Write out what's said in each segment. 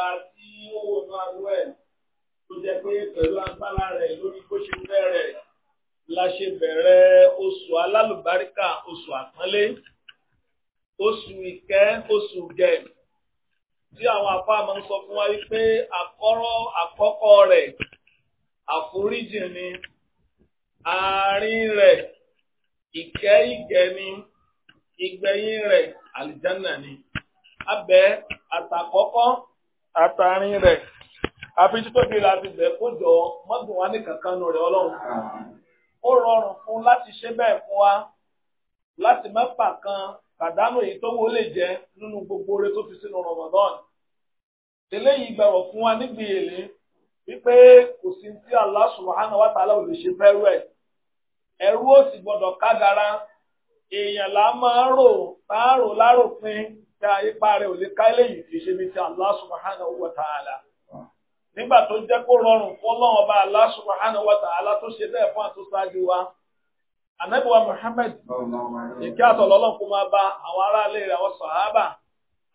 ọba tí ó wò ní arú ẹ̀ tó jẹ́ pé pẹ̀lú agbára rẹ̀ lórí bó ṣe fẹ́ rẹ̀ la ṣe bẹ̀rẹ̀ oṣù alálùbáríkà oṣù àpọ́nlé oṣù ìkẹ́ oṣù gẹ̀ tí àwọn afá máa ń sọ fún wa wípé àkọ́rọ́ àkọ́kọ́ rẹ̀ àforíjì ni àárín rẹ̀ ìkẹ́ ìgẹ̀ ni ìgbẹ̀yìn rẹ̀ àlìjánà ni abẹ́ àtàkọ́kọ́ àtàrin rẹ̀ àfitútóbi rẹ̀ àti bẹ̀ kó jọ mọ́tò wa ní kankan nù rẹ̀ ọlọ́run. ó rọrùn fún láti ṣe bẹ́ẹ̀ fún wa láti mẹ́fà kan kàdánù èyí tó wo lè jẹ́ nínú gbogbo oore tó fi sínú Ramadan. eléyìí gbẹ̀rọ̀ fún wa níbi èlé wípé kò sí tí Allah subhanahu wa ta'ala ò lè ṣe fẹ́rù ẹ̀ ẹ̀rú ó sì gbọ́dọ̀ kágara èèyàn là máa ń rò tá a rò láròpin tá a yípa rẹ̀ ò lè ká eléyìí kì í ṣe bí ti Allah subhanahu wa ta'ala ah. nígbà tó jẹ́ kó rọrùn fún ọlọ́run ọba Allah subhanahu wa ta'ala tó ṣe bẹ́ẹ̀ fún àtúnṣáájú wa anabiwa Muhammad ìkí àtọ̀lọ́lọ́n kó máa bá àwọn aráalé rẹ̀ àwọn sàhábà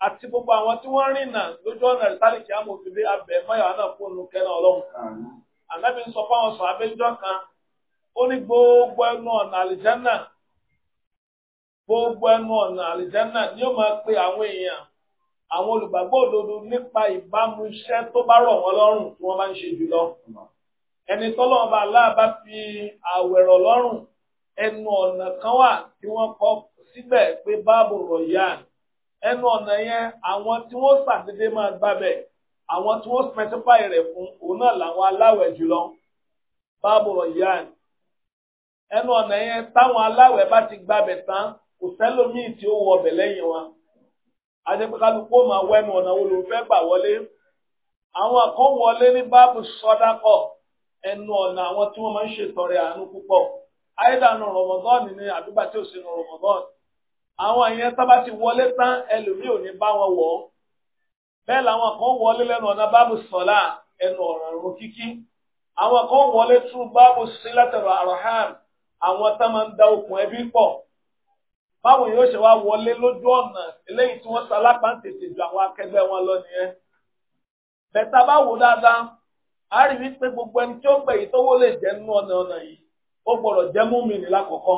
àti gbogbo àwọn tí wọ́n rìnà lójú ọ̀nà ìtàlì kí á mọ̀ fi dé abẹ mọ́yà gbogbo ẹnu ọ̀nà àlìjẹ́nà ni ó máa pe àwọn èèyàn àwọn olùgbàgbọ́ òdodo nípa ìbámu iṣẹ́ tó bá rọ̀ wọ́n lọ́rùn tí wọ́n bá ń ṣe jùlọ. ẹni tọ́lọ́wọ́n bá aláàbá fi àwẹ̀ rọ̀ lọ́rùn ẹnu ọ̀nà kan wà tí wọ́n kọ́ síbẹ̀ pé báàbò rọ̀yàn ẹnu ọ̀nà yẹn àwọn tí wọ́n ṣàdédé máa gbàbẹ̀ àwọn tí wọ́n spẹ́sífáì rẹ̀ fún òun náà làwọn aláwẹ̀ jùlọ báàbò rọ̀yàn ẹnu ọ̀nà yẹn táwọn aláwẹ̀ bá ti gbàbẹ̀ tán kò sẹ́lòmíì tí ó wọ ọbẹ̀ lẹ́yìn wa adépẹ́kálukú máa wẹ́nu ọ̀nà wo gbà wọlé àwọn kan ní báàbù sọ́dákọ̀ ẹnu ọ̀nà àwọn tí wọ́n máa ń ṣètọrẹ àánú púpọ̀ ayédànù ni àdúgbà tí ò sínú rọmọdọ́ọ̀nì àwọn ìyẹn sábà ti wọlé tán ẹlòmíì ò ní bá wọn wọ̀ ọ́ bẹ́ẹ̀ làwọn kan wọlé lẹ́nu ọ̀nà báàbù ẹnu kíkí àwọn da okùn ẹbí pọ̀ báwọn yóò ṣe wá wọlé lójú ọ̀nà eléyìí tí wọ́n salápá ń tètè ju àwọn akẹgbẹ́ wọn lọ nìyẹn. bẹ̀tà bá wò dáadáa a rí wípé gbogbo ẹni tí ó pè yìí tówó lè jẹ́ nínú ọ̀nà ọ̀nà yìí ó gbọ́dọ̀ jẹ́ múmìnì lákọ̀ọ́kọ́.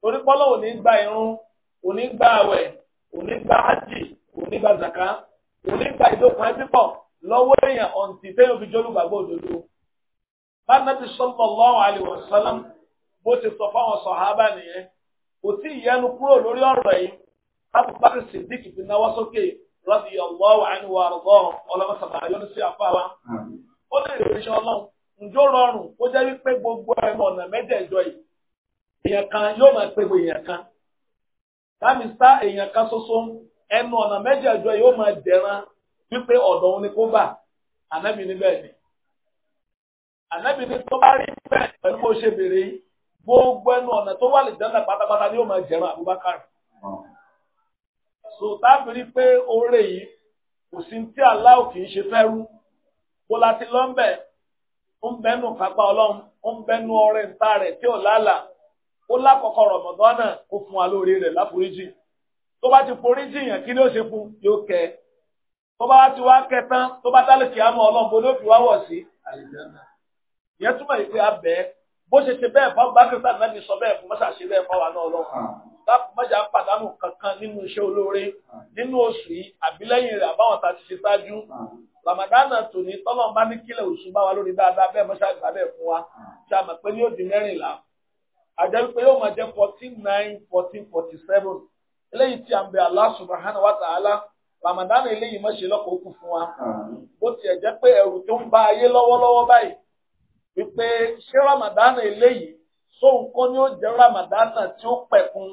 torí pọ́lọ́ ò ní gba irun ò ní gba àwẹ̀ ò ní gba ájì ò ní gba zàká ò ní gba ìdókun ẹbí pọ̀ lọ́wọ́ èèyàn ọ̀ǹtì téèyàn fi jólúgbàgbọ́ òdodo. bá nàbì sallallahu alaihi wasallam bó ti sọ fáwọn sàhábà nìyẹn kò sí ìyẹnu kúrò lórí ọ̀rọ̀ yìí Abubakar Siddiq fi náwó sókè rọ́bì ọ̀gbọ́ àníwá ọ̀gbọ́ ọlọ́mọsàbà yọ́nú sí apá ó lè rí iṣẹ́ ọlọ́run ǹjọ́ rọrùn ó jẹ́ wípé gbogbo ẹnu ọ̀nà mẹ́jẹ̀ẹ̀jọ yìí èèyàn kan yóò máa pe èèyàn kan. láàmì sá èèyàn kan ṣoṣo ẹnu ọ̀nà mẹ́jẹ̀ẹ̀jọ yóò máa dẹ̀ran wípé ọ̀dọ̀ òun ni kó ni. ànábì gbogbo ẹnu ọ̀nà tó wà lè jẹ́nà pátápátá ni ó máa jẹ̀rán Abubakar. so tábìrì pé oore yìí kò sí tí aláwọ̀ kì í ṣe fẹ́rú kó láti lọ́ńbẹ̀ ń bẹ́nu kápá ọlọ́run ń bẹ́nu ọrẹ ńta rẹ̀ tí ò lálà ó lákọ̀ọ́kọ́ rọ̀mọ̀dọ́nà kó fún wa lórí rẹ̀ láforíjì tó bá ti foríjì yàn kí ni ó ṣe fún yóò kẹ́ tó bá ti wá kẹ́ tán tó bá dálé kí á mọ ọlọ́run bó ló fi wá wọ̀ sí ìyẹn túmọ̀ yìí pé a bẹ́ẹ̀ bó ṣe ṣe bẹ́ẹ̀ fún gbàgbẹ́sà náà ní sọ bẹ́ẹ̀ fún mọ́ṣà ṣe bẹ́ẹ̀ fáwa náà lọ́wọ́ ah. láti mọ́jà pàdánù kankan nínú iṣẹ́ olóore ah. nínú oṣù yìí àbílẹ́yìn rẹ̀ àbáwọn tá ti ṣe ṣáájú ah. ramadana tòní tọ́lọ́n bá ní kílẹ̀ oṣù bá wa lórí dáadáa bẹ́ẹ̀ mọ́ṣà gbà bẹ́ẹ̀ fún wa ṣe àmọ̀ pé ní òdì mẹ́rìnlá àjẹ́ pé yóò máa jẹ́ fourteen nine fourteen forty seven Allah subhanahu wa ta'ala ramadana eléyìí mọ́ṣe lọ́kọ̀ọ́kù fún wa bó tiẹ̀ jẹ́ pé ẹ̀rù tó ń bá ayé lọ́wọ́lọ́wọ́ báyìí wípé ṣé ramadana eléyìí sóhun kọ́ ni ó jẹ́ ramadana tí ó pẹ̀kun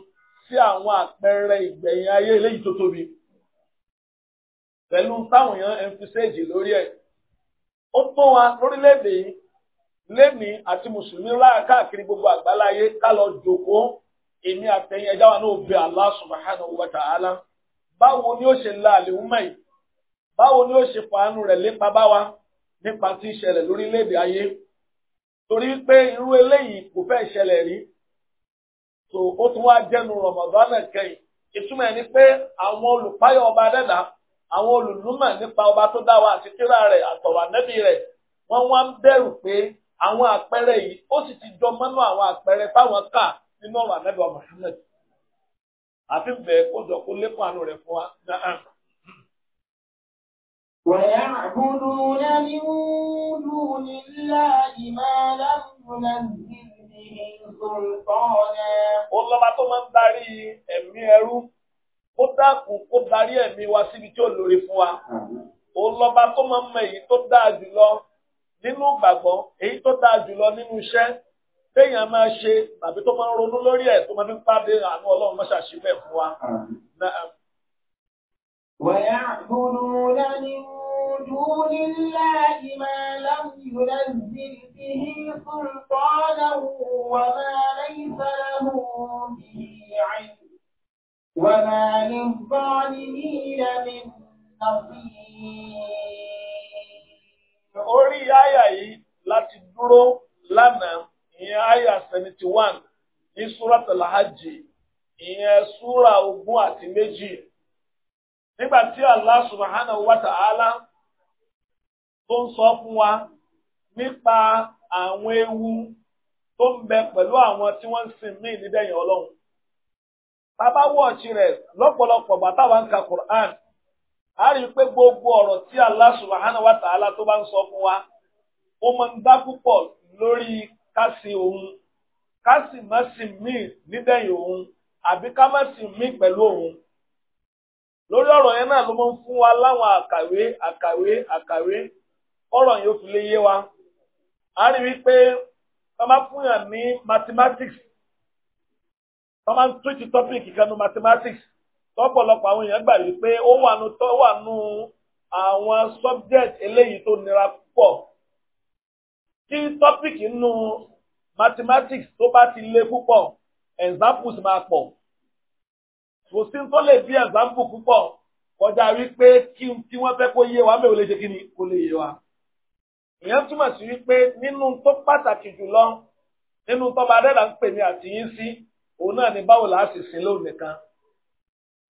sí àwọn àpẹẹrẹ ìgbẹ̀yìn ayé eléyìí tó tóbi pẹ̀lú táwọn èèyàn emphasage lórí ẹ̀ ó tó wa lórílẹ̀‐èdè yìí lẹ́ni àti mùsùlùmí káàkiri gbogbo àgbáláyé ká lọ jókòó èmi àtẹ̀yìn ẹja wa náà bẹ Allah subhanahu wa ta'ala báwo ni ó ṣe la àlèhùnmọ̀ yìí báwo ni ó ṣe fàánù rẹ̀ lépa bá nípa tí ìṣẹ̀lẹ̀ lórílẹ̀‐èdè ayé torí pé irú eléyìí kò fẹ́ ṣẹlẹ̀ rí so ó tún wá jẹnu rọmọdánà kẹyìn ìtumọ̀ ẹni pé àwọn olùpáyọ̀ ọba dẹ́dà àwọn olùlúmọ̀ nípa ọba tó dá wa àti tírà rẹ̀ àtọ̀wà nẹ́bí rẹ̀ wọ́n wá ń bẹ̀rù pé àwọn àpẹẹrẹ yìí ó sì ti jọ mọ́nú àwọn àpẹẹrẹ táwọn kà nínú ọ̀rọ̀ ànẹ́bí wa Muhammad àfi bẹ́ẹ̀ kó jọ kó lékún àánú rẹ̀ fún wa ويعبدون من دون الله ما لم ينزل به سلطانا ọlọ́ba tó máa ń darí ẹ̀mí ẹrú kó dákun kó darí ẹ̀mí wa síbi tí ó lórí fún wa ọlọ́ba tó máa ń mọ èyí tó dáa jùlọ nínú ìgbàgbọ́ èyí tó dáa jùlọ nínú iṣẹ́ téèyàn máa ṣe tàbí tó máa ń ronú lórí ẹ̀ tó máa fi ń pàdé àánú ọlọ́run máa ṣàṣìbẹ̀ fún wa. wàyà àbúrò lẹ́nu. دون الله ما لم ينزل به سلطانه وما ليس له به علم وما للظالمين من نصير orí àyà yìí láti dúró lánàá ìyẹn àyà seventy one ní súra tàlàhájì ìyẹn súra ogún àti méjì nígbà tí Allah subhanahu wa ta'ala tó ń sọ fún wa nípa àwọn ewu tó ń bẹ pẹ̀lú àwọn tí wọ́n ń sin mí nídẹ̀yìn ọlọ́run. Bàbá wọ̀ọ̀ṣì rẹ̀ lọ́pọ̀lọpọ̀ bàtà wa ń ka Qur'an. A rí i pé gbogbo ọ̀rọ̀ tí Allah subhanahu wa ta'ala tó bá ń sọ fún wa, ó máa ń dá púpọ̀ lórí kásì òun, kásì má mí òun, àbí ká má mí pẹ̀lú òun. Lórí ọ̀rọ̀ yẹn náà ló máa ń ọ̀rọ̀ yóò fi lè yé wa a rí wípé wọ́n máa fún yàn ní mathematics wọ́n máa ń túwìtì topic kan ní mathematics tọ́pọ̀lọpọ̀ àwọn èèyàn gbà wípé ó wà nù tó wà nù àwọn subject eléyìí tó nira púpọ̀ tí topic nù mathematics tó bá ti le púpọ̀ examples máa pọ̀ kò sí tó lè bí example púpọ̀ kọjá wípé kí n tí wọ́n fẹ́ kó yé wa mẹ́wòó lè ṣe kí ni kó lè yé wa ìyẹn túmọ̀ sí wípé nínú tó pàtàkì jùlọ nínú tọ́ba adẹ́dà ń pè ní àtìyín sí òun náà ni báwo làá sì sin lóun nìkan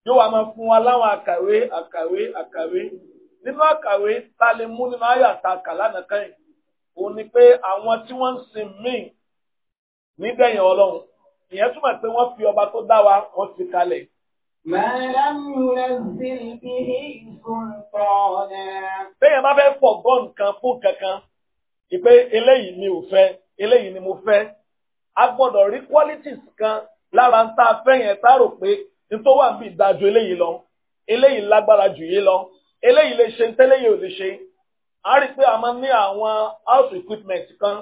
yóò wá máa fún wa láwọn àkàwé àkàwé àkàwé nínú àkàwé ta lè mú nínú ayé àtàkà lánàá kan yìí òun ni pé àwọn tí wọ́n ń sin míì nígbẹ̀yìn ọlọ́run ìyẹn túmọ̀ pé wọ́n fi ọba tó dá wa wọ́n fi kalẹ̀ Béèyàn bá fẹ́ pọ̀ gbọ́ nǹkan fún kankan, ìpé eléyìí ni ò fẹ́, eléyìí ni mo fẹ́. A gbọ́dọ̀ rí qualities kan lára ń tá a fẹ́ yẹn tá a rò pé nítorí wà bí ìdájọ́ eléyìí lọ, eléyìí lágbára jù yìí lọ, eléyìí lè ṣe tẹ́léyìí ò lè ṣe. A rí i pé a máa ní àwọn house equipment kan,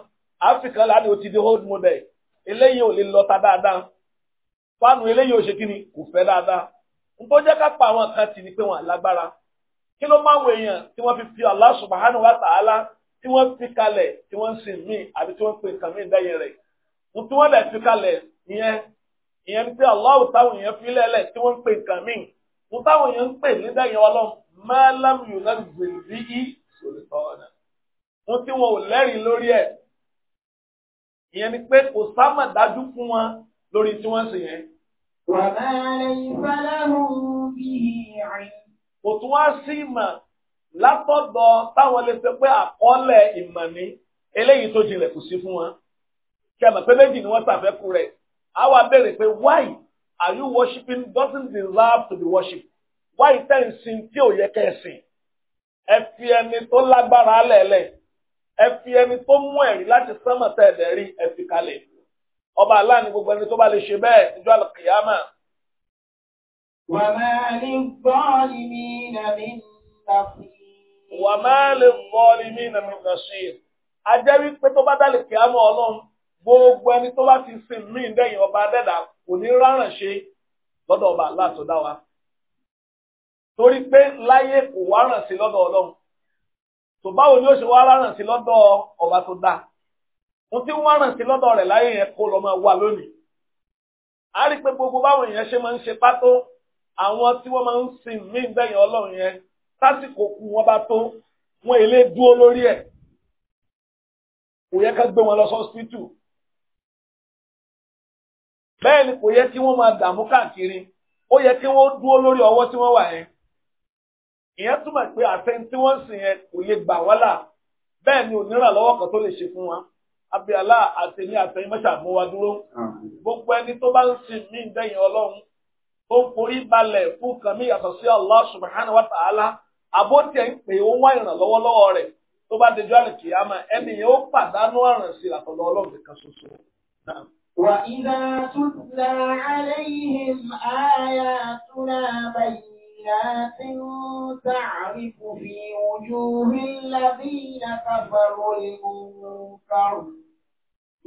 Áfíríkà láti ó ti di old model, eléyìí ò lè lọ ta dáadáa. Fáànù eléyìí ò ṣe kí ni kò fẹ́ dáadáa nítorí jẹ́ ká pa àwọn kan tì ní pé wọ́n lágbára kí ló máa wọ èèyàn tí wọ́n fi fi Allah subhanahu wa ta'ala tí wọ́n fi kalẹ̀ tí wọ́n sì mí àbí tí wọ́n pe nǹkan mí dẹ́yìn rẹ̀ tí wọ́n lẹ̀ fi kalẹ̀ ìyẹn ìyẹn ní pé Allah táwọn èèyàn fi lẹ́lẹ̀ tí wọ́n pe nǹkan mí mo táwọn èèyàn ń pè ní dẹ́yìn ọlọ́run máa lámìyàn náà gbèrè yí sòlítọ́ mo tí wọn ò lẹ́rìí lórí ẹ̀ ìyẹn ni pé kò sámà dájú fún wọn lórí tí wọ́n sì yẹn. wàhálà ìfàlàhùn kò tún wá sí ìmọ̀ látọ̀dọ̀ táwọn lè sọ pé àkọọ́lẹ̀ ìmọ̀ ní eléyìí tó jinlẹ̀ kò sí fún wọn kẹmọ̀ pé méjì ni wọ́n sàfẹ́kù rẹ̀ á wá béèrè pé why are you worshiping doesn't deserve to be worshiped. why tẹ́ ń sin tí ò yẹ kẹ́ ẹ sìn ẹ fi ẹni tó lágbára lẹ̀lẹ̀ ẹ fi ẹni tó mú ẹ̀rí láti sánmọ̀ tẹ̀ ẹ̀dẹ̀ rí ẹ fi kalẹ̀ ọba aláàánú gbogbo ẹni tó bá lè ṣe bẹ́ẹ̀ níjọ́ àlùkìyámà وما للظالمين من نصير وما للظالمين من نصير a jẹ́ wípé tó bá dálè kí á mọ́ ọlọ́run gbogbo ẹni tó bá ti sin míì dẹ́yìn ọba adẹ́dà kò ní ráràn ṣe lọ́dọ̀ ọba láti dá wa torí pé láyé kò wá ràn sí lọ́dọ̀ ọlọ́run tó báwo ni ó ṣe wá ráràn sí lọ́dọ̀ ọba tó dá ohun tí wọ́n ràn sí lọ́dọ̀ rẹ̀ láyé yẹn kó lọ́ wà lónìí a rí pé gbogbo báwọn èèyàn ṣe máa ń ṣe pátó àwọn tí wọ́n máa ń sin mí gbẹ̀yìn ọlọ́run yẹn sásìkò kú wọn bá tó wọn èlé dúró lórí ẹ̀ kò yẹ ká gbé wọn lọ sọ́sítítù bẹ́ẹ̀ ni kò yẹ kí wọ́n máa dààmú káàkiri ó yẹ kí wọ́n dúró lórí ọwọ́ tí wọ́n wà yẹn ìyẹn túmọ̀ pé àtẹni tí wọ́n sìn yẹn kò lè gbà wọ́n bẹ́ẹ̀ ni onírànlọ́wọ́ kan tó lè ṣe fún wa abiyalá àtẹni àtẹni mẹ́ta mú wa dúró gbogbo ẹni tó bá ń sin mí dẹ́yìn ọlọ́run tó ń forí balẹ̀ fún kan mí yàtọ̀ sí Allah subhanahu wa ta'ala àbótiẹ̀ ń pè ó wá ìrànlọ́wọ́ lọ́wọ́ rẹ̀ tó bá dejú àlùkì àmọ́ ẹni yẹn ó pàdánù ọ̀ràn sí àtọ̀lọ́ ọlọ́run kan ṣoṣo. وَإِذَا تُتْلَى عَلَيْهِمْ آيَاتُنَا بَيِّنَاتٍ تَعْرِفُ فِي وُجُوهِ الَّذِينَ كَفَرُوا الْمُنكَرَ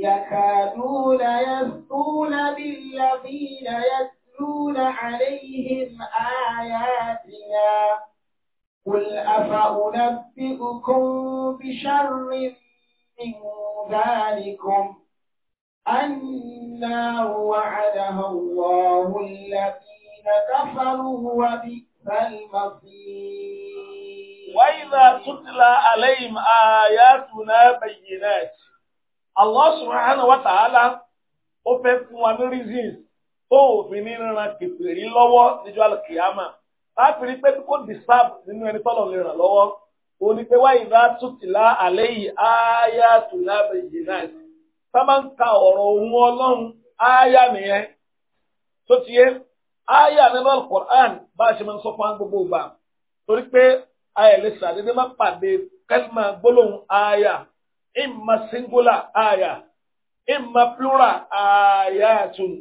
يَكَادُونَ يَسْطُونَ بِالَّذِينَ يَتَّبِعُونَ يتلون عليهم آياتنا قل أفأنبئكم بشر من ذلكم النار وعدها الله الذين كفروا وبئس المصير وإذا تتلى عليهم آياتنا بينات الله سبحانه وتعالى open one ريزيز tóun fi ní ran kèfèrí lọ́wọ́ níjọ́ àlùkìyàmà láti rí pé kó disturb nínú ẹni tọ́lọ̀ lè ràn lọ́wọ́ ó ní pé wáyé bá tútìlá àlẹ́ yìí ááyá tùlá bẹ̀yìn náà sábà ń ka ọ̀rọ̀ ohun ọlọ́run ááyá nìyẹn tó ti yé ááyá nínú alukur'an bá a ṣe máa ń sọ fún gbogbo ìgbà torí pé ayẹ lè ṣàdédé má pàdé kẹ́lìmà gbólóhùn ááyá ìmà singular ááyá ìmà plural ááyá tún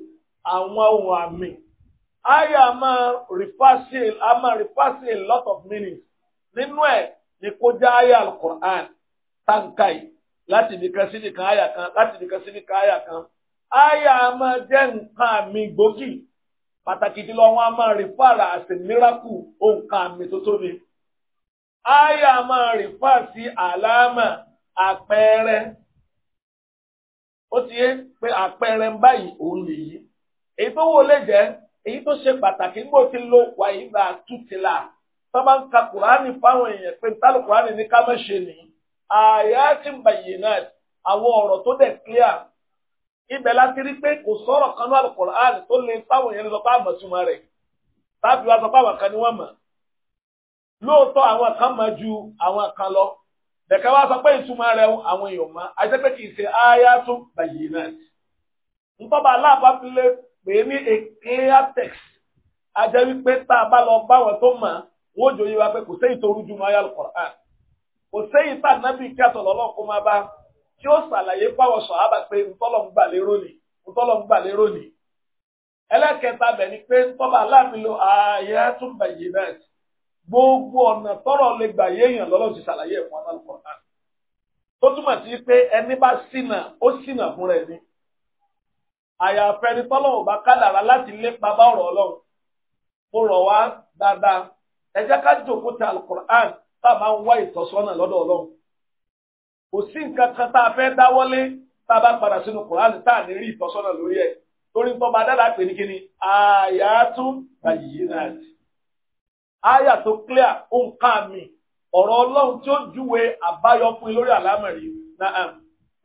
àwọn ohun àmì aya máa rìfásì a máa rìfásì a lot of meanings nínú ẹ̀ ni kó já aya alukur'an táǹkà yìí láti nìkan sí nìkan aya kan láti nìkan sí nìkan aya kan aya máa jẹ́ nǹkan àmì gbòógì pàtàkì jùlọ wọn a máa rìfáàrà àti mìíràkù nǹkan àmì tó tóbi aya máa rìfáà sí àlámà àpẹẹrẹ ó ti yé pé àpẹẹrẹ báyìí òun lè yí èyí tó wò lè jẹ́ èyí tó ṣe pàtàkì nígbò tí ló wà yìí bá tútìlà tó máa ń ka kùránì fáwọn èèyàn pé tálù kùránì ní ká má ṣe ní àyà tí ń bàyè náà àwọn ọ̀rọ̀ tó dẹ̀ clear ibẹ̀ láti rí pé kò sọ̀rọ̀ kan náà kùránì tó lè fáwọn èèyàn lọ àmọ̀túmọ̀ rẹ̀ tábí wá sọ fáwọn kan ni wọ́n mọ̀ lóòótọ́ àwọn kan mọ̀ ju àwọn kan lọ bẹ̀ka wá sọ pé ìtumọ̀ rẹ̀ àwọn èèyàn mọ̀ àti pé kì í ṣe àyà tó bàyè náà nítorí aláàbá fi lé pè ní a clear text ajẹ́ wípé tá a bá lọ báwọn tó mọ̀ wọ́n jòyè wa pé kò séyìí tó rújú máa yà lọ kọ̀ọ̀rọ̀ hàn kò séyìí tá nábì kí àtọ̀lọ́ ọlọ́kùn máa bá tí ó ṣàlàyé fáwọn sọ̀hábà pé ntọ́lọ̀ ń gbà lérò ni ntọ́lọ̀ ń gbà lérò ni ẹlẹ́kẹta bẹ̀ ni pé ntọ́ba aláàfin lo ààyè tún bẹ̀yẹ̀ náà gbogbo ọ̀nà tọ́rọ̀ lè gbà yéèyàn lọ́lọ́ ti ṣàlàyé ẹ̀fọn alálùkọ̀ọ̀rọ̀ tó túmọ̀ sí pé ẹni bá ṣìnà ó ṣìnà fúnra ẹni àyàfẹ́ ni tọ́lọ́wọ́ bá kádàrá láti lépa bá ọ̀rọ̀ ọlọ́run mo rọ̀ wá dáadáa ẹ jẹ́ ká jòkó ta alukur'an tá a máa ń wá ìtọ́sọ́nà lọ́dọ̀ ọlọ́run kò sí nǹkan kan tá a fẹ́ dáwọ́lé tá a bá padà sínú kur'an tá a ní rí ìtọ́sọ́nà lórí ẹ̀ torí tó bá dáadáa pè ní kíni àyàtú bayyinat àyà tó clear ó ń ká mi ọ̀rọ̀ ọlọ́run tí ó júwe àbáyọ fún lórí àlámọ̀rí náà.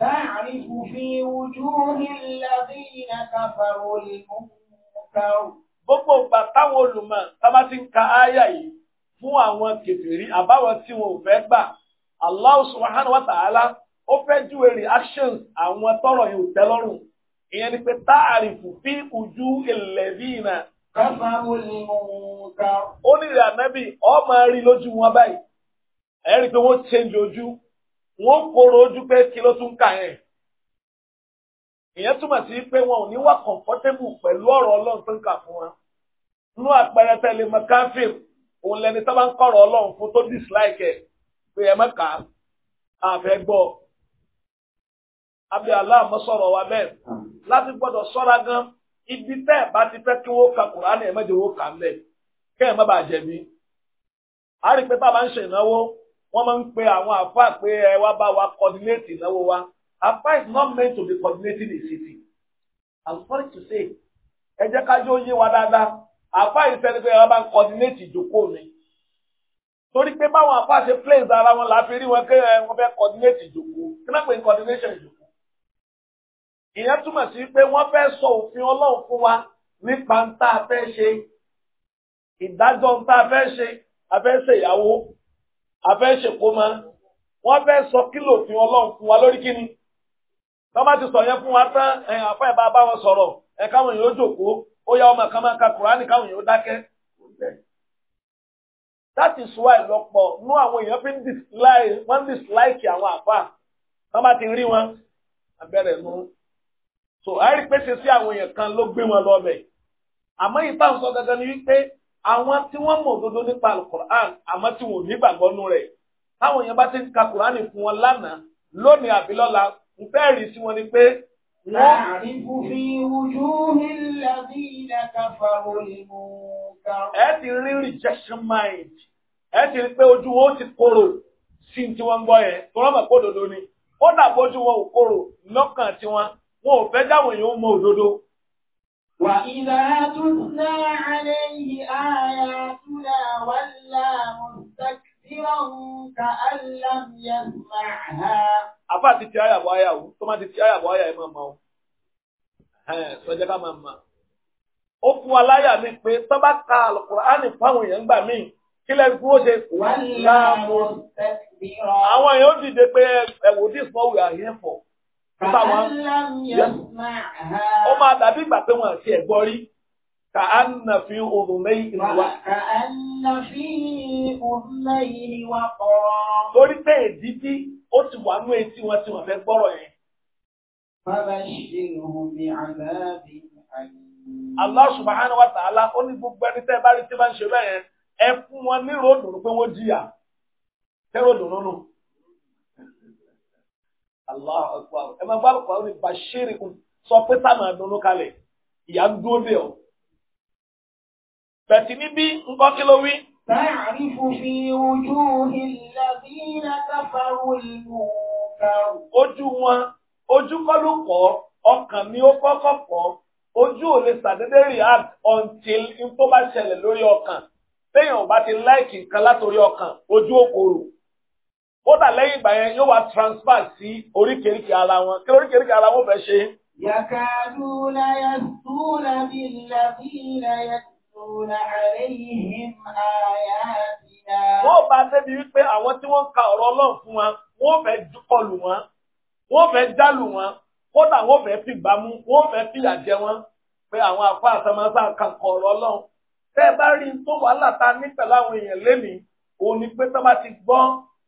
تعرف في وجوه الذين كفروا المنكر gbogbo ìgbà táwọn olùmọ̀ tábà ti ń ka ááyà yìí fún àwọn kèfèrí àbáwọn tí wọn ò fẹ́ gbà Allah subhanahu wa ta'ala ó fẹ́ júwe reactions àwọn tọrọ yìí ò tẹ́ lọ́rùn ìyẹn ni pé táàrífù fi ojú alladhina kafaru al-munkar. ó ní ìrìn ànábì ó rí lójú wọn báyìí ẹ̀rí pé wọ́n change ojú wọ́n kóró ojú pé kí ló tún kà yẹn ìyẹn túmọ̀ sí pé wọn ò ní wà kọ̀ǹfọ́tébù pẹ̀lú ọ̀rọ̀ ọlọ́run tó ń kà fún wọn nínú àpẹẹrẹ tẹ́lẹ̀ mọ káfíìn òun lẹni tó bá ọlọ́run fún tó dislike pé ẹ mẹ́ka àfẹ́ gbọ́ abẹ́ láti gbọ́dọ̀ sọ́ra gan ibi tẹ́ ẹ̀ bá fẹ́ kí wọ́n ka ẹ̀ mẹ́jọ wọ́n kà ń lẹ̀ kẹ́ wọ́n máa ń pe àwọn àfáà pé ẹ wá bá wa coordinate ìnáwó wa àfáà is not meant to be coordinating the city i'm sorry to say ẹ jẹ́ ká yóò yé wa dáadáa àfáà yìí sẹ́ni pé ẹ bá ń coordinate ìjókòó mi torí pé báwọn àfáà ṣe place ara wọn la fi rí wọn pé wọ́n fẹ́ coordinate ìjókòó kí náà pé coordination ìjókòó ìyẹn túmọ̀ sí pé wọ́n fẹ́ sọ òfin ọlọ́run fún wa nípa ń tá a fẹ́ ṣe ìdájọ́ ń tá a fẹ́ ṣe a fẹ́ ṣe ìyàwó afẹ́ ṣèkó ma wọ́n fẹ́ sọ kílò fi ọlọ́run fún wa lórí kíni wọ́n bá ti sọ yẹn fún wa tán ẹ̀yìn àfẹ́ ìbá bá wọn sọ̀rọ̀ ẹ̀ káwọn èèyàn jòkó ó yá ọmọ kan máa ka kùránì káwọn èèyàn dákẹ́. that is why lọ́pọ̀ nú àwọn èèyàn fi ń dislike wọ́n ń dislike àwọn àfà wọ́n bá ti rí wọn abẹ́rẹ́ nú. so àìrí pèsè sí àwọn èèyàn kan ló gbé wọn lọ bẹ̀ àmọ́ ìtàn sọ gangan ni wípé àwọn tí wọ́n mọ̀ òdodo nípa alukur'an àmọ́ tí wọ́n ní gbàgbọ́ nú rẹ̀ táwọn èèyàn bá ti ń ka kur'an fún wọn lánàá lónìí àbí lọ́la ń fẹ́ rí sí wọn ni pé. Láàrínbù fi ojú nílẹ̀ bí ìdákàfà olùmọ̀ ká. Ẹ ti rí rejection mind. Ẹ ti rí pé ojú wọn ó ti korò sí tí wọ́n ń yẹn. Tọ́lọ́ mọ̀ pé òdodo ni. Ó dàbójú wọn ò korò lọ́kàn tiwọn. Wọn ò fẹ́ dáwọn èèyàn mọ òdodo. وَإِذَا تتلى عَلَيْهِ آيَاتُنَا ولى مستكبرا كأن لم يسمعها àfáà ti ti àyà bọ̀ àyà o tó máa ti ti àyà bọ̀ àyà ẹ̀ máa ma o sọjá ká máa ma ó fún wa láyà mi pé tó bá ka alukur'ani fáwọn èèyàn gbà míì kí lẹ́yìn fún ó ṣe. wàlá mo tẹ̀sí rọ. àwọn èèyàn ó dìde pé ẹ̀wò this is what we bá wọn yẹnu ó máa dàbí ìgbà pé wọn àti ẹ̀gbọ́ rí ka a nà fi òrùn lẹ́yìn ka a nà fi òrùn lẹ́yìn ìwà kọ́. torí pé èdí bí ó ti wà nú etí wọn tí wọn fẹ́ gbọ́rọ̀ yẹn. bàbá ṣe òun àyè. Allah subhanahu wa ta'ala ó ní gbogbo ẹni tẹ́ bá rí tí bá ń ṣe bẹ́ẹ̀ yẹn ẹ fún wọn ní Allahu akbar ẹ máa gbárùkù àwọn ní bashiri kun sọ pé sáàmà dunú kalẹ̀ ìyá ń dúró dé ọ. bẹ̀tì níbí nǹkan kí ló wí. تعرف في وجوه الذين كفروا المنكر. ojú wọn ojú kọ́ ló kọ́ ọkàn mi ó kọ́kọ́ kọ́ ojú ò lè ṣàdédé react until n tó bá ṣẹlẹ̀ lórí ọkàn téèyàn ò bá ti láìkì nǹkan látòrí ọkàn ojú òkòrò kódà lẹ́yìn ìgbà yẹn yóò wá transfer sí oríkèéríkèé ara wọn kí oríkèéríkèé ara wọn fẹ́ ṣe. يكادون يسطون بالذين يتلون عليهم آياتنا. wọ́n bá débi wípé àwọn tí wọ́n ka ọ̀rọ̀ ọlọ́run fún wa wọ́n fẹ́ kọlù wọn wọ́n fẹ́ jálù wọn kódà wọ́n fẹ́ fìgbàmú wọ́n fẹ́ fìyà jẹ wọn pé àwọn àpá àtàmọ́sá kan kọ ọ̀rọ̀ ọlọ́run. tẹ́ ẹ bá rí tó wàhálà ta ní pẹ̀lú àwọn èèyàn lénìí ni pé tó bá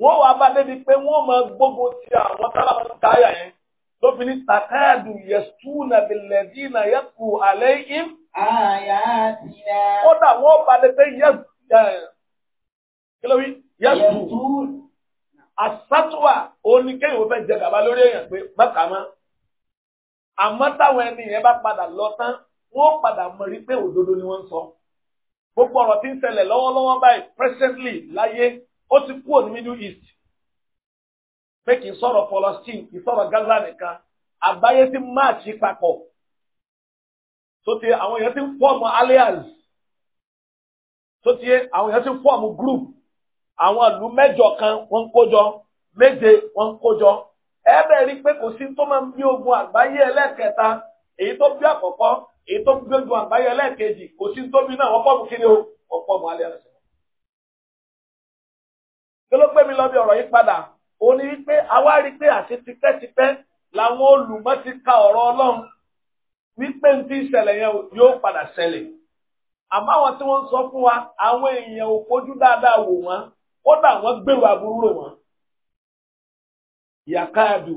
wọ́n wàá bá débi pé wọ́n máa gbógun ti àwọn sábà máa ń káyà yẹn lófin ní takadu yẹsùnà bìlẹ̀dínà yẹsù alẹ́ im. àyà tìlẹ̀. kódà wọ́n bá débi yẹsù kílówí yẹsù asátúwà oníkéyìnwó fẹ́ jẹ gàba lórí èèyàn pé bákà mọ́ àmọ́ táwọn ẹni yẹn bá padà lọ tán wọ́n padà mọ̀ rí pé òdodo ni wọ́n sọ gbogbo ọ̀rọ̀ tí ń ṣẹlẹ̀ lọ́wọ́lọ́wọ́ báyìí presently láyé ó ti kúrò ní middle east pé kì sọ̀rọ̀ Palestine kì sọ̀rọ̀ Gaza nìkan àgbáyé ti máàkì papọ̀ tó ti àwọn èèyàn ti ń fọ́ọ̀mù alliance tó ti àwọn èèyàn ti ń fọ́ọ̀mù group àwọn ìlú mẹ́jọ kan wọ́n ń kójọ méje wọ́n ń kójọ ẹ bẹ́ẹ̀ rí i pé kò sí tó máa ń bí ogun àgbáyé ẹlẹ́ẹ̀kẹta èyí tó bí àkọ́kọ́ èyí tó bí ogun àgbáyé ẹlẹ́ẹ̀kejì kò sí tó bí náà wọ́n fọ́ọ̀mù kí ni o wọ́n fọ́ọ̀mù alliance kí ló mi lọ bí ọ̀rọ̀ yìí padà ó ní wípé àwa rí pé àti tipẹ́tipẹ́ làwọn olùmọ̀ ti ka ọ̀rọ̀ ọlọ́run wípé ní ti ìṣẹ̀lẹ̀ yẹn yóò padà ṣẹlẹ̀ àmọ́ àwọn tí wọ́n ń sọ fún wa àwọn èèyàn ò fojú dáadáa wò wọ́n kódà wọ́n gbèrò aburú rò yakadu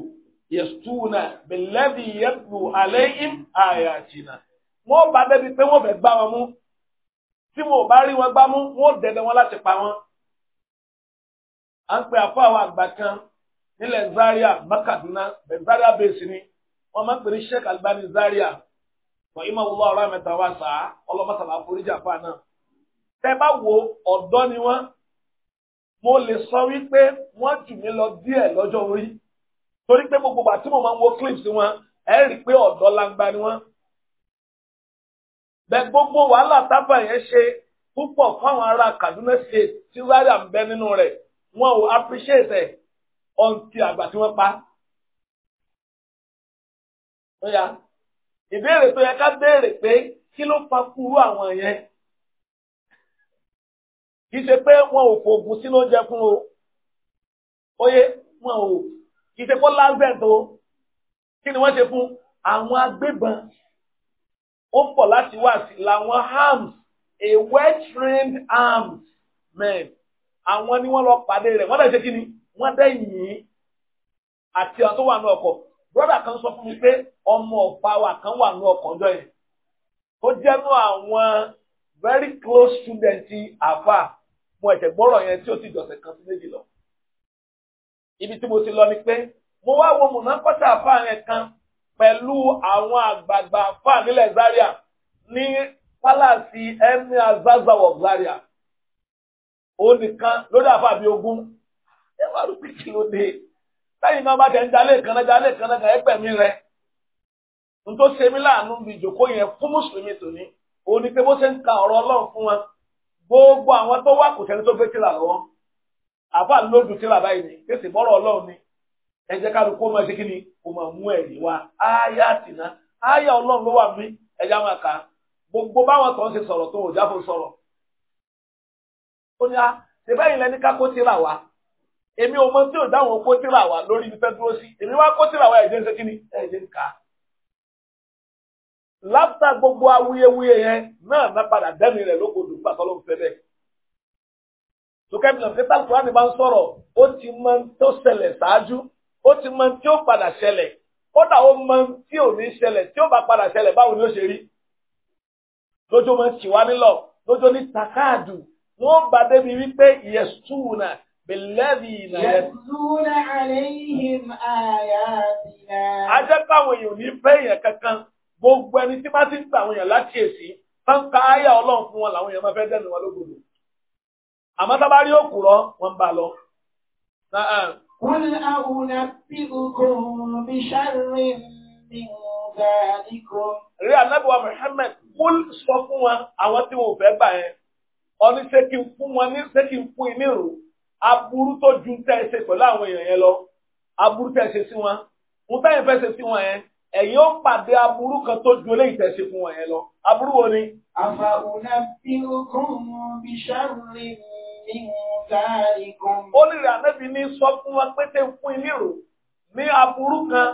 yestuna, billadhi yatlu aleim ayatina wọ́n bá débi pé wọ́n fẹ́ gbá wọn mú tí wọn ò bá rí wọn gbá mú wọ́n dẹ̀dẹ̀ wọn láti pa wọn à ń pè àfọ àwọn àgbà kan nílẹ̀ Zaria makaduna Zaria bẹ́ẹ̀sì ni wọ́n máa ń pè ní Sheikh Albani Zaria wọ́n ìmọ̀ wọ́n ọ̀rọ̀ àmẹ́ta wá sá ọlọ́mọ́sàlá foríjì àfọ àná. tẹ́ bá wo ọ̀dọ́ ni wọ́n mo lè sọ wípé wọ́n jù mí lọ díẹ̀ lọ́jọ́ orí torí pé gbogbo àti mo máa ń wo clips wọn ẹ rí i pé ọ̀dọ́ langba ni wọ́n. bẹ́ẹ̀ gbogbo wàhálà tábà yẹn ṣe púpọ̀ fáwọn ará Kaduna State tí Zaria ń bẹ nínú rẹ̀ wọn ò appreciate ẹ̀ ọ̀ǹtì àgbà tí wọ́n pa. Ó yá ìbéèrè tó yẹ ká béèrè pé kí ló fa kúrú àwọn yẹn. Kì í ṣe pé wọn ò fògùn sínú oúnjẹ fún o. Oyè wọn ò kì í ṣe kó lásẹ̀ tó. Kí ni wọ́n ṣe fún àwọn agbébọn? Ó pọ̀ láti wá sí làwọn arms a well trained arms men àwọn ni wọ́n lọ pàdé rẹ̀ wọ́n dẹ̀ ṣe kí ni wọ́n dẹ̀ yìn àti ọ̀tọ́ wà ní ọkọ̀ brọ́dà kan sọ fún mi pé ọmọ ọ̀pá wa kan wà ní ọkọ̀ ọjọ́ yẹn tó jẹ́nu àwọn very close student àfà mo ẹ̀jẹ̀ gbọ́rọ̀ yẹn tí ó ti jọ̀sẹ̀ kan sí méjì lọ ibi tí mo ti lọ ni pé mo wá wo mùnákọ́tà àfà yẹn kan pẹ̀lú àwọn àgbààgbà àfà nílẹ̀ Zaria ní pálásì ẹ̀mí azazawa Zaria. òun nìkan lórí àfàbí ogun ẹ wá rúbí kí ló dé lẹ́yìn náà bá tẹ̀ ń dalé kan náà dalé kan náà ẹgbẹ̀mí rẹ̀ n tó yẹn fún mùsùlùmí tòní ni pé bó ṣe ń ka ọ̀rọ̀ fún gbogbo àwọn tó wà kò sẹ́ni tó fẹ́ tìlà lọ́wọ́ àfà lójú báyìí ni ni ẹ máa ṣe kí ni máa mú wá ló wà gbogbo báwọn ṣe tó ó ní a ah, ṣèbẹ́yìn lẹni ká kó tíra wa èmi ò mọ tí ò dáhùn kó tíra wa lórí ibi tẹ́túró sí èmi wá kó tíra wa ẹ̀jẹ̀ ń ṣe kí ni ẹ̀jẹ̀ ń kà á. láfta gbogbo awuyewuye yẹn náà ná padà dẹ́mi rẹ̀ lókodò nígbà tó ló ń fẹ́ bẹ́ẹ̀. sùkẹ́mi náà pété àlùkò àti bá ń sọ̀rọ̀ ó ti mọ tó ṣẹlẹ̀ ṣáájú ó ti mọ tí ó padà ṣẹlẹ̀ kódà ó mọ tí ò ní ṣẹlẹ̀ tí ó bá padà ṣẹlẹ̀ báwo ni ó ṣe rí lójó mọ tìwá nílọ lójó ní takáàdù wọ́n bá débi wípé yẹ̀sùnà bẹ̀lẹ́bì ìnà yẹ̀sùnà àlẹ́yìn àyàtìlá. a jẹ́ káwọn èèyàn ní fẹ́ èèyàn kankan gbogbo ẹni tí bá ti ń gba àwọn èèyàn láti èsì táǹkà ayé ọlọ́run fún wọn làwọn èèyàn máa fẹ́ dẹ́nu wọn lógbòdò àmọ́ tá rí òkú rọ wọ́n bá lọ. قل أنبئكم بشر من ذلكم. rí ànábì wa Muhammad kúl sọ fún wa àwọn tí wọn ò fẹ́ gbà yẹn ọní ṣé kí n fún wọn ní ṣé kí n fún iní rò aburú tó ju tẹ́ ẹ ṣe pẹ̀lú àwọn èèyàn yẹn lọ aburú tẹ́ ẹ ṣe sí wọn mo tẹ́ ẹ fẹ́ ṣe sí wọn yẹn ẹ̀yin ó pàdé aburú kan tó ju eléyìí tẹ́ ẹ ṣe fún wọn yẹn lọ aburú wo ni. àfà òun àti ogún bí sáré ní sáré kan. ó ní rẹ̀ ànábì ní sọ fún wa pé tẹ́ fún iní rò ní aburú kan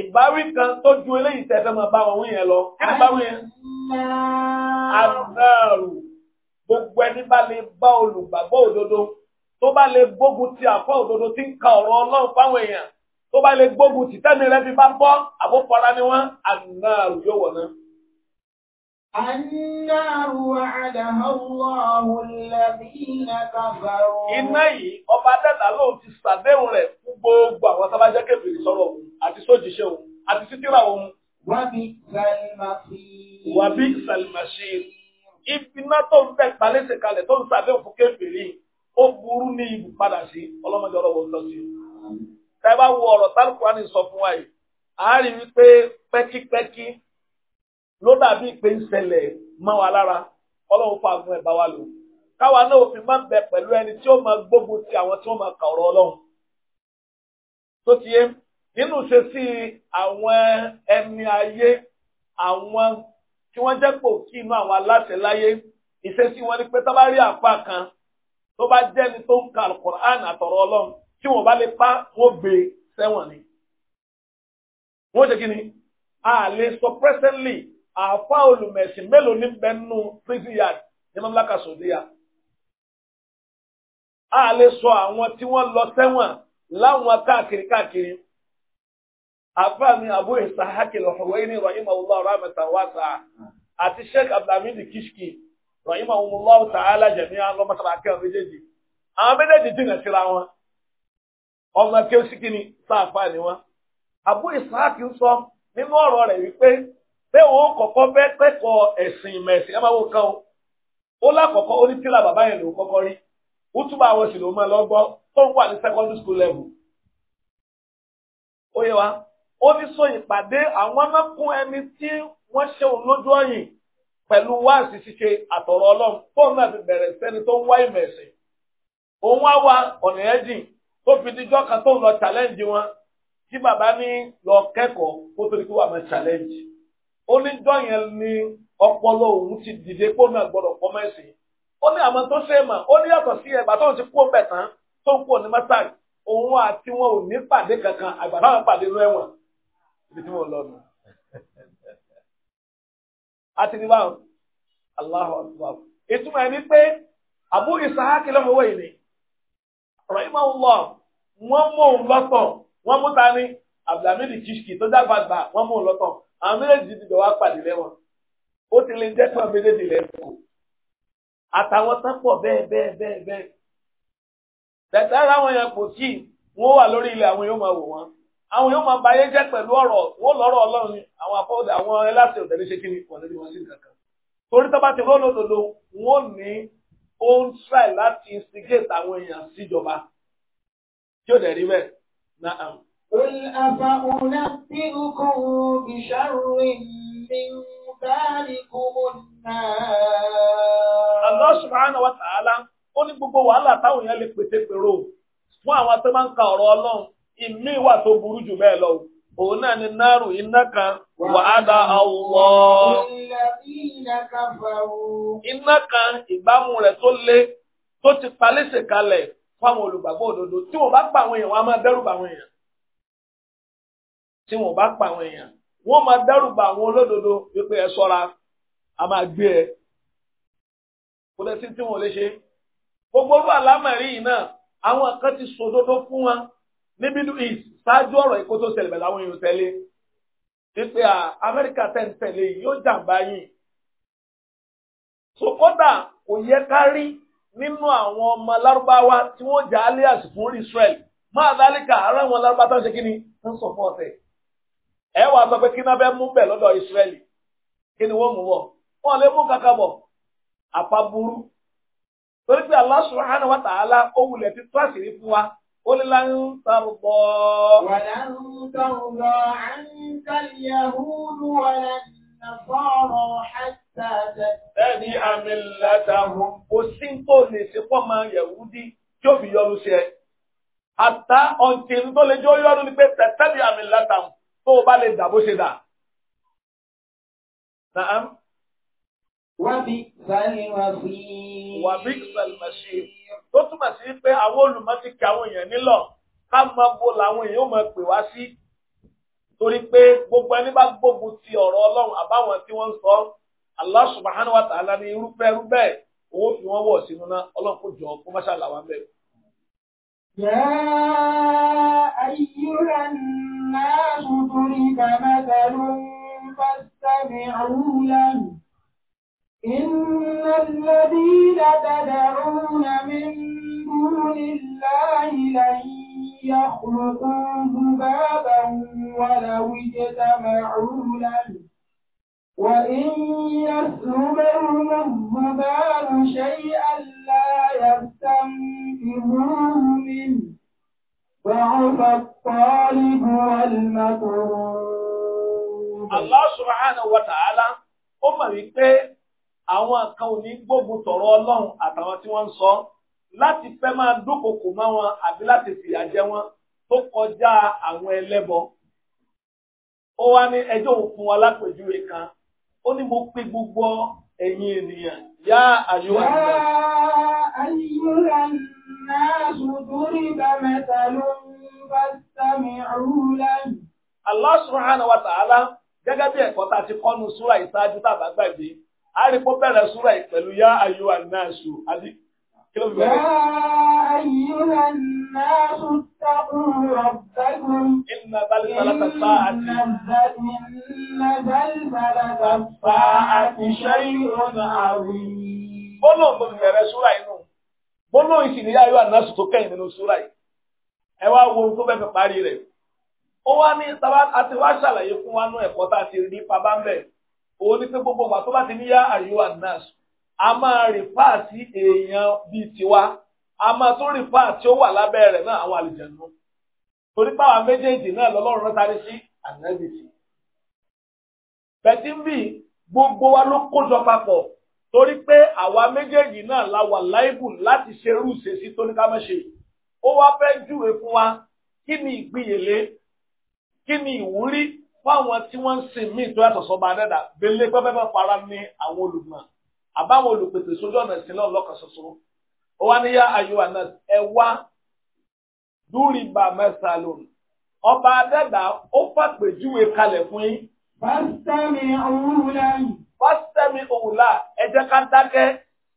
ìbáwí kan tó ju eléyìí tẹ́ ẹ fẹ́ máa bá wọn wí yẹn lọ kí gbogbo ẹni bá lè bá olùgbàgbọ́ òdodo tó bá lè gbógun ti àfọ́ òdodo tí ń ka ọ̀rọ̀ ọlọ́run fáwọn èèyàn tó bá lè gbógun ti tẹ́ni rẹ fi bá ń bọ́ àbófara ni wọ́n ànáàrù yóò wọ̀ náà. Annáru wa'adaha Allahu alladhina kafaru. Iná yìí, ọba dẹ́dà lóun ti sàdéhùn rẹ̀ fún gbogbo àwọn sábàjẹ́ kébìrì sọ̀rọ̀ àti sójìṣẹ́ òun àti sítírà òun. Wàbí Sàlmàṣí. Wàbí Sàlmàṣí ìbíná tó ń bẹ palẹ́sẹ̀ kalẹ̀ tó ń sàbẹ̀ fún kéferì ó burú ní ibù padà sí ọlọ́mọdé ọlọ́wọ́ lọ sí. tẹ́ wo ọ̀rọ̀ tálùkùránì sọ fún wa yìí a rí i pé pẹ́kípẹ́kí ló dàbí pé ń ṣẹlẹ̀ mọ́ wa lára ọlọ́run fún agun ẹ̀ bá wa lò káwa náà òfin máa ń bẹ pẹ̀lú ẹni tí ó máa gbógun ti àwọn tí wọ́n máa kà ọ̀rọ̀ ọlọ́run tó ti yé nínú ṣe sí àwọn ẹni ayé àwọn tí wọ́n jẹ́ pò kí inú àwọn aláṣẹ láyé ìṣesí wọn ni pé tó bá rí àpá kan tó bá jẹ́ni tó ń ka alukur'an àtọ̀rọ̀ ọlọ́run tí wọ́n bá lè pa wọ́n gbé e sẹ́wọ̀n ni. wọ́n ṣe kí ni a lè presently àfa olùmẹ̀sìn mélòó ní bẹ́ẹ̀nù prison yard ní mamlaka sòdíyà. a lè sọ àwọn tí wọ́n lọ sẹ́wọ̀n láwọn káàkiri káàkiri àfáà mi Abu Ishaq al-Huwaini rahimahullah rahmatan wasi'a àti Sheikh Abdulhamid Kishki rahimahumullah ta'ala jami'an lọ́mọ́sára akẹ́wọ̀n méjèèjì àwọn méjèèjì jìnnà síra wọn ọmọ akẹ́wọ̀n sí kìíní sáàfáà ni wọn Abu Ishaq ń sọ nínú ọ̀rọ̀ rẹ̀ wípé pé òun kọ̀kọ́ fẹ́ kẹ́kọ̀ọ́ ẹ̀sìn ìmẹ̀sìn ẹ máa wo kan o ó lákọ̀ọ́kọ́ ó ní tíra bàbá yẹn lòún kọ́kọ́ ó yẹ wa ó ní so ìpàdé àwọn mẹ́kún ẹni tí wọ́n ṣe òun lójú ọ̀yìn pẹ̀lú wáàsí ṣíṣe àtọ̀rọ̀ ọlọ́run fóun náà ti bẹ̀rẹ̀ sẹ́ni tó ń wá ìmọ̀ òun wá wa ọ̀nà ẹ̀jìn tó fi dijọ́ kan tó ń lọ challenge wọn tí bàbá ní lọ kẹ́kọ̀ọ́ kó torí kí wàá máa challenge ó ní jọ́ yẹn ní ọpọlọ òun ti dìde kó náà gbọdọ̀ pọ́ mẹ́sìn ó ní àmọ́ tó ṣe é mà ó ní yàtọ̀ sí ẹ̀bà tó ń ti kú ọ̀bẹ̀ tán tó ń kú òní mọ́tàrí òun àti wọn ò ní pàdé kankan àgbàdo àwọn pàdé lọ ibi tí wọ́n lọ nù. a ti ní báwọn Allahu akbar ìtumọ̀ ẹni pé Abu Isahaki lọ́mọwé yìí ni rahimahullah wọ́n mú òun lọ́tọ̀ wọ́n mú ta ni abdulhamid kishki tó dàgbà gbà wọ́n mú òun lọ́tọ̀ àwọn méjèèjì ti dọ̀wọ́ pàdé lẹ́wọ̀n ó ti lè jẹ́ tán méjèèjì lẹ́kọ̀ọ́ àtàwọn tán pọ̀ bẹ́ẹ̀ bẹ́ẹ̀ bẹ́ẹ̀ bẹ́ẹ̀ tẹ̀tẹ̀ ara yẹn kò sí wọn wà lórí ilẹ̀ àwọn yóò máa wò wọ́n àwọn yóò máa bayé jẹ́ pẹ̀lú ọ̀rọ̀ wọ́n lọ́rọ̀ ọlọ́run ni àwọn afọ́dà àwọn ẹlẹ́sẹ̀ òtẹ́lẹ́ ṣe kíni wọ́n lórí wọn sí nǹkan kan torí tó bá ti rọ́ lódodo wọ́n ní ó ń try láti instigate àwọn èèyàn síjọba tí ó dẹ̀ rí bẹ́ẹ̀ náà. olùlàfà òun àti ukọ̀ ìṣàròyìn mi báàrí kúrò náà. Allah subhanahu wa ta'ala ó ní gbogbo wàhálà táwọn èèyàn lè pètè pèrò fún àwọn tó máa ń ka ọ̀rọ̀ ọlọ́run ìmí wà tó burú jù bẹ́ẹ̀ lọ òun náà ni náàrù iná kan wà á da àwọ̀. iná kan ìbámu rẹ̀ tó lé tó ti palẹ́sè kalẹ̀ fáwọn olùgbàgbọ́ òdodo tí wọ́n bá pa àwọn èèyàn wọ́n á máa dẹ́rù bà àwọn èèyàn tí wọ́n bá pa àwọn èèyàn wọ́n máa dẹ́rù àwọn olódodo wípé ẹ ṣọ́ra a máa gbé ẹ kò lẹ́sí tí wọ́n lè ṣe gbogbo olú àlámẹ̀rí yìí náà àwọn kan ti sòdodo fún wọn ní middle east ṣáájú ọ̀rọ̀ ikó tó ṣẹlẹ̀ pẹ̀lú àwọn èèyàn tẹ́lẹ̀ wípé amẹ́ríkà tẹ̀ ń tẹ̀lé yóò jàǹbá yìí so kódà kò yẹ ká rí nínú àwọn ọmọ lárúbáwá tí wọ́n jà alias fún israel máa dálíkà ara wọn lárúbá tó ń ṣe kí ni ń sọ fún ọ̀tẹ̀ ẹ wàá sọ pé kí náà fẹ́ mú bẹ̀ lọ́dọ̀ israeli kí ni wọ́n mú wọ̀ wọ́n lè mú kàkà bọ̀ àpá burú torí pé Allah subhanahu wa ta'ala ó wulẹ̀ ti tó àṣírí fún wa قل لن ترضى ولن ترضى عنك اليهود ولا النصارى حتى تتبع ملتهم وسينتو نسيبو ما يهودي جو بيورو سي حتى until tó lè jó yọrù ni pé tẹ̀tẹ̀bí àmì látàm tó o bá lè dà bó ṣe dà. Nàám. Wàbí sàlìmàṣí. Wàbí sàlìmàṣí tó túmọ̀ sí pé àwọn olùmọ̀ ti kí àwọn èèyàn nílọ̀ ká mọ bo làwọn èèyàn máa pè wá sí torí pé gbogbo ẹni bá gbógun ti ọ̀rọ̀ ọlọ́run àbáwọn tí wọ́n ń sọ Allah subhanahu wa ní irúfẹ́ irúfẹ́ owó fi wọ́n wọ̀ sínú náà ọlọ́run kò jọ kó má ṣàlàwà ń bẹ̀rù. يا أيها الناس ضرب مثل فاستمعوا له إن الذين تدعون من دون الله لن يخلقوا ذبابا ولو اجتمعوا له وإن يسلبهم الذباب شيئا لا يستنقذوه منه ضعف الطالب والمكروه الله سبحانه وتعالى ó mọ̀ wípé àwọn kan ò ní gbógun tọ̀rọ̀ ọlọ́run àtàwọn tí wọ́n ń sọ láti fẹ́ máa dúnkokò wọn àbí láti fìyà jẹ wọn tó kọjá àwọn ẹlẹ́bọ. ó wá ní ẹjọ́ òun fún wa lápèjúwe kan ó ní mo pè gbogbo ẹ̀yin ènìyàn yá àyùwá náà ló ń bá tààlà gẹ́gẹ́ bí ẹ̀kọ́ ta ti kọ́nu súra ìṣáájú àríkó bẹ̀rẹ̀ súra yìí pẹ̀lú yá ayò ànáàsù àbí kí ló fi bẹ̀rẹ̀. yá ayò ànáàsù tàkùn rọ̀bẹ́kùn. iná balẹ̀ balẹ̀ tà àti. iná balẹ̀ balẹ̀ tà àti bọ́lọ̀ tó ni yá ayò tó kẹ́yìn nínú súra yìí. ẹ wá wo tó bẹ́ẹ̀ fi parí rẹ̀. ó wá ní àti wá ṣàlàyé fún wa nú ẹ̀kọ́ tá a ti rí ní pabambẹ́ẹ̀ òun ni pé gbogbo wa tó bá ti ní yá àyíwá nurse a máa rìfà sí èèyàn bíi tiwa a máa tún rìfà tí ó wà lábẹ́ rẹ̀ náà àwọn àlùjànnú torí pàwọn méjèèjì náà lọ́lọ́run náà tarí sí ànábì sí. gbogbo wa ló kójọ papọ̀ torí pé àwa méjèèjì náà la wà láìbù láti ṣe rúùsè sí tóníkámẹ́ṣe ó wá fẹ́ júwe fún wa kí ni ìgbìyèlé kí ni ìwúrí fáwọn tí wọ́n ń sìn míì tó yàtọ̀ sọ́ba adẹ́dà bẹ́lẹ́ pẹ́pẹ́pẹ́ fara ní àwọn olùmọ̀ àbáwọn olùpèsè sójú ọ̀nà ìsìnlẹ̀ ọlọ́kan ṣoṣo ó wá níyà ayò àná ẹ wá dúrìbà mẹ́ta lónìí ọba adẹ́dà ó fàpèjúwe kalẹ̀ fún yín. fásitẹ́mi òwúlà. fásitẹ́mi òwúlà ẹ jẹ́ ká dákẹ́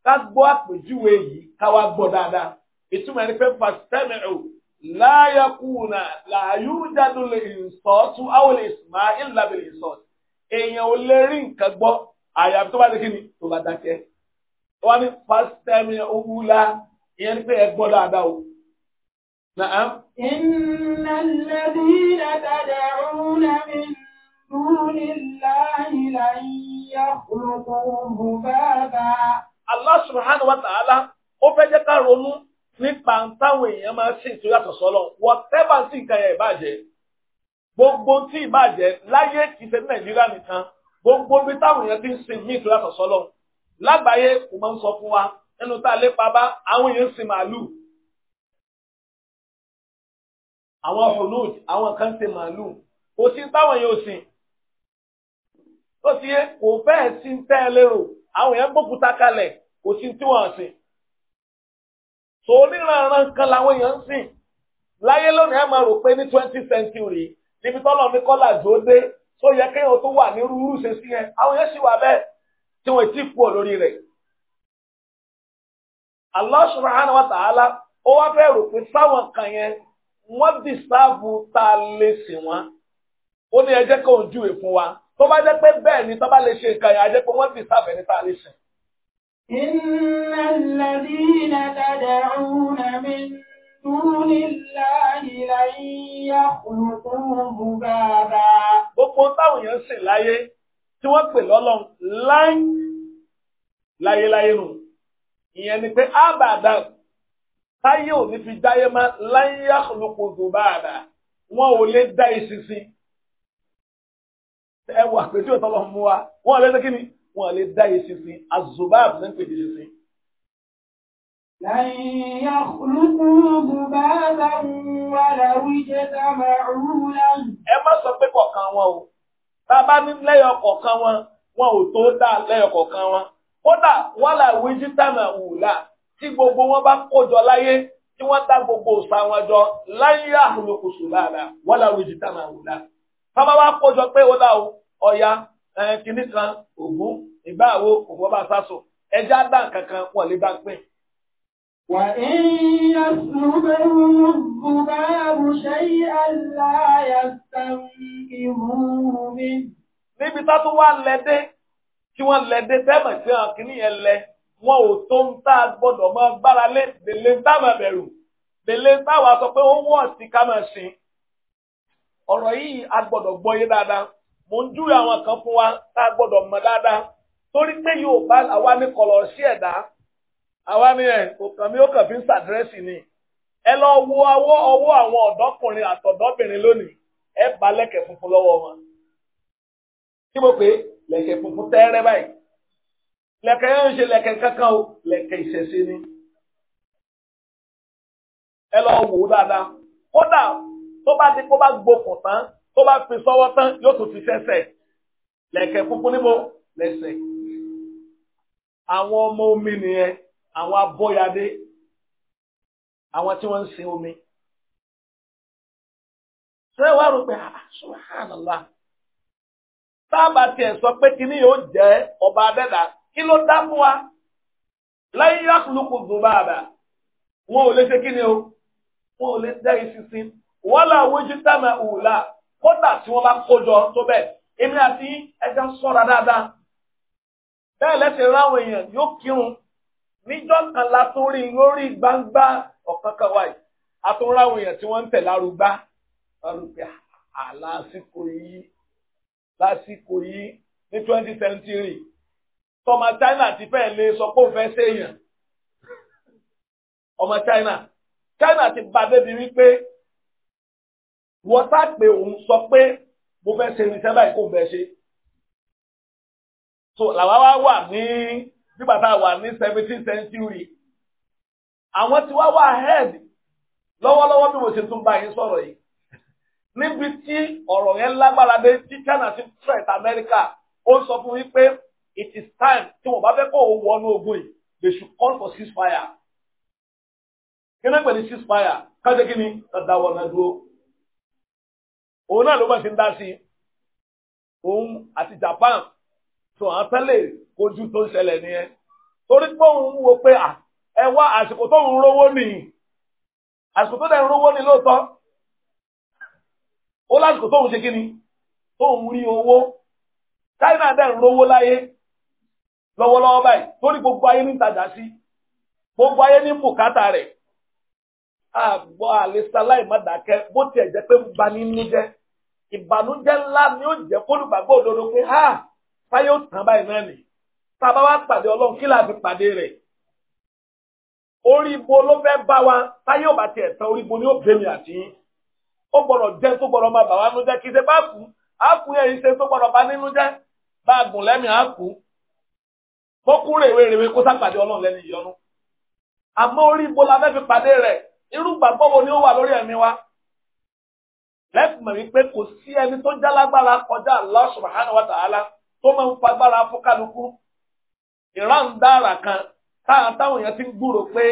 ká gbọ́ àpèjúwe yìí ká wá gbọ́ dáadáa ìtumọ̀ ẹni pé fásitẹ́mi òwúlà láyàkùnà làyújádù lè sọ tún àwọn ìsìnmá ìlàbẹ̀ ìsọ èèyàn ò lè rí nǹkan gbọ́ àyàfi tó bá ti kíni tó bá dákẹ́ wọ́n ní pásítẹ́mì owúlá ìyẹn ní pé ẹ gbọ́ dáadáa o. Nàám. Iná lẹ́bí dàdàdà òun mi dúró láyé láyé ọ̀pọ̀lọpọ̀ bàbá. Allah subhanahu wa ta'ala ó fẹ́ jẹ́ ká ronú nípa táwọn èèyàn máa sìn tó yàtọ̀ sọ́lọ̀ whatever tí nǹkan yẹn ìbàjẹ́ gbogbo tí ìbàjẹ́ láyé kìí ṣe ní nàìjíríà nìkan gbogbo bí táwọn èèyàn ti ń sìn míì tó yàtọ̀ sọ́lọ̀ lágbàáyé kò máa ń sọ fún wa nínú tá a lè pa bá àwọn èèyàn sìn màálù àwọn hulud àwọn kan sìn màálù kò sí táwọn èèyàn ò sìn tó ti yẹ kò fẹ́ẹ̀ sí tẹ́ ẹ lérò àwọn èèyàn gbókúta kalẹ̀ kò sí tí wọ́n sìn. so oníranran kan làwọn èèyàn ń sìn láyé lónìí ẹ máa rò pé ní twenty century níbi tọ́lọ̀ ní kọ́là tó yẹ kéèyàn tó wà ní rúurú ṣe sí yẹn àwọn èèyàn sì wà bẹ́ẹ̀ tí wọ́n ti kú lórí rẹ̀. Allah subhanahu wa ta'ala ó wá fẹ́ rò pé sáwọn kan yẹn wọ́n tá a lè sìn wọ́n ó ní fún wa tó bá ni tó bá إن الذين تدعون من دون الله لن يخلقوا ذبابا gbogbo táwọn èèyàn sìn láyé tí wọ́n pè lọ́lọ́run láń láyéláyé nù ìyẹn ni pé ábàdà táyé ò ní fi dáyé má láń yàkùlùkù dùbàdà wọn ò lè dá ìsinsin ẹ wà pé tí ò tọ́lọ́ mú wa wọn lè dé kí ni wọn lè dá yìí sísìn azubab ní pèjì sísìn. لن يخلقوا ذبابا ولو اجتمعوا له. ẹ má sọ pé kọ̀ọ̀kan wọn o tá a bá ní lẹ́yọ̀ kọ̀ọ̀kan wọn wọn ò tó dá lẹ́yọ̀ kọ̀ọ̀kan wọn kódà wàhálà wíjítàmà wùlà tí gbogbo wọn bá kójọ láyé tí wọ́n dá gbogbo òsà wọn jọ láyé àhùlùkùsù lára wàhálà wíjítàmà wùlà. tá a bá wá kójọ pé ó dá o ọ̀ya kìnnì kan ògún ìgbàwo ògún ọba sásọ ẹja dá nǹkan kan wọn lè bá ń pín. wà á yẹ sùnbẹ́ bùbá àbùṣe aláya sàmìhùn mi. níbi tá tó wá lẹ́dẹ́ kí wọ́n lẹ́dẹ́ tẹ́mọ̀ tí wọn kìnnì yẹn lẹ wọn ò tó ń tá a gbọ́dọ̀ máa gbára lé délé táwọn bẹ̀rù délé táwọn sọ pé ó wọ̀ sí ká máa sìn ọ̀rọ̀ yìí a gbọ́dọ̀ gbọ́ yé dáadáa mò ń júwe àwọn kan fún wa tá a gbọ́dọ̀ mọ̀ dáadáa torí pé yóò bá àwa ní kọlọ̀ sí ẹ̀dá àwa ní ẹ̀ kò kàn ó kàn fi ń sàdírẹ́sì ni ẹ lọ wo ọwọ́ ọwọ́ àwọn ọ̀dọ́kùnrin àtọ̀dọ́bìnrin lónìí ẹ bá lẹ́kẹ̀ funfun lọ́wọ́ wọn. kí mo pè é lẹ́kẹ̀ funfun tẹ́rẹ́ báyìí lẹ́kẹ̀ yóò ṣe lẹ́kẹ̀ kankan o lẹ́kẹ̀ ìṣẹ̀ṣe ni. ẹ lọ wò ó dáadáa kódà tó bá ti kó bá gbokùn tán tó bá fi sọ́wọ́ tán yóò tún fi sẹ́sẹ̀ lẹ̀kẹ̀ funfun níbo lẹ́sẹ̀ àwọn ọmọ omi nìyẹn àwọn abọ́yadé àwọn tí wọ́n ń sin omi ṣé wàá rò pé ah, ah, subhanallah sábà tiẹ̀ sọ pé kíní yóò jẹ́ ọba abẹ́dà kí ló dá fún wa láyé yàkùlùkù dùn bàbà wọn ò lè ṣe kíni o wọn ò lè dá iṣu sí wọn làwọn ojú tá máa hù láà kódà tí wọ́n bá kójọ tó bẹ́ẹ̀ èmi àti ẹja sọ́ra dáadáa bẹ́ẹ̀ lẹ́sẹ̀ ráwọn èèyàn yóò kírun níjọ́ kan la tún rí lórí gbangba ọ̀kankan wáyé a tún ráwọn èèyàn tí wọ́n ń tẹ̀ lárúgbá lárúgbá àlásìkò yìí lásìkò yìí ní twenty century tọmọ China ti fẹ́ lè sọ pé ó fẹ́ séèyàn ọmọ China China ti ba débi wípé wọ́n sá pé òun sọ pé mo fẹ́ ṣe irinṣẹ́ báyìí kò fẹ́ ṣe. so làwa wá wà ní nígbà tá a wà ní seventeen century àwọn tí wá wà ahead lọ́wọ́lọ́wọ́ bí mo ṣe tún bá yín sọ̀rọ̀ yìí níbi tí ọ̀rọ̀ yẹn lágbára dé tí China ti threat America ó sọ fún mi pé it is time tí wọ́n bá fẹ́ kó òun wọnú ogun yìí they should call for ceasefire kí náà pè ní ceasefire kájọ kí ni kàdáwọ̀ náà dúró. òun náà ló bá ti ń dá sí òun àti Japan tó àwọn tẹ́lẹ̀ kojú tó ń ṣẹlẹ̀ nìyẹn torí pé òun wo pé ẹ wá àsìkò tó ń rówó nìyí àsìkò tó dẹ̀ ń rówó ní lóòótọ́ ó lásìkò tóun ṣe kíni tóun rí owó China dẹ̀ ń rówó láyé lọ́wọ́lọ́wọ́ báyìí torí gbogbo ayé ní ìtajà sí gbogbo ayé ní bùkátà rẹ̀ àgbọ̀ àlesa láì má dákẹ́ bó tiẹ̀ jẹ́ pé ń bani nínú jẹ́ ìbànújẹ́ ńlá ni ó jẹ́ kólùgbàgbọ́ òdodo pé ha fáyé ó tàn báyìí náà nì tá a bá wá pàdé ọlọ́run kí láti pàdé rẹ̀ orí ibo ló fẹ́ bá wa táyé ò bá tiẹ̀ tán orí ibo ni ó bèmí àti ó gbọ́dọ̀ jẹ́ tó gbọ́dọ̀ máa bà wá nínú jẹ́ kí ṣe bá kú á kú yẹn ṣe tó gbọ́dọ̀ bá nínú jẹ́ bá a gùn lẹ́mìí á kú kó kú rèwerèwe kó sápàdé ọlọ́run lẹ́nu ìyọnu àmọ́ orí ibo la fẹ́ fi pàdé rẹ̀ iru gbàgbọ́ wo ni ó wà lórí ẹ̀mí wa lẹ́kùnmọ̀ wípé kò sí ẹni tó jálágbára kọjá Allah subhanahu wa tó máa ń fagbára fọ́kàlùkù ìran dára kan táwọn èèyàn ti ń gbúrò pé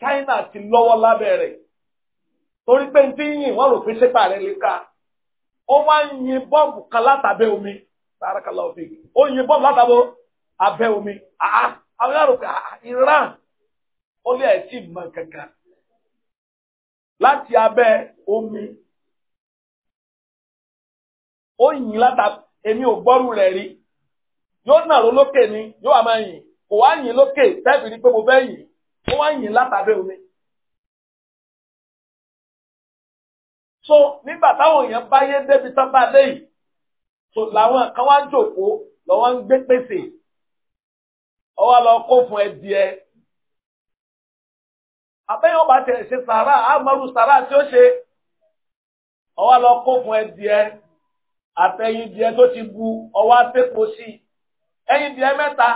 China ti lọ́wọ́ lábẹ́ rẹ̀ torí pé tí yìn wọ́n rò pé ṣépà rẹ̀ lè ka ó wá ń yin bọ́ọ̀bù kan látàbẹ́ omi barakallahu fik ó yin bọ́ọ̀bù abẹ́ omi àwọn ó lé ẹ̀ tí láti abẹ́ omi ó yìn láta èmi ò gbọ́rù rẹ̀ rí yóò nà ló lókè ni yóò wà máa yìn kò wá yìn lókè tẹ́ẹ̀bì ni pé mo fẹ́ yìn ó wá yìn látàbẹ́ omi. so nígbà táwọn èèyàn báyé débi tán bá dé yìí so làwọn kan wá jòkó lọ́wọ́ ń gbé pèsè ọwọ́ lọ kó fún ẹ díẹ̀ àbẹ́yìn ọba tẹ̀ ṣe sàrà àmọ́rù sàrà tí ó ṣe ọwá lọ kó fún ẹdìẹ àtẹ̀yìn díẹ̀ tó ti bu ọwá pépò sí ẹyin díẹ̀ mẹ́ta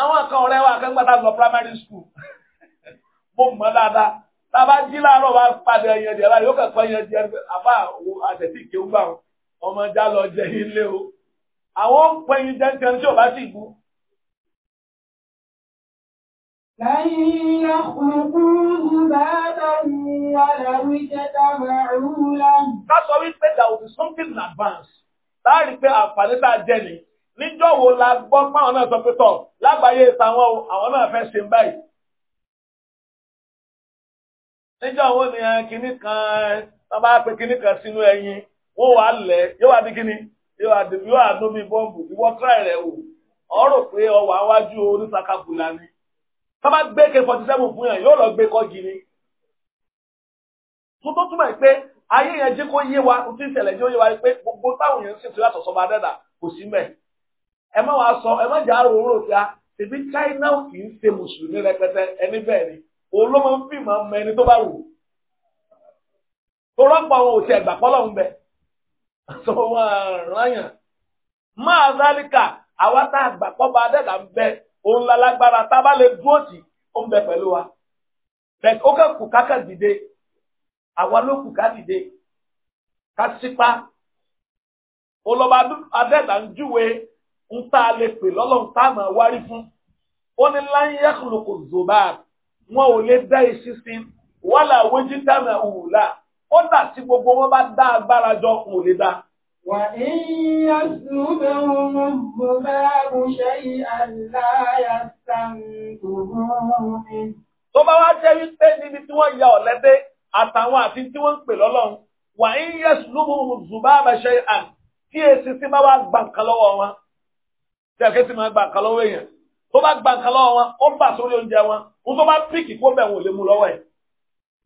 àwọn kan ọ̀rẹ́ wa kan gbàdá lọ primary school mo mọ̀ dáadáa tá a bá jí láàárọ̀ wa padà ẹyin díẹ̀ láàárọ̀ yóò kẹ́kọ̀ọ́ ẹyin díẹ̀ àbá àtẹ̀tí ìkéwù gbà wọn ọmọ ẹja lọ jẹ ilé o àwọn ń pẹ́yìn ò bá sì bu لن يخلقوا ذبابا ولو wípé there will be something in advance. Láàrin pé àǹfààní tá a jẹ ni. Níjọ́ wo la gbọ́ páwọn náà sọ pé tọ̀ lágbàáyé táwọn o, àwọn náà fẹ́ ṣe báyìí. Níjọ́ wo ni eh, kinní kan wọ́n eh, bá pe kinní kan sínú ẹyin, wọ́n wà lẹ̀, yóò wá di kinní, yóò wá dùn bí bọ́ǹbù, ìwọ́ tíráì rẹ̀ wò. Ọ̀rọ̀ pé ọwọ́ àwájú oníṣàkàbùlà ni. tó bá gbé 47 forty seven fún yàn yóò lọ gbé kọ́gi ni. tó tó túmọ̀ pé ayé yẹn jẹ́ kó yé wa tí ìṣẹ̀lẹ̀ jẹ́ ó wa pé gbogbo táwọn èèyàn sì ti látọ̀ sọ́ba dẹ́dà kò sí mẹ́. ẹ má wàá sọ ẹ má àrò a tèmi China kì í ṣe mùsùlùmí rẹpẹtẹ ẹni bẹ́ẹ̀ ni òun ló máa ń mọ ẹni tó bá wù. tó rọ́pò àwọn òsì ẹ̀gbà ń bẹ̀. máa dálíkà òun lálágbára tá a bá lè dúró tì ó ń bẹ pẹ̀lú wa bẹ́ẹ̀ ó kàn kù kákà dìde àwa ló kù ká dìde ká sípa olọba adẹ́ta ń júwe ń tá a lè pè lọ́lọ́run tá a máa wárí fún ó ní láyé yàkùlùkù wọn ò lè dá iṣu sí wàhálà wójú dáná òwúlà ó dà tí gbogbo wọn bá dá agbára jọ òun ò lè dá وإن يسلبهم الذباب شيئا لا يستنكفوه منه tó bá wá jẹ́ wípé níbi tí wọ́n ya ọ̀lẹ́dé àtàwọn àti tí wọ́n ń pè lọ́lọ́run wà ń yẹ sùlùmù zùbáàbà ṣe à kí èsì sí bá wá gba nǹkan lọ́wọ́ wọn tí àké sì máa gba nǹkan lọ́wọ́ èèyàn tó bá gba nǹkan lọ́wọ́ wọn ó bà sórí oúnjẹ wọn n tó bá píkì kó bẹ̀ wọ́n lè mú lọ́wọ́ ẹ̀.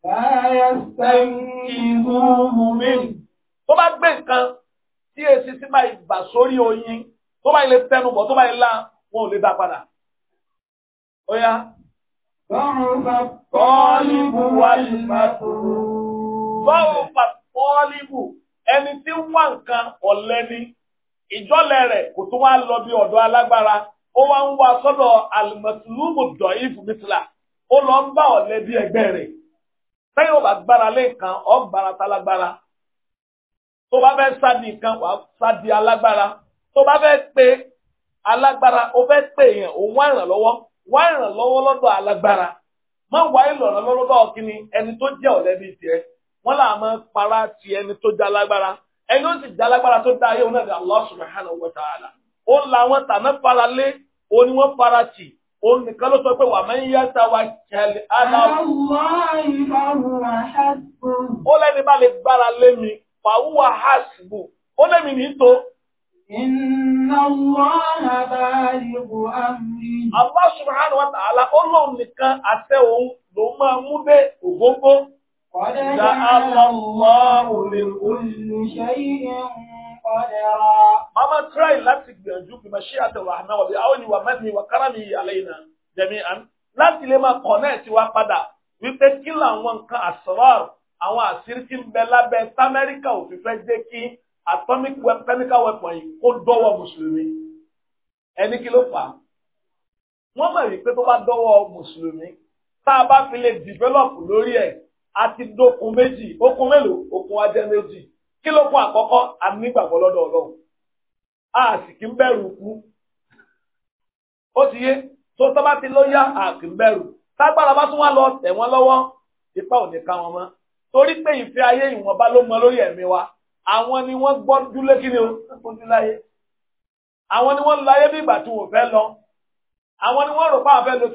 láyé sẹ́yìn ìhùn mi. tó bá gbé nǹkan tí èsì sí bá ìgbà sórí oyin tó bá ilé tẹnu bọ̀ tó bá ilá wọn ò lè dá padà. ó yá. báwọn bá pọ́ọ́líbù wá ìbátò. báwọn bá pọ́ọ́líbù ẹni tí ń wá nǹkan ọ̀lẹ ni ìjọ́lẹ̀ rẹ̀ kò tún wá lọ bí ọ̀dọ̀ alágbára ó wá ń wá sọ́dọ̀ alimọ̀tìlúmù dọ̀yìfù mítìlá ó lọ ń bá ọ̀lẹ bí ẹgbẹ́ rẹ̀ sẹ́yìn bá gbára lẹ́ẹ̀kan ọ̀ tálágbára tó bá fẹ́ sádi nǹkan wàá sádi alágbára tó bá fẹ́ pe alágbára o fẹ́ pe èèyàn òun wá ìrànlọ́wọ́ wá ìrànlọ́wọ́ lọ́dọ̀ alágbára má wá ìrànlọ́wọ́ lọ́dọ̀ kíni ẹni tó jẹ́ ọ̀lẹ́bí tiẹ̀ wọ́n là máa para ti ẹni tó jẹ́ alágbára ẹni ó sì jẹ́ alágbára tó dá ayé òun náà ní Allah subhanahu wa ta'ala ó la wọn tàná fara lé òun ni wọ́n para tì òun nìkan ló sọ pé wà máa ń yá ta wa kẹlẹ aláwọ. ó lẹ́ni bá lè gbára lé mi fàwúwà hasbù ó lẹ́mìí ní tó. Inna Allaha balighu amri. Allah subhanahu wa ta'ala ó lóun nìkan àṣẹ òun ló máa mú dé ògógó. Qadara Allahu li kulli shay'in qadara. Mama try láti gbìyànjú bí ma ṣe àtẹ̀wà àná wà bí àwọn ìwà mẹ́rin ìwà káràmì alayna jami'an láti lè máa kọ̀nẹ́ẹ̀tì wa padà wípé kí làwọn nǹkan àṣọwárò àwọn àṣírí tí ń bẹ lábẹ́ tamẹ́ríkà ò fi fẹ́ kí atomic chemical weapon yìí kó dọ́wọ́ mùsùlùmí ẹni kí ló fà á wọ́n mọ̀ wípé tó bá dọ́wọ́ mùsùlùmí tá a bá fi lè develop lórí ẹ̀ a ti dókun méjì okun mélòó okun ajẹ́ méjì kí ló kún àkọ́kọ́ a nígbàgbọ́ lọ́dọ̀ ọlọ́run a sì kí ń bẹ̀rù kú ó ti yé tó tọ́ bá ti lóyá a kì ń bẹ̀rù tágbára bá tún wá lọ tẹ̀ wọ́n lọ́wọ́ ipá ò ní ká wọn mọ́ torí pé ìfẹ́ ayé ìwọ̀nba ló mọ lórí ẹ̀mí wa àwọn ni wọ́n gbọ́ dúlé kí ni ó ní láyé àwọn ni wọ́n láyé bí ìgbà tí wọ́n fẹ́ lọ àwọn ni wọ́n rò pé àwọn fẹ́ lo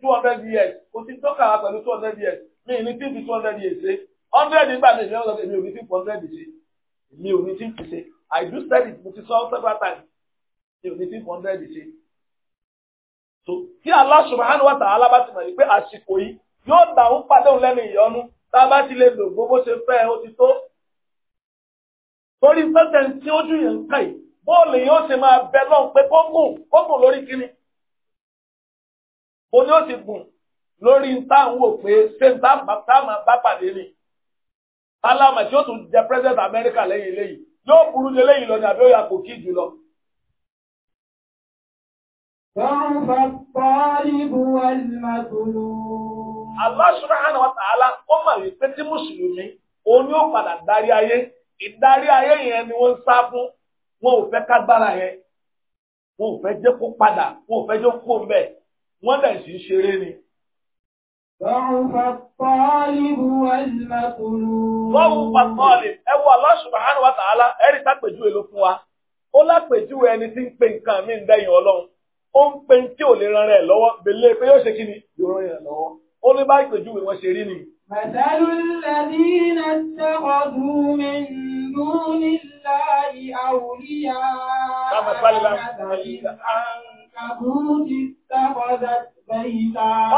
two hundred years kò sí tọ́ka wa pẹ̀lú two hundred years mi ní tí two hundred years ṣe hundred nígbà mi ìfẹ́ ọ̀sẹ̀ mi ò ní tí four hundred ṣe mi ò ní tí fi ṣe I do study mo ti sọ several times mi ò ní tí hundred ṣe. so tí Allah subhanahu wa ta'ala bá ti mọ̀ yìí pé àsìkò yìí yóò dàrú padà òun lẹ́nu ìyọnu tá a bá ti lè lò gbogbo ṣe fẹ́ ó ti tó. torí sẹ́tẹ̀ tí ó jù yẹn ń kà yìí bọ́ọ̀lù yóò ṣe máa bẹ lọ́n pé kó gùn kó gùn lórí kíni. mo ní ó ti gùn lórí tá ń wò pé ṣé n tá àmà bá pàdé ni. alámà tí ó tún jẹ president America lẹ́yìn eléyìí yóò burú jẹ lẹ́yìn lọ ní àbí ó yà kò kí jù lọ. ضعف الطالب والمطلوب Allah subhanahu wa ta'ala ó mọ̀ wípé tí mùsùlùmí òun yóò padà darí ayé ìdarí ayé yẹn ni wọ́n ń sá fún wọn ò fẹ́ kágbára yẹn wọn ò fẹ́ jẹ́ kó padà wọn ò fẹ́ jẹ́ kó wọ́n dẹ̀ sì ń ṣeré ni. fún wa. Ó ẹni tí ń pe nǹkan mi Ó ń pe ò lè ran rẹ̀ lọ́wọ́. pé yóò ṣe kí ó ní bá ìpèjúwe wọn ṣe rí ni.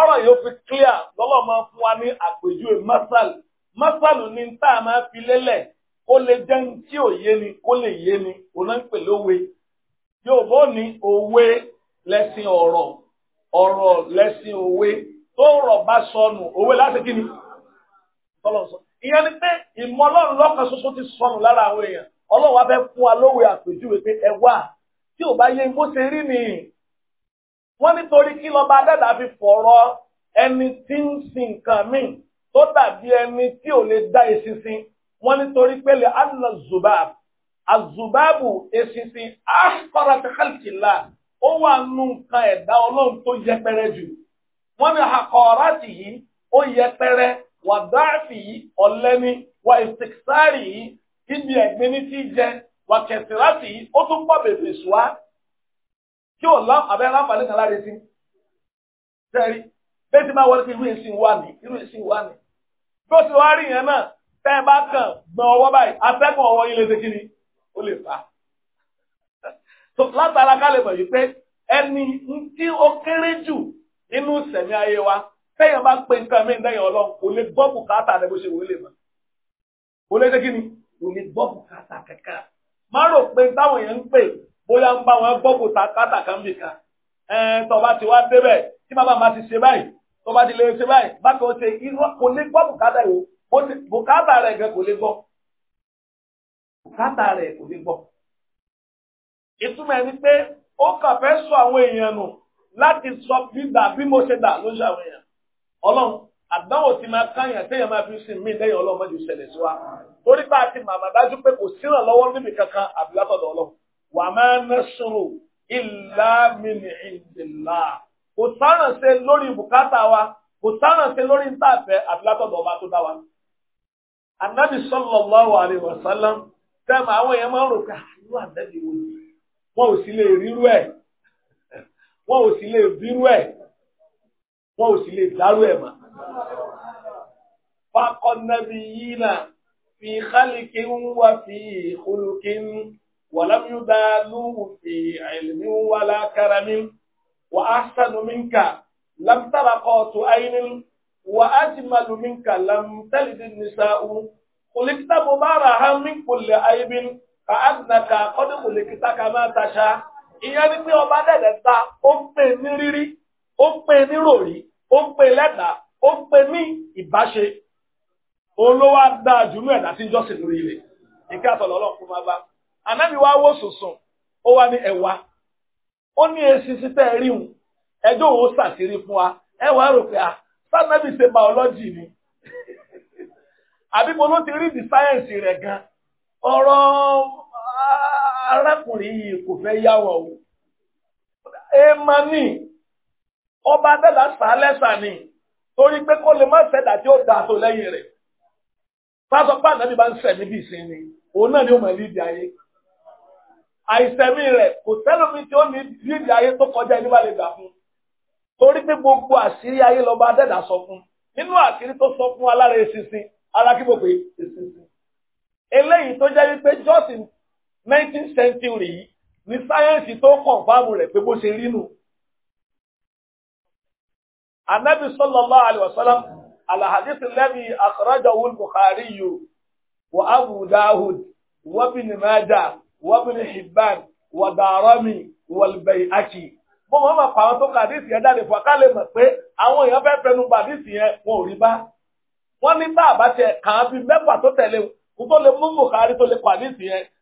Ọ̀rọ̀ yóò fi clear lọ́lọ́ máa fún wa ní àpèjúwe masal. Masalu ni tá a máa fi lélẹ̀ kó lè jẹ́ ní tí ò yé ni kó lè yé ni òun ń pè lówe. Yóò bó ní òwe lẹ́sìn ọ̀rọ̀, ọ̀rọ̀ lẹ́sìn òwe tó rọ̀ bá sọnù òwe láti kí ni tọ́lọ̀sọ. ìyẹn ni pé ìmọ̀ ọlọ́run lọ́kàn ṣoṣo ti sọnù lára àwọn èèyàn ọlọ́run wa fẹ́ fún wa lówe àpèjúwe pé ẹ wà tí ò bá yẹ bó ṣe rí ni. wọ́n nítorí kí lọ́ba dẹ́dà fi fọ̀rọ̀ ẹni tí ń sin nǹkan míì tó dàbí ẹni tí ò lè dá eṣinṣin wọ́n nítorí pé lè anna zubab azubabu eṣinṣin ahqarat khalqillah ó wà nù nǹkan ẹ̀dá ọlọ́run tó yẹpẹrẹ jù. wọ́n ní àkọ́ọ̀rátì yìí ó yẹpẹrẹ wà dáàfì yìí ọ̀lẹ́ni wà ibi ní tí jẹ wà yìí ó tún pọ̀ bèbè kí kan láre sí. bẹ́ẹ̀ tí máa wọlé kí irú èsì wà ní irú èsì wà ní. bí ó wá rí yẹn náà tẹ́ ẹ nínú ìsẹ̀mí ayé wa tẹ́yàn bá pé nǹkan mí lẹ́yìn ọlọ́run kò lè gbọ́ bùkátà rẹ bó ṣe wọlé mọ́ kò lè ṣe kí ni kò lè gbọ́ bùkátà kẹ̀kẹ́ má rò pé táwọn èèyàn ń pè bóyá ń bá wọn gbọ́ bùkátà kan bì kan tó bá ti wá débẹ̀ tí bàbá máa ti ṣe báyìí tó bá ti lè ṣe báyìí bákan ó ṣe kò lè gbọ́ bùkátà ìwò bùkátà rẹ̀ gan kò lè gbọ́ bùkátà rẹ̀ kò lè gbọ́ ìtumọ̀ ẹni pé ó kàn fẹ́ sọ àwọn èèyàn nù láti sọ gbígbà bí mo ṣe gbà ló ń ṣàwọn èèyàn ọlọ́run àdánwò tí máa káyàn téèyàn máa fi sin mí lẹ́yìn ọlọ́run mọ́jú ṣẹlẹ̀ sí wa torí bá a ti màmá dájú pé kò sí ìrànlọ́wọ́ níbi kankan àbí látọ̀dọ̀ ọlọ́run wà máa ń sọ̀rọ̀ ìlà mìíní ìdìlà kò sáràn ṣe lórí bùkátà wa kò sáràn ṣe lórí ń tàfẹ́ àbí látọ̀dọ̀ ọba tó dá wa. Ànábì sallallahu alaihi wasallam tẹ́mọ̀ àwọn èèyàn máa ń rò pé ah, wọn ò sì lè bírú ẹ̀ wọn ò sì lè dárú ẹ̀ mà. Fakọ́ nàbí yìí náà fi xálìkì ń wá fi ìkúlùkì ń. ولم يبالوه في علم ولا كرم وأحسن منك لم تر قوت عين وأجمل منك لم تلد النساء خلقت مبارها من كل عيب كأنك قد خلقت كما تشاء ìyẹn ni pé ọba dẹ̀dẹ̀ ta ó ń pè ní rírí ó ń pè ní ròrí ó ń pè lẹ́dà ó ń pè ní ìbáṣe òun ló wá dá jùlọ ẹ̀dá tí ń jọ́sìn lórí ilẹ̀ ìkẹ́ àtọ̀lọ́ ọlọ́run máa bá ànábì wá wó sùnsùn ó wá ní ẹ̀wà ó ní esi sísẹ́ rí hùn ẹjọ́ òun ṣàṣírí fún wa ẹ̀wà rò pé à sábẹ́bí ṣe biology ni àbí mo ló ti rí di sáyẹ̀nsì rẹ̀ gan ọ̀rọ̀ arákùnrin yìí kò fẹ́ yáwọ̀ o ẹ má ní ọba dẹ́là sàálẹ́sà ni torí pé kó lè má sẹ́dà tí ó da tó lẹ́yìn rẹ̀ fásọ pé ànábì bá ń sẹ̀ níbi ìsinmi òun náà ni ó mọ̀ lídìí ayé àìsẹ̀mí rẹ̀ kò sẹ́lómi tí ó ní lídìí ayé tó kọjá ẹni bá lè gbà fún torí pé gbogbo àṣírí ayé lọ́ba dẹ́dà sọ fún nínú àṣírí tó sọ fún alára eṣinṣin alákìbò pé eṣinṣin eléyìí tó jẹ́ wípé jọ́sìn nineteenth century yìí ni sáyẹ́ǹsì tó kọ̀ǹfàmù rẹ̀ pé bó ṣe rí nù. Ànábì sallallahu alaihi wasallam alahadis alladhi akhrajahu al-Bukhari wa Abu Dawud wa Ibn Majah wa Ibn Hibban wa Darimi wal Bayhaqi. Mo máa ma pàwọn tó kàdísì yẹn jáde fún akálẹ̀ mọ̀ pé àwọn èèyàn fẹ́ fẹnu bàdísì yẹn wọn ò rí bá. Wọ́n ní bá àbáṣẹ kàn án fi mẹ́fà tó tẹ̀lé kó tó lè mú Bukhari tó lè kàdísì yẹn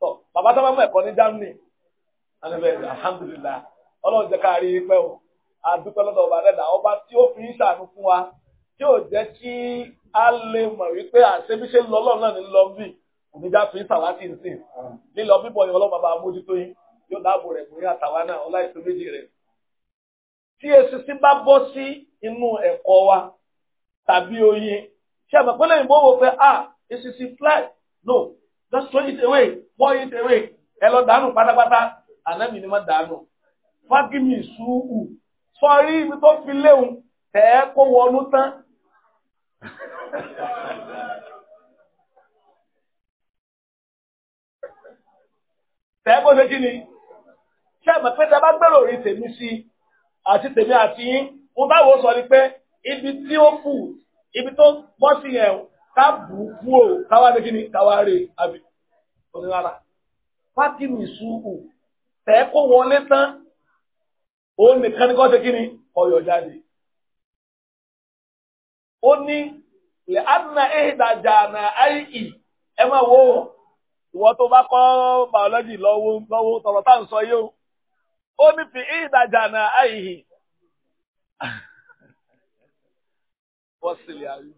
tọ bàbá tó bá mú ẹ̀kọ́ ní Germany alẹ́bẹ̀ alhamdulillah ọlọ́run jẹ́ ká rí pẹ́ o àdúpẹ́ lọ́dọ̀ ọba dẹ́dà ọba tí ó fi ń ṣàánú fún wa tí ò jẹ́ kí a lè mọ̀ wípé àṣebíṣe lọ́lọ́run náà ní lọ bí oníjà fi ń sàwátì nsìn lílọ bíbọ̀ ni ọlọ́run bàbá amójútó yín yóò dáàbò rẹ̀ kúrí àtàwa náà ọláìsọ méjì rẹ̀. tí esisi bá bọ́ sí inú ẹ̀kọ́ wa tàbí oyin ṣe àmọ̀ pé lẹ́yìn bó wo pé ah esisi flag No, just throw it away, pour it away. Ẹ lọ dànù pátápátá, ànábì ni wọ́n dànù. Fákìmì sùúrù, sọrí ibi tó fi léwu, tẹ̀ ẹ́ kó wọnú tán. Tẹ̀ ẹ́ kó ṣe kí ni? Ṣé àmọ̀ pé ta bá gbèrò orí tèmi sí àti tèmi àti yín, mo báwo sọ ni pé ibi tí ó kù, ibi tó bọ́ sí yẹn ká bù ú kú kawari káwá dé kíni káwá rè àbí onírara fátìmì sùúrù tẹ́ kó wọlé tán òun ní kọ́ ṣe kíni jáde ó ní lè na ẹ máa wo ìwọ tó bá kọ́ biology lọ́wọ́ lọ́wọ́ tọ̀rọ̀ tá à ń sọ yìí ó ní fi na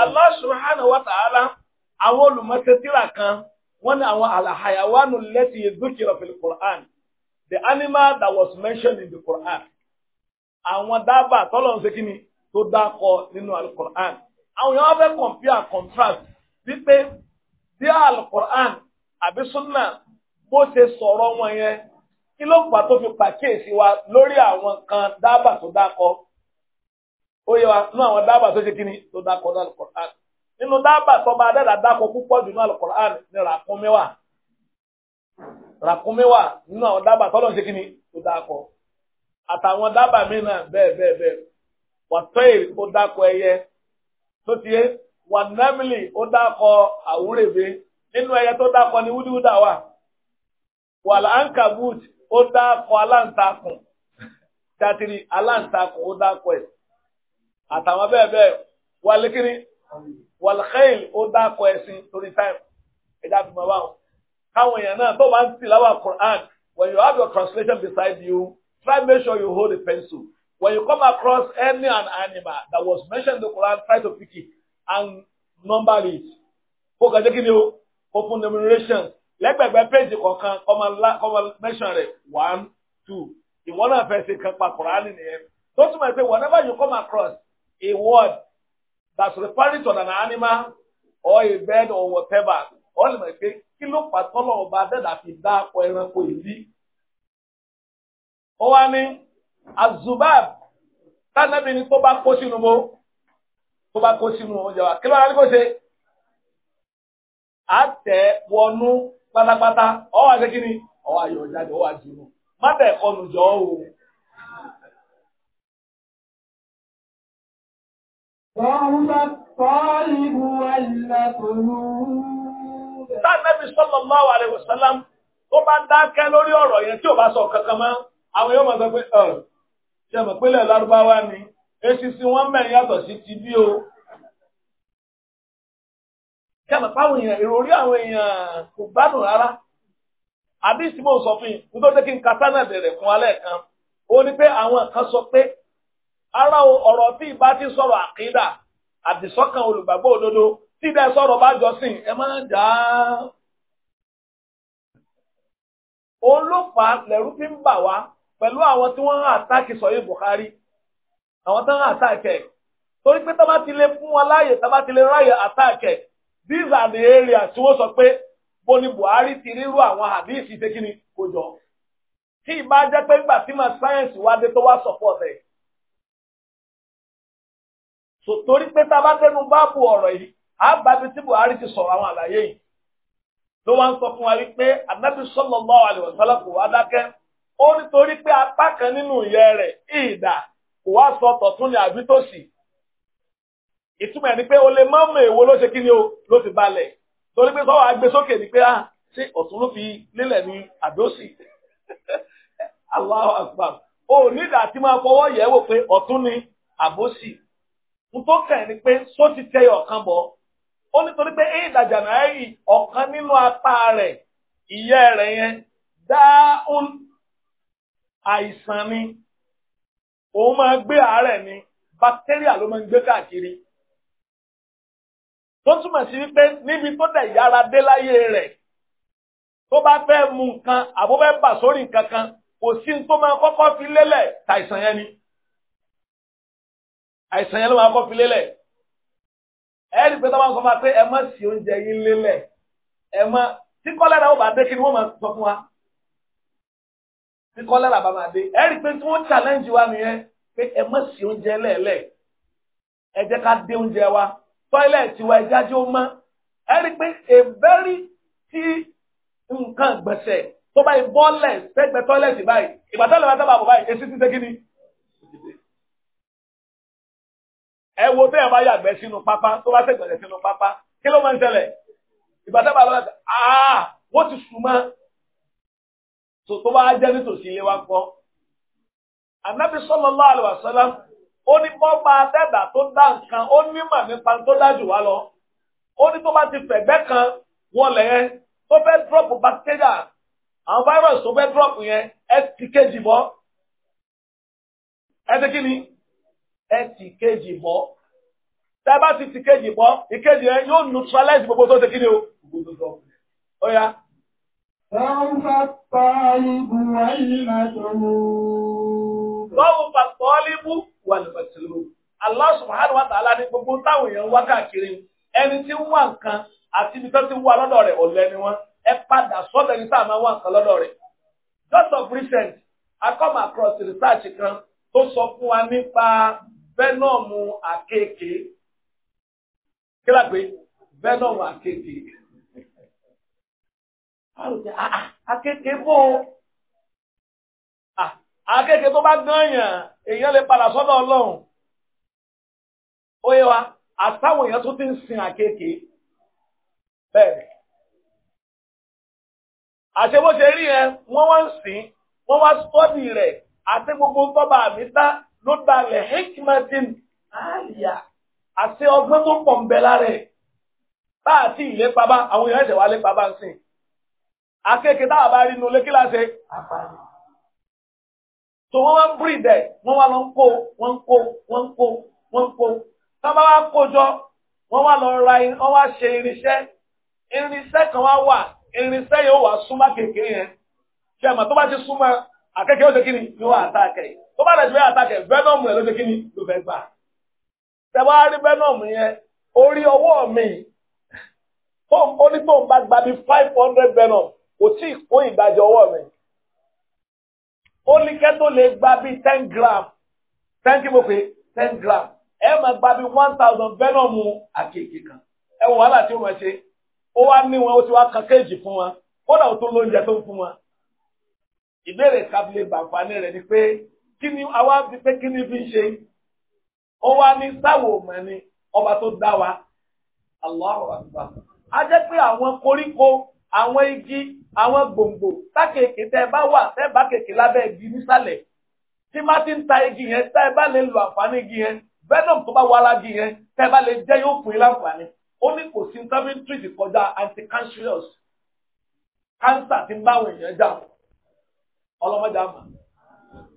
Allah subhanahu wa ta'ala àwọn olùmọ̀tẹ́tìrà kan wọ́n ní àwọn àlàhàyàwánu lẹ́tì ìdúkìrọ̀ fìlì Quran the animal that was mentioned in the Quran àwọn dábà tọ́lọ̀ ń ṣe kí ni tó dákọ̀ nínú alukur'an àwọn yẹn wọ́n fẹ́ compare and contrast wípé bí alukur'an àbí sunna bó ṣe sọ̀rọ̀ wọn yẹn kí ló pa tó fi pàkíyèsí wa lórí àwọn kan dábà tó dákọ̀ ó yẹ wa nú àwọn dábà tó ṣe kí ni tó dákọ̀ ní alukur'an. nínú dábà tọba adẹ́dà dákọ̀ púpọ̀ jù náà al ní nínú àwọn dábà tọ́lọ̀ ń ṣe kí ni tó dákọ̀ àtàwọn dábà míì náà bẹ́ẹ̀ bẹ́ẹ̀ bẹ́ẹ̀ wàtọ́ ó dákọ̀ ẹyẹ tó ti yé ó nínú ẹyẹ tó ni wúdíwúdà wà wà ó dákọ̀ aláǹtakùn tàtìrì aláǹtakùn ó àtàwọn wàlúkẹ́yìn ó dákọ̀ ẹ̀sìn torí táìmù ẹ̀dá fi mọ̀ wáhùn. káwọn èèyàn náà tó bá ń tì láwà Quran when you have your translation beside you try make sure you hold a pencil when you come across any an animal that was mentioned in the Quran try to pick it and number it. kó kàn jẹ́ kí ni o open numeration lẹ́gbẹ̀gbẹ́ péjì kọ̀ọ̀kan kọ́mọ mention rẹ̀ one two ìwọ náà fẹ́ ṣe kan pa Quran nìyẹn tó túmọ̀ pé whenever you come across a word that's referring to an animal or a bird or whatever ọ lè mọ̀ pé kí ló pàtọ́lọ̀ ọba dẹ́dà fi dá akọ ẹranko ìdí. ó wá ní azubab tánàbí ni tó bá kó sínú mo tó bá kó sínú oúnjẹ wa kí ló wá ní kó ṣe. a tẹ̀ wọnú pátápátá ọwọ́ àti kí ni ọwọ́ ayọ̀ jáde ọwọ́ àjùmọ̀ má tẹ̀ kọnu jọ ọ́ o. فهو الطالب والمطلوب Tánàbí sallallahu alaihi wasallam ó bá dákẹ́ lórí ọ̀rọ̀ yẹn tí ò bá sọ kankan mọ́, àwọn yóò máa sọ pé ọ̀ ṣe mọ̀ pílẹ̀ lárúbáwá ni, èsì sí wọ́n mẹ́rin yàtọ̀ sí ti bí o. Ṣé mọ̀ páwọn èèyàn ìròrí àwọn èèyàn kò gbádùn rárá? Àbí ìsìnkú sọ fún yìí, nítorí kí n ka bẹ̀rẹ̀ fún alẹ́ kan, ó ní pé àwọn kan sọ pé ara ọ̀rọ̀ tí ìbá ti sọ̀rọ̀ àkídà àdìsọ́kàn olùgbàgbọ́ òdodo tí ìdẹ́ sọ̀rọ̀ bá jọ́sìn ẹ máa ń jà á. òun ló fà fi ń bà wá pẹ̀lú àwọn tí wọ́n ń àtàkì sọ̀yìn Buhari àwọn tó ń àtàkì ẹ̀ torí pé tábà ti lè fún wọn láàyè tábà ti lè ráàyè àtàkì ẹ̀ these are the areas tí wọ́n sọ pé bó ni Buhari ti rírú àwọn àdìsí ṣe kí ni kò jọ. tí ìbá jẹ́ pé nígbà tí sáyẹ̀nsì wá dé tó wá sọ̀pọ̀ ọ̀tẹ̀ so torí pé tá a bá tẹnu bá bu ọ̀rọ̀ yìí á bá bi tí Buhari ti sọ àwọn àlàyé yìí ló wá ń sọ fún wa wípé anabi sallallahu alaihi wasallam kò wá dákẹ́ ó nítorí pé apá kan nínú ìyẹ́ rẹ̀ ìdà kò wá sọ tọ̀tún ní àbí tòsì ìtumọ̀ ẹ̀ ni pé o lè máa ń mọ èwo ló ṣe kí ni o ló fi balẹ̀ torí pé sọ́wọ́ àgbẹ̀ sókè ni pé ah, ṣé ọ̀tún fi lélẹ̀ ní àdósì Allahu akbar o nídàá tí máa fọwọ́ yẹ̀ wò pé ọ̀tún ni àbósì mo tó kàn ní pé só ti tẹ ọ̀kan bọ̀ ó nítorí pé èyí ìdàjà náà yìí ọ̀kan nínú apá rẹ̀ ìyẹ́ rẹ̀ yẹn dáhùn àìsàn ni òun máa gbé àárẹ̀ ni bacteria ló máa ń gbé káàkiri tó túmọ̀ sí wípé níbi tó dẹ̀ yára dé láyé rẹ̀ tó bá fẹ́ mu nǹkan àbó bà sórí nǹkan kan kò sí ní tó máa kọ́kọ́ fi lélẹ̀ tàìsàn yẹn ni àìsàn yẹn ló máa kọ́ fi lélẹ̀ ẹ rí i pé tó máa sọ fún wa pé ẹ má sí oúnjẹ yín lélẹ̀ ẹ má tí kọ́lẹ́rà ó bá dé kí ni wọ́n máa sọ fún wa tí kọ́lẹ́rà bá máa dé ẹ rí i pé tí wọ́n challenge wa nìyẹn pé ẹ má sí oúnjẹ lẹ́ẹ̀lẹ̀ ẹ jẹ́ ká dé oúnjẹ wa tọ́ílẹ̀tì wa ẹja jẹ́ ó mọ́ ẹ i pé èbẹ́rí tí nǹkan gbẹ̀sẹ̀ tó báyìí bọ́ọ̀lẹ̀ sẹ́gbẹ̀ tọ́ílẹ̀tì báyìí ìgbà tọ́lẹ̀ ẹ wo bẹ́ẹ̀ bá yàgbẹ́ sínú pápá tó bá tẹ̀gbẹ̀rẹ̀ sínú pápá kí ló máa ń tẹ̀lẹ̀ ìgbà tábà lọ́wọ́ àá wọ́n ti sùn mọ́ tó bá jẹ́ nítòsí ilé wa kọ́ ànábì sallallahu alaihi wasallam ó ní bọ́ba dẹ́dà tó dá nǹkan ó nímọ̀ nípa tó dájú wa lọ ó ní tó bá ti fẹ̀gbẹ́ kan wọlé yẹn tó fẹ́ dọ́pù bacteria àwọn virus tó fẹ́ dọ́pù yẹn ẹ ti kéjì bọ́ ẹ ti kí ni ẹ ti kéjì bọ́ tẹ́ bá ti ti kéjì bọ́ ìkéjì rẹ yóò neutralize gbogbo tó ṣe kí ni o gbogbo ó yá. Sọ́wọ́fà pọ́ọ́líbù wà ní màtòlú. Sọ́wọ́fà pọ́ọ́líbù wà ní màtòlú. Allah subhanahu wa ta'ala ní gbogbo táwọn èèyàn wá káàkiri ẹni tí ń wá nǹkan àti ibi tó ti wá lọ́dọ̀ rẹ̀ ọ̀lẹ ni wọ́n ẹ padà sọ́dọ̀ ẹni tá máa wá nǹkan lọ́dọ̀ rẹ̀. Just of recent, I come across research kan tó sọ fún wa nípa fẹ́nọ̀mù àkekèé kílá pé fẹ́nọ̀mù ah, àkekèé ah, àkekèé bó ah, àkekèé tó bá gányàn èèyàn lè padà sọ́dọ̀ ọlọ́run ó yẹ wa àtàwọn èèyàn tó ti ń sin àkekèé bẹ́ẹ̀ àṣẹ bó ṣe rí yẹn wọ́n wá ń sìn wọ́n wá sọ́ọ̀dì rẹ̀ àti gbogbo tọ́ba àmì dá ló dalẹ̀ hikmatin àlìyà àti ọgbọ́n tó pọ̀ ń bẹ lára ẹ̀ bá àti ìlépa bá àwọn èèyàn ẹ̀dẹ̀ wá lépa bá ń sìn akéèké táwa bá rí inú ilé kí láṣẹ àpárí tó wọ́n wá ń bírìdẹ̀ wọ́n wá lọ ń kó wọ́n ń kó wọ́n ń kó wọ́n ń kó tábà wá kójọ wọ́n wá lọ ra wọ́n wá ṣe irinṣẹ́ irinṣẹ́ kan wá wà irinṣẹ́ yóò wá súnmọ́ kékeré yẹn ṣe àmọ́ tó bá ti súnmọ́ akẹ́kẹ́ ó ṣe kí ni ni wọ́n àtàkẹ́ yìí tó bá lẹ́sìn àtàkẹ́ venom rẹ̀ ló ṣe kí ni ló fẹ́ gbà. tẹ̀wá rí venom yẹn orí ọwọ́ mi ó ní tó ń bá gba bí five hundred venom kò tí ì kó ìdajì ọwọ́ mi. ó ní kẹ́ tó lè gba bí ten gram ten kí mo ten gram ẹ máa gba bí one thousand venom àkèké kan ẹ wọ́n wàhálà tí wọ́n ṣe ó wá ní wọn ó ti wá kan kéèjì fún wọn kódà ó tó lóúnjẹ tó ń fún wọn ìbéèrè kábílẹ̀ bàǹfààní rẹ̀ ni pé kí ni àwa ti pé kí ni fi ń ṣe ó wá ní sáwò mọ̀ ni ọba tó dá wa Allahu Akbar a jẹ́ pé àwọn koríko àwọn igi àwọn gbòǹgbò tákèké tẹ́ ẹ bá wà tẹ́ ẹ bá kèké lábẹ́ igi nísàlẹ̀ tí má ti ń ta igi yẹn tẹ́ ẹ bá lè lo àǹfààní igi yẹn venom tó bá wà lági yẹn tẹ́ ẹ bá lè jẹ́ yóò fún yín láǹfààní ó ní kò sí intermittent kọjá anti-cancerous cancer ti ń bá àwọn èèyàn jà wọ́n ọlọ́mọdé àmà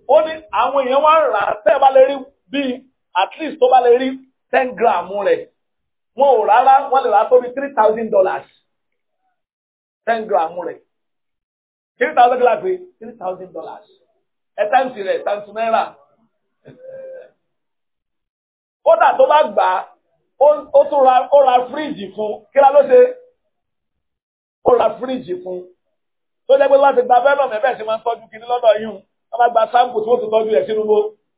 ó ní àwọn èèyàn wá ń rà á tẹ́ ẹ bá lè rí bíi at least tó bá lè rí ten gram rẹ̀ wọn ò rárá wọ́n lè rà á tó bí three thousand dollars ten gram rẹ̀ three thousand dollars three thousand dollars ẹ táǹtì rẹ̀ táǹtì náírà kódà tó bá gbà á ó tún ra ó ra fíríjì fún kí ló ṣe ó ra fíríjì fún tó jẹ́ pé láti gba venom ẹ̀bẹ̀ ṣe máa ń tọ́jú kiri lọ́dọ̀ yìí wọ́n bá gba sampo tí wọ́n ti tọ́jú ẹ̀ sínú bó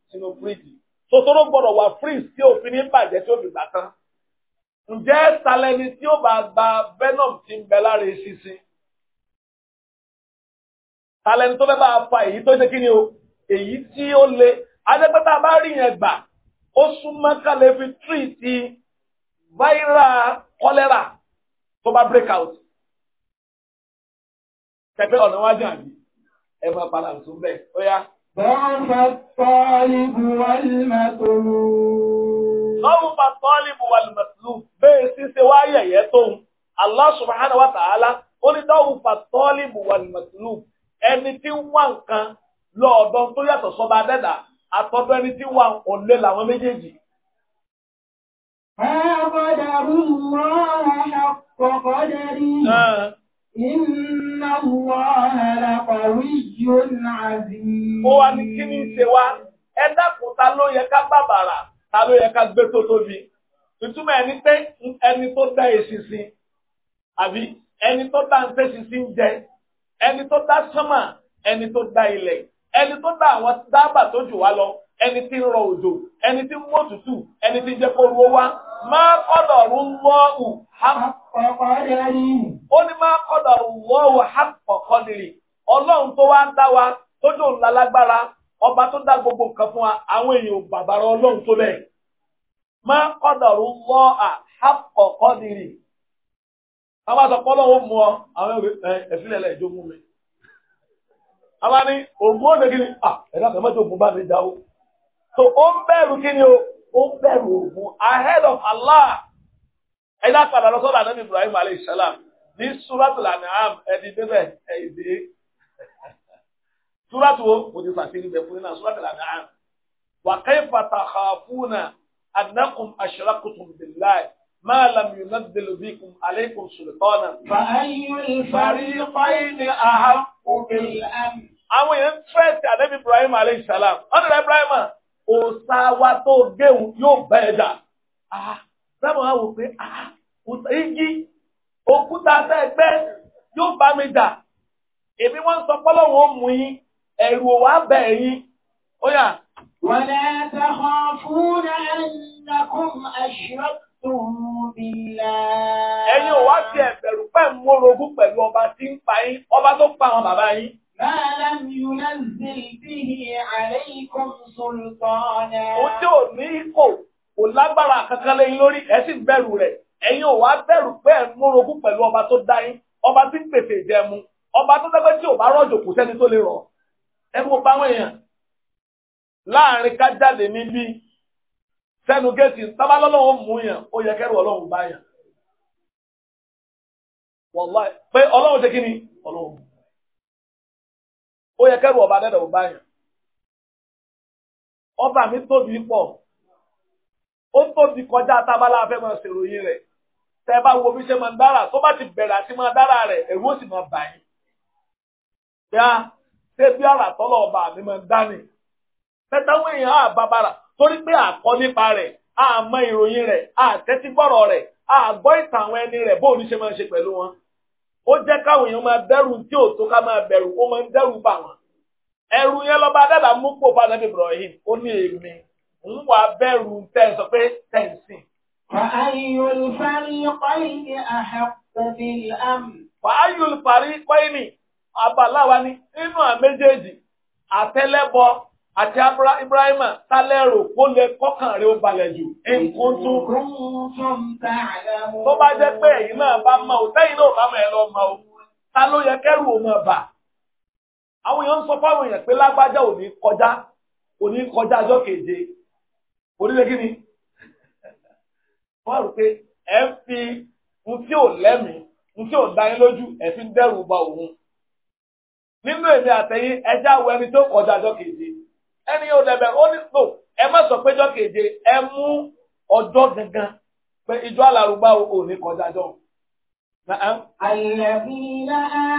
sínú fíríjì tòtòrò gbọ́dọ̀ wà fíríjì tí òfin ní bàjẹ́ tí ó fi gbà tán ǹjẹ́ talẹ́ni tí ó bá gba venom ti ń bẹ lára eṣinṣin talẹ́ni tó fẹ́ bá fa èyí tó ṣe kí ni o èyí tí ó le adẹ́pẹ́tà bá rí yẹn gbà ó súnmọ́ kálẹ̀ fi tírì ti viral cholera tó bá break out Tẹ̀pẹ́ ọ̀nà wájú àbí ẹ padà tún bẹ́ẹ̀ ó yá. Bọ́ọ̀mà tọ́lìbù wàlùmọ̀tòlù. Bọ́ọ̀mà tọ́lìbù wàlùmọ̀tòlù bẹ́ẹ̀ wá yẹ̀yẹ́ tóun. Allah subhanahu wa ta'ala ó ní dọ́wù fàtọ́lìbù wàlùmọ̀tòlù ẹni tí ń wá nǹkan lọ́ọ̀dọ́ tó yàtọ̀ sọ́ba dẹ́dà àtọ́dọ́ ẹni tí ń wá òǹlé làwọn méjèèjì. Ẹ Inna Allaha laqawiyyun aziz. Ó wá ní kí ní ṣe wá, ẹ dákun ta ló yẹ ká bàbàrà, ta ló yẹ ká gbé tó tóbi. Ìtumọ̀ ẹni pé ẹni tó dá èsì sí, àbí ẹni tó dá ń tẹ́sí sí ń jẹ, ẹni tó dá ẹni tó dá ilẹ̀, ẹni tó dá àwọn lọ, ẹni tí ń rọ òjò, ẹni tí ń mú òtútù, ẹni tí ń jẹ́ kó wá. ó ní máa kọ́dọ̀ wọ́wọ́ àpọ̀kọ́dìrì ọlọ́run tó wá dá wa t'ójú ńlá lágbára ọba tó dá gbogbo nǹkan fún wa àwọn èèyàn bàbára ọlọ́run tó bẹ̀. máa kọ́dọ̀ wọ́ àpọ̀kọ́dìrì àwọn àtọ̀pọ̀ ọlọ́run mú ọ àwọn mú mi. àwọn ògùn ni ẹ̀dá kan ògùn bá mi dá o. ń bẹ̀rù kí ni o ń bẹ̀rù ahead of Allah. ẹ̀dá padà lọ sọ́dọ̀ ànábì Ibrahim alayhi salam ní suratul An'am ẹni débẹ̀ ẹ̀dẹ́ suratu wo mo ti fàṣírí bẹ̀ fún iná suratul An'am wa kayfa takhafuna annakum ashraktum billahi ma lam yunzil bikum alaykum sultana. fa ayyul fariqayni ahaqqu bil amn. àwọn èèyàn ń tẹ́tí ànábì Ibrahim alayhi ọ̀dọ̀ Ibrahim òòsà tó géun yóò bẹ́ẹ̀ dà sábà wá wò pé ah, igi òkúta fẹ́ gbẹ́ yóò bá mi jà èmi wọ́n ń sọ pọ́lọ́wọ́ mú yín ẹ̀rù wà bẹ̀ yín ó yà. wala takhafuna annakum ashraktum billah. ò wá sí ẹ̀bẹ̀rù pẹ̀ ń mórogún pẹ̀lú ọba tí ń pa yín ọba tó pa àwọn bàbá yín. Ma lam yunzil bihi alaykum sultana. Ojú ò ní kò kò lágbára kankan lé yín lórí ẹ sì ń bẹ̀rù rẹ̀ ẹ̀yin ò wá bẹ̀rù pé pẹ̀lú ọba tó dá yín ọba tí ń pèsè ìjẹmu ọba tó dẹ́gbẹ́ tí ò bá rọ̀jò kò sẹ́ni tó lè rọ̀ ẹ mú báwọn èèyàn láàrin sẹ́nu géètì mú yàn ni ọlọ́run ó yẹ kẹ́rù ọba dẹ́dọ̀ bá yàn ọba mi tóbi pọ̀ ó tóbi kọjá tábàlà afẹ́ máa ṣèròyìn rẹ̀ tẹ́ bá wo bí ṣe máa ń dára tó bá ti bẹ̀rẹ̀ àti máa dára rẹ̀ ẹ̀rú ó sì máa bà yín. Bíá ṣé bí àrà tọ́lọ̀ ọba mi máa ń dání. Tẹ́táwé yẹn á bàbàrà torí pé àkọ́ nípa rẹ̀ á mọ ìròyìn rẹ̀ á tẹ́tí gbọ́rọ̀ rẹ̀ á gbọ́ ìtàn àwọn ẹni rẹ̀ bóun ní máa ń ṣe pẹ̀lú wọn. Ó jẹ́ káwọn èèyàn máa bẹ̀rù tí ò tó ká máa bẹ̀rù ó máa ń dẹ́rù bà wọ́n. Ẹ̀rù yẹn lọ́ba dàdà pò fún Ibrahim ó ní èmi ń wà bẹ̀rù tẹ́ sọ pé tẹ́ ń sìn. Fàáyùl fárí pọ́ì ní àhàkùnbí àmì. Fàáyùl fárí pọ́ì ní abaláwa ni nínú àméjèèjì àtẹlẹbọ àti Ibrahima tálẹ́rò kó lè kọ́kàn rí ó balẹ̀ jù. Nǹkan tó rún fún tààlà. Tó bá jẹ́ pé ẹ̀yin náà bá mọ̀ ọ́, tẹ́yìn náà bá mọ̀ ẹ lọ mọ̀ ọ́. Ta ló yẹ kẹ́rù ò mọ̀ Àwọn èèyàn ń sọ fáwọn èèyàn pé lágbájá ò kọjá, ò kọjá ọjọ́ keje onílé kí ni wọ́n rò pé ẹ ń fi ohun tí ò lẹ́mìí ohun tí ò dání lójú ẹ fi ń dẹ́rù ba òun nínú èmi àtẹ̀yìn ẹjẹ́ àwọ̀ ẹni tó kọjá ọjọ́ keje ẹni yóò dẹ̀bẹ̀ ó ní tó ẹ má sọ pé ọjọ́ keje ẹ mú ọjọ́ gangan pé ìjọ alárùbá ò ní kọjá ọjọ́ òun. نعم الذين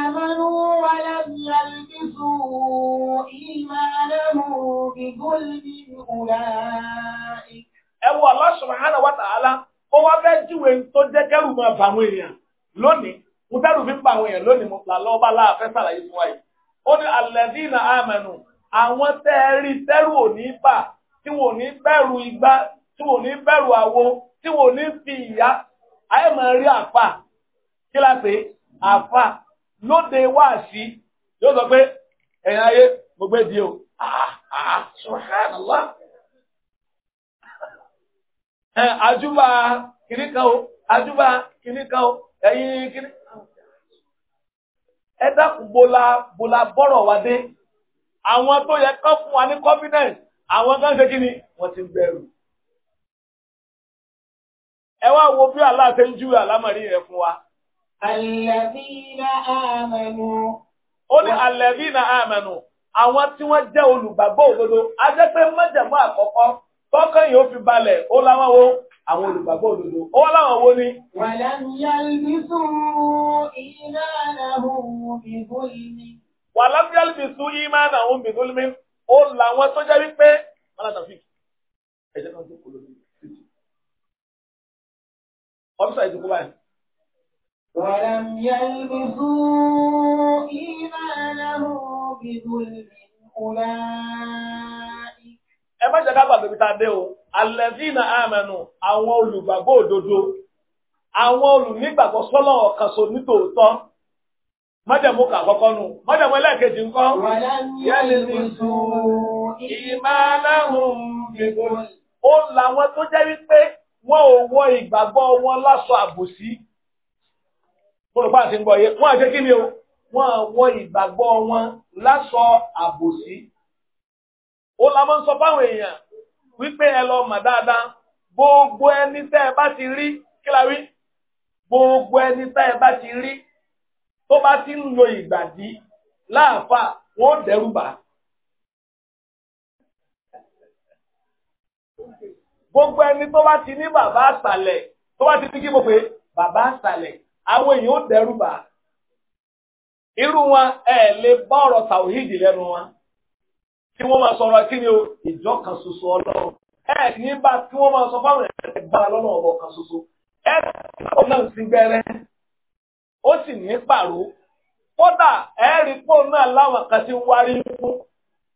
آمنوا ولم يلبسوا إيمانهم بظلم أولئك ẹ wo Allah subhanahu wa ta'ala ó wá fẹ́ júwe tó jẹ́ kẹ́rù máa bà àwọn èèyàn lónìí mo fẹ́rù fi ń bà àwọn èèyàn lónìí mo là lọ́ọ́ bá láàfẹ́ sàlàyé fún wa yìí ó ní alladhina amanu àwọn tẹ́ tẹ́rù ò ní bà tí wọn ní bẹ̀rù igbá tí wọn ní bẹ̀rù àwo tí wọn ní fi ìyá ayé rí àpá kí la pé àfa lóde wáàsí yóò sọ pé ẹ̀yin ayé gbogbo èdè o ah, ah, subhanallah àjúbà kìnìkan o àjúbà kìnìkan o ẹ̀yin kìnìkan ẹ dákun bola bola bọ́rọ̀ wa dé àwọn tó yẹ kán fún wa ní confidence àwọn kan ṣe kí ni wọ́n ti bẹ̀rù. ẹ wá wo bí aláàtẹ ń júwe àlámọ̀rí yẹn fún wa Àlẹ́bínà àmànù. Ó ní àlẹ́bínà àmànù. Àwọn tí wọ́n jẹ́ olùgbàgbọ́ òdodo, a jẹ́ pé mọ́jẹ̀mọ́ àkọ́kọ́, tọ́kàn yóò fi balẹ̀, ó láwọn wo àwọn olùgbàgbọ́ òdodo. Ó wá láwọn wo ni. Wàlámíyálbísú ìmánàhùn bìbólmi. Wàlámíyálbísú ìmánàhùn bìbólmi. Ó làwọn tó jẹ́ wípé, Mọ́lá Tàfíì, ẹ̀jẹ̀ kan tó báyìí. ولم يلبسوا إيمانه بظلم أولئك ẹ má jẹ́ ká gbàgbé bí ta dé o alẹ́dínà àmẹ́nu àwọn olùgbàgbọ́ òdodo àwọn olùnígbàgbọ́ sọ́nà ọ̀kan nítòótọ́ májẹ̀mú kà kọ́kọ́ nù májẹ̀mú ẹlẹ́ẹ̀kejì ńkọ́ ó làwọn tó jẹ́ wípé wọ́n ò wọ ìgbàgbọ́ wọn láṣọ àbòsí olùpá àti gbọ́ yé wọ́n àṣẹ kí ni o wọ́n wọ ìgbàgbọ́ wọn lásọ àbòsí. ó la máa ń sọ fáwọn èèyàn wípé ẹ lọ mà dáadáa gbogbo ẹni tẹ́ ẹ bá ti rí kí la wí gbogbo ẹni tẹ́ ẹ bá ti rí tó bá ti ń lo ìgbàdí láàfà wọn ò dẹ́rù bà. gbogbo ẹni tó bá ti ní bàbá àṣàlẹ̀ tó bá ti ní kí mo pé bàbá àṣàlẹ̀ àwọn èèyàn ó iru bà irú le ẹ lè bá ọ̀rọ̀ tàwíìdì wọn tí wọ́n máa kí ni o ìjọ kan ṣoṣo ọlọ́run ẹ ní bá tí máa sọ fáwọn ẹ̀ bá lọ́nà ọ̀bọ̀ kan soso ẹ ọ náà sí gbẹrẹ ó sì ní pàrọ̀ kódà ẹ rí naa náà láwọn kan ti wárí fún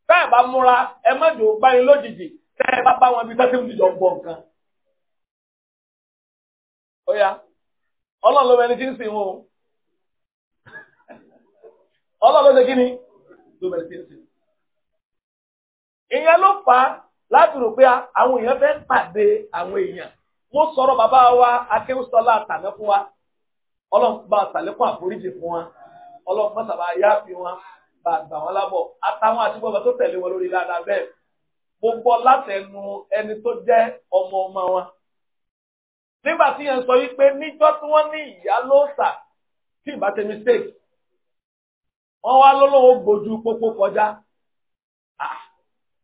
bẹ́ẹ̀ bá múra ẹ má jò báyìí lójijì tẹ́ bá ọlọ́run ló mẹni tí ń sìn wọn o ọlọ́run ló ṣe kí ni ló mẹni tí ń sìn. ìyẹn ló fà á láti rò pé àwọn èèyàn fẹ́ pàdé àwọn èèyàn mo sọ̀rọ̀ bàbá wa akéwùsọ́lá àtàná fún wa ọlọ́run bá àtàlẹ́kùn àforíjì fún wa ọlọ́run bá sábà yáàfin wa bá gbà wọn lábọ̀ àtàwọn àti gbọ́dọ̀ tó tẹ̀lé wọn lórí dáadáa bẹ́ẹ̀ mo gbọ́ látẹnu ẹni tó jẹ́ ọmọ ọmọ wọn nígbà tí yẹn sọ wípé níjọ́ tí wọ́n ní ìyá lóòsà tí ìbá ṣe mistake wọ́n wá lọ́lọ́wọ́ gbójú pópó kọjá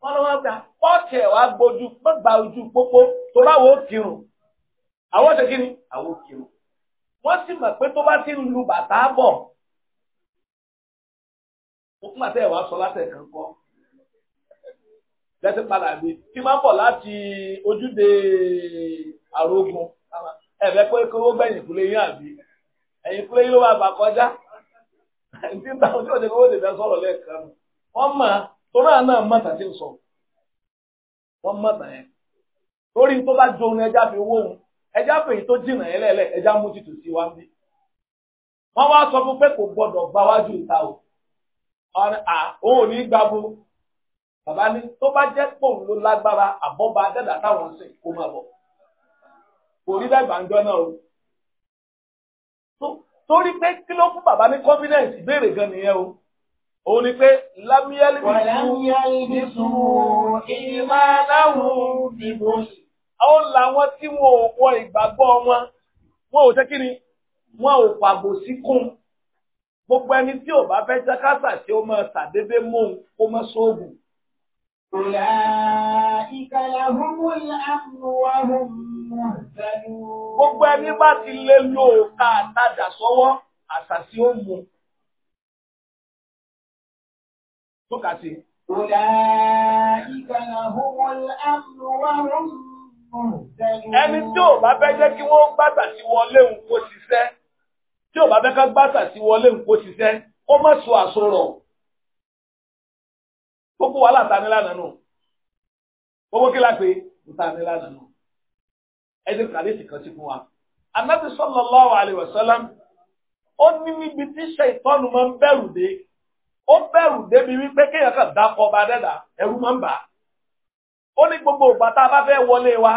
wọ́n lọ́wọ́ gbà pọ́ọ̀tì ẹ̀ wá gbójú gbọ́gbà ojú pópó tó ráwọ̀ kírun àwọn ṣe kí ni àwọn kírun wọ́n sì mọ̀ pé tó bá ti ń lu bàtà bọ̀ ó fún àtẹ̀ wá sọ látẹ̀ kan kọ́ lẹ́sìn padà bí tí máa ń bọ̀ láti ojúde àrógun ẹ̀fẹ́ pé kí owó gbẹ̀yìn kúlé yín àbí ẹ̀yìn kúlé yín ló máa bà kọjá ẹ̀ǹtí táwọn tí òde kówó lè fẹ́ sọ̀rọ̀ lẹ́ẹ̀kan wọ́n mọ̀ torí àná mọ̀tà tí ń sọ wọ́n mọ̀tà yẹn torí tó bá jó ohun ẹja fi owó ohun ẹja fi èyí tó jìnà yẹn lẹ́lẹ̀ ẹja mú títù sí wa bí wọ́n wá sọ fún pé kò gbọ́dọ̀ gba wájú ìta o òun ò ní gbàgbó bàbá ní tó bá jẹ́ pòun ló lágbára àbọ̀bá dẹ́dà táwọn sìn kó máa bọ̀ kò rí dàgbà ńjọ́ náà o torí pé kí ló fún bàbá ní confidence ìbéèrè gan nìyẹn o òun ni pé lámúyálì bí sùn ìmọ̀ aláwọ̀ ìbò. àwọn làwọn tí wọn ò wọ ìgbàgbọ́ wọn wọn ò jẹ́ kí ni wọn ò pàbò sí kún gbogbo ẹni tí ò bá fẹ́ jákàtà tí ó máa ṣàdédé mú un kó mọ́ sóògùn. ọ̀la ìkàlà hùwù àmúwá hùwù. Gbogbo ẹni bá ti lé lò ká àtàdà sọ́wọ́, àṣàṣì ó mú. Tókà sí. Ọ̀dà ìkànnà ọ̀hún àmọ́ wàrún ẹni tí ò bá fẹ́ jẹ́ kí wọ́n gbàtà sí wọlé nǹkó ṣiṣẹ́ tí ò bá fẹ́ ká gbàtà sí wọlé nǹkó ṣiṣẹ́ kó má sọ àsọ̀rọ̀ gbogbo wàhálà tanilànà nù gbogbo kí la pé tanilànà nù ẹ̀dẹ̀ kàdéṣì kan ti fún wa. Anábì sallallahu alaihi wasallam, ó ní níbi tí ṣàìtọ́nù máa ń bẹ̀rù dé. Ó bẹ̀rù débi wípé kéèyàn kan dákọ̀ ọba dẹ́dà, ẹ̀rù máa ń bà á. Ó ní gbogbo ìgbà tá a bá fẹ́ wọlé wa,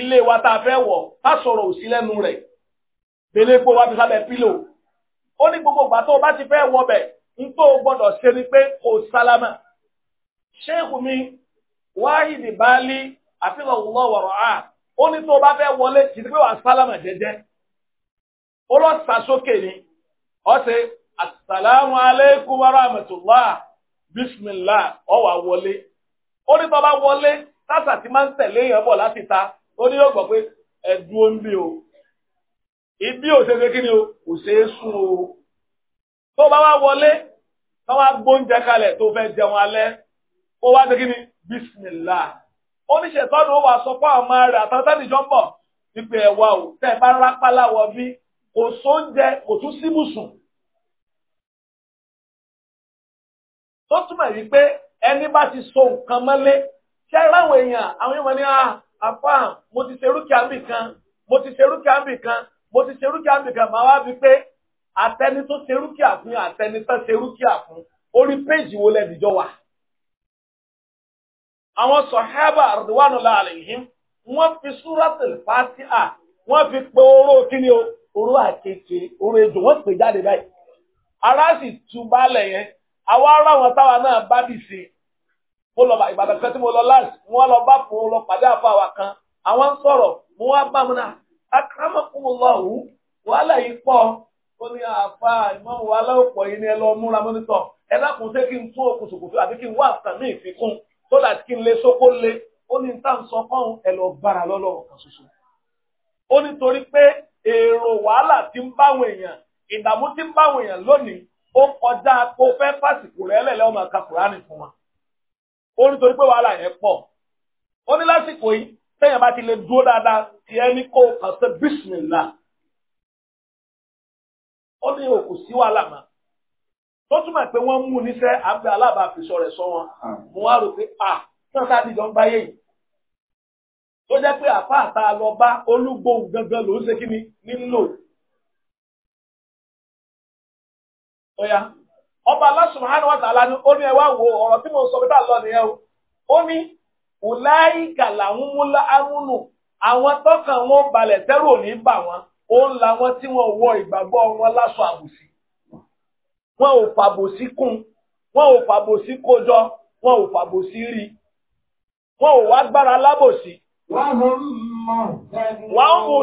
ilé wa tá a fẹ́ wọ̀, ká sọ̀rọ̀ òsì lẹ́nu rẹ̀. Bèlè epo wa fi sábẹ́ pílò. Ó ní gbogbo ìgbà tó o bá ti fẹ́ wọ bẹ̀, n tó o gbọ́dọ̀ ṣe ni pé kò sálámà. Ṣéèkù mi, wáhìdì bá àfihàn òwúlọ́wọ̀rọ̀ áà ó ní tó bá fẹ́ wọlé kì í pé wàá sálámà jẹ́jẹ́ ó lọ sà sókè ni ó ṣe asalaamu aleykum wa rahmatulah bisimilah ó wá wọlé ó ní tó bá wọlé tásà ti máa ń tẹ̀lé èèyàn bọ̀ láti ta ó ní yóò gbọ́ pé ẹ̀dùn ó ń o ìbí ò ṣe ṣe kí ni o kò ṣe é sùn o tó bá wá wọlé tó wá gbóúnjẹ kalẹ̀ tó fẹ́ jẹun alẹ́ ó wá ṣe kí ni bisimilah ó ní ṣètọ́nù ó wà sọ fún àwọn ọmọ rẹ̀ àtàtàdìjọ ń bọ̀ wípé ẹ̀wà ò tẹ́ ẹ bá rápálá wọ bí kò sóúnjẹ kò tún síbùsùn. tó túmọ̀ yìí pé ẹni bá ti so nǹkan mọ́lé ṣé ráwọ̀ èèyàn àwọn èèyàn ní ah, àpá mo ti ṣerú kí àmì kan mo ti ṣerú kí àmì kan mo ti ṣerú kí àmì kan màá wá bíi pé àtẹni tó ṣerú kí àfún àtẹni tó ṣerú kí àfún orí péjì wo lẹ́nìjọ wà. àwọn sọ̀hábà àrùdíwánulá àlèyìn wọ́n fi súrátìl à. wọ́n fi oró oró oró ejò wọ́n pè jáde báyìí ara sì tún balẹ̀ yẹn àwa ará wọn táwa náà bá bì sí mo lọ ìbàdàn kan tí mo lọ láti wọn lọ bá fún un lọ pàdé àfàwà kan àwọn sọ̀rọ̀ mo wá bá mi náà akramakumullahu wàhálà yìí pọ̀ ó so that kí n lè sókó lé ó ní tá n sọ fọ́hún ẹ lọ gbára lọ́lọ́ ọ̀kan ṣoṣo. ó ní torí pé èrò wàhálà ti ń báwọn èèyàn ìdààmú ti ń báwọn èèyàn lónìí ó kọjá kó fẹ́ pàṣípò rẹ̀ lẹ́lẹ́ ọmọ ẹ̀ka fún wa. ó ní torí pé wàhálà yẹn pọ̀. ó ní lásìkò yìí téèyàn bá ti lè dúró dáadáa ti ẹ ní kó kàn sí bísímìlà. ó ní òkú sí wàhálà máa tó túmọ̀ pé wọ́n mú níṣẹ́ abẹ́ alábàáfisọ rẹ̀ sọ wọn ah. mo wá rò pé à náà sábì jọ ń báyé yìí tó jẹ́ pé àfa àta lọ bá olúgbòhùn gangan ló ń ṣe kí ni nílò. ọ̀yà ọba Allah subhanahu wa ta'ala ni ó ní ẹ wá wo ọ̀rọ̀ tí mo sọ pé báà lọ nìyẹn o ó ní ọ̀láìkà làwọn múlá amúnù àwọn tọ́kàn wọn balẹ̀ tẹ́rù ò bà wọ́n ó ń la wọn tí wọ́n wọ ìgbàgbọ́ wọn láṣọ àbùsí wọn ò fàbòsí kún wọn ò fàbòsí kójọ wọn ò fàbòsí rí wọn ò wá gbára lábòsí. wàá mú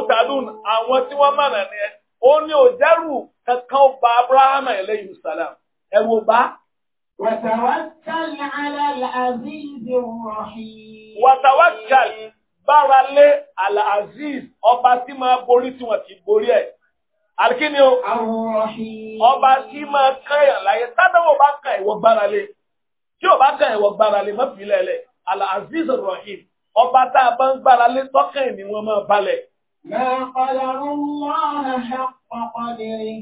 tàdún àwọn tí wọ́n mọ̀nà ni ẹ ó ní òjẹ́rù kankan ba abrahamu alayhi salam ẹ wò bá. wàtàwákàl alàlà bára lé alàziz ọba tí máa borí tí wọn kì borí ẹ. Àríkíni o, ọba tí máa káyàn láyé, tádọ́wọ̀ bá kà ìwọ gbára lé, tí ò bá kà ìwọ gbára lé, mọ́bí lẹ́lẹ̀, Al-Aziz Rahim, ọba tá a bá ń gbára lé tọ́kàn ni wọ́n máa balẹ̀. Máa kọ́dọ̀rún wọ́ àhàkọ̀kọ́ nìrì,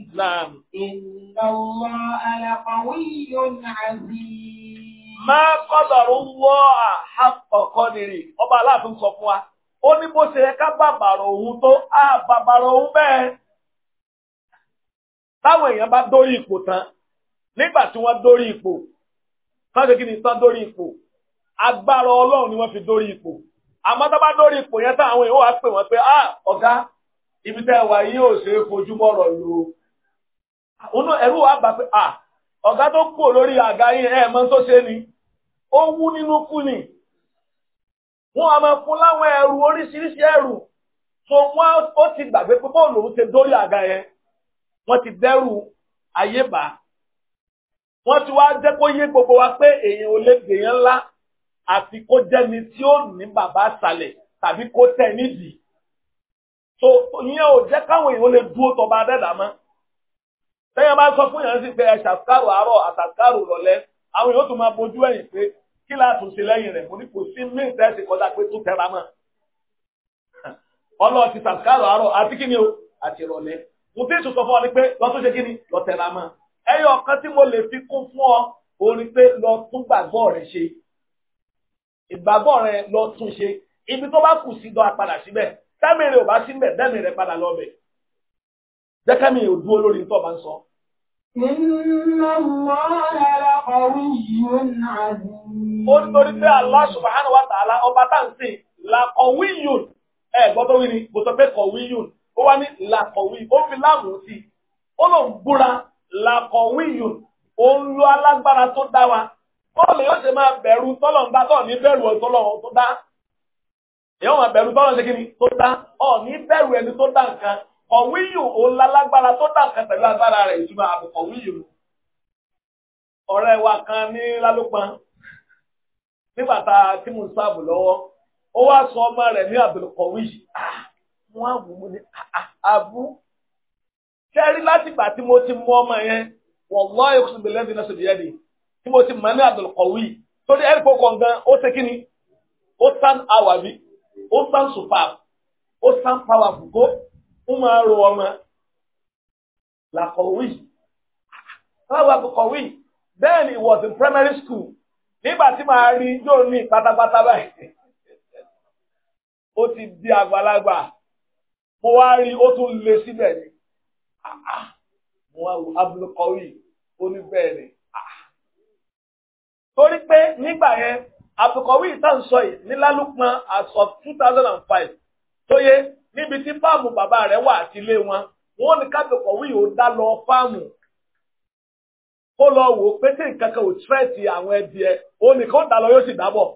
ọba aláàfin sọ fún wa, ó ní bó ṣe ká bàbàrọ̀ òun tó, á òun bẹ́ẹ̀ táwọn èèyàn bá dórí ipò tán nígbà tí wọ́n dórí ipò tán ṣe kí ni tán dórí ipò agbára ọlọ́run ni wọ́n fi dórí ipò àmọ́ tó bá dórí ipò yẹn tán àwọn èèyàn wá pè wọ́n pé ah ọ̀gá ibi tẹ́ ẹ wà yìí ò ṣe é fojúmọ́ ọ̀rọ̀ lò ó ẹ̀rú wa gbà pé ah ọ̀gá tó kú lórí àga yìí ẹ̀ mọ́ tó ṣe ni ó wú nínú kú ni wọ́n a máa fún láwọn ẹrù oríṣiríṣi ẹrù tó wọ́n ó ti gbàgbé pé bóòlù òun ṣe dórí àga yẹn wọ́n ti dẹ́rù ayé bá wọ́n ti wá jẹ́ kó yé gbogbo wa pé èèyàn ò lè gbèyàn ńlá àfi kó jẹ́ni tí ó ní bàbá àsàlẹ̀ tàbí kó tẹ̀ nídìí so ìyẹn ò jẹ́ káwọn èèyàn lè dúró tọba dẹ́dà mọ́ tẹ́yìn bá sọ fún yàrá sí pé ẹ ṣàkárò àárọ̀ àtàkárò lọ́lẹ́ àwọn èèyàn tó máa bójú ẹ̀yìn pé kí láàtún sí lẹ́yìn rẹ̀ mo ní kò sí mí ìtẹ́sí kọjá pé tó tẹra mọ́ ọlọ́ọ̀ ti ṣàkárò àárọ̀ àti kí ni o àti ìrọ̀lẹ́ mo fi èso sọ fún ọ ni pé lọ tún ṣe kí ni lọ tẹ̀ra mọ́ ẹyọ ọ̀kan tí mo lè fi kún fún ọ o ni pé lọ tún gbàgbọ́ rẹ ṣe ìgbàgbọ́ rẹ lọ tún ṣe ibi tó bá kù sí lọ padà síbẹ̀ tẹ́mìrì ò bá sí mbẹ̀ tẹ́mìrì rẹ padà lọ bẹ̀ jẹ́kẹ́mi ò dúró lórí tó bá ń sọ. Inna Allah la qawiyyun aziz. Ó nítorí pé Allah subhanahu wa ta'ala ọba táǹsì la qawiyyun ẹ̀ gbọ́dọ̀ wí ni mo sọ pé qawiyyun ó wá ní làkọ̀wí ó fi láàmù sí i ó lòun búra làkọ̀wí yòó ó ń lo alágbára tó dá wa bọ́ọ̀lù yóò ṣe máa bẹ̀rù tọ́lọ̀ ń ní bẹ̀rù tó dá máa bẹ̀rù kí ni tó dá ọ̀ ní bẹ̀rù ẹni tó dá nǹkan kọ̀wí yòó ó lálágbára tó dá nǹkan pẹ̀lú agbára rẹ̀ ìtumọ̀ yòó ọ̀rẹ́ kan ní nígbà tá a ti lọ́wọ́ ó wá sọ ọmọ rẹ̀ ní wọ́n á wò ó ní ah, ah, àbú. Kẹ́rí láti ìgbà tí mo ti mú ọmọ yẹn, wọ̀lọ́ ìkùsùn bẹ̀rẹ̀ ẹ̀dínà sọ̀dí ẹ̀dì, tí mo ti mọ̀ ní àdùlùkọ̀wì, torí ẹ̀rí kọ̀ọ̀kan gan, ó ṣe kí ni, ó sàn àwàbí, ó sàn superb, ó sàn powerful kó, ó máa ro ọmọ làkọ̀wì. Báwo àkọ̀kọ̀wì? Bẹ́ẹ̀ni, it was in primary school. Nígbà tí màá rí yóò ní pátápátá báyìí. Ó ti di àgbàlagbà mo wá rí ó tún le síbẹ̀ ni ah, ah. mo wá wo abúlókọ́wì ó ní bẹ́ẹ̀ ni. Ah, torí pé nígbà yẹn abúlókọ́wì tá à ń sọ yìí ní lálùpọ̀n as of two thousand and five tó yẹ níbi tí fáàmù bàbá rẹ̀ wà àti ilé wọn wọn ní kábíkọ̀wì ò dá lọ fáàmù kó lọ wò pé tí nǹkan kan ò tírẹ̀tì àwọn ẹbí ẹ ó ní kó dá lọ yóò sì dábọ̀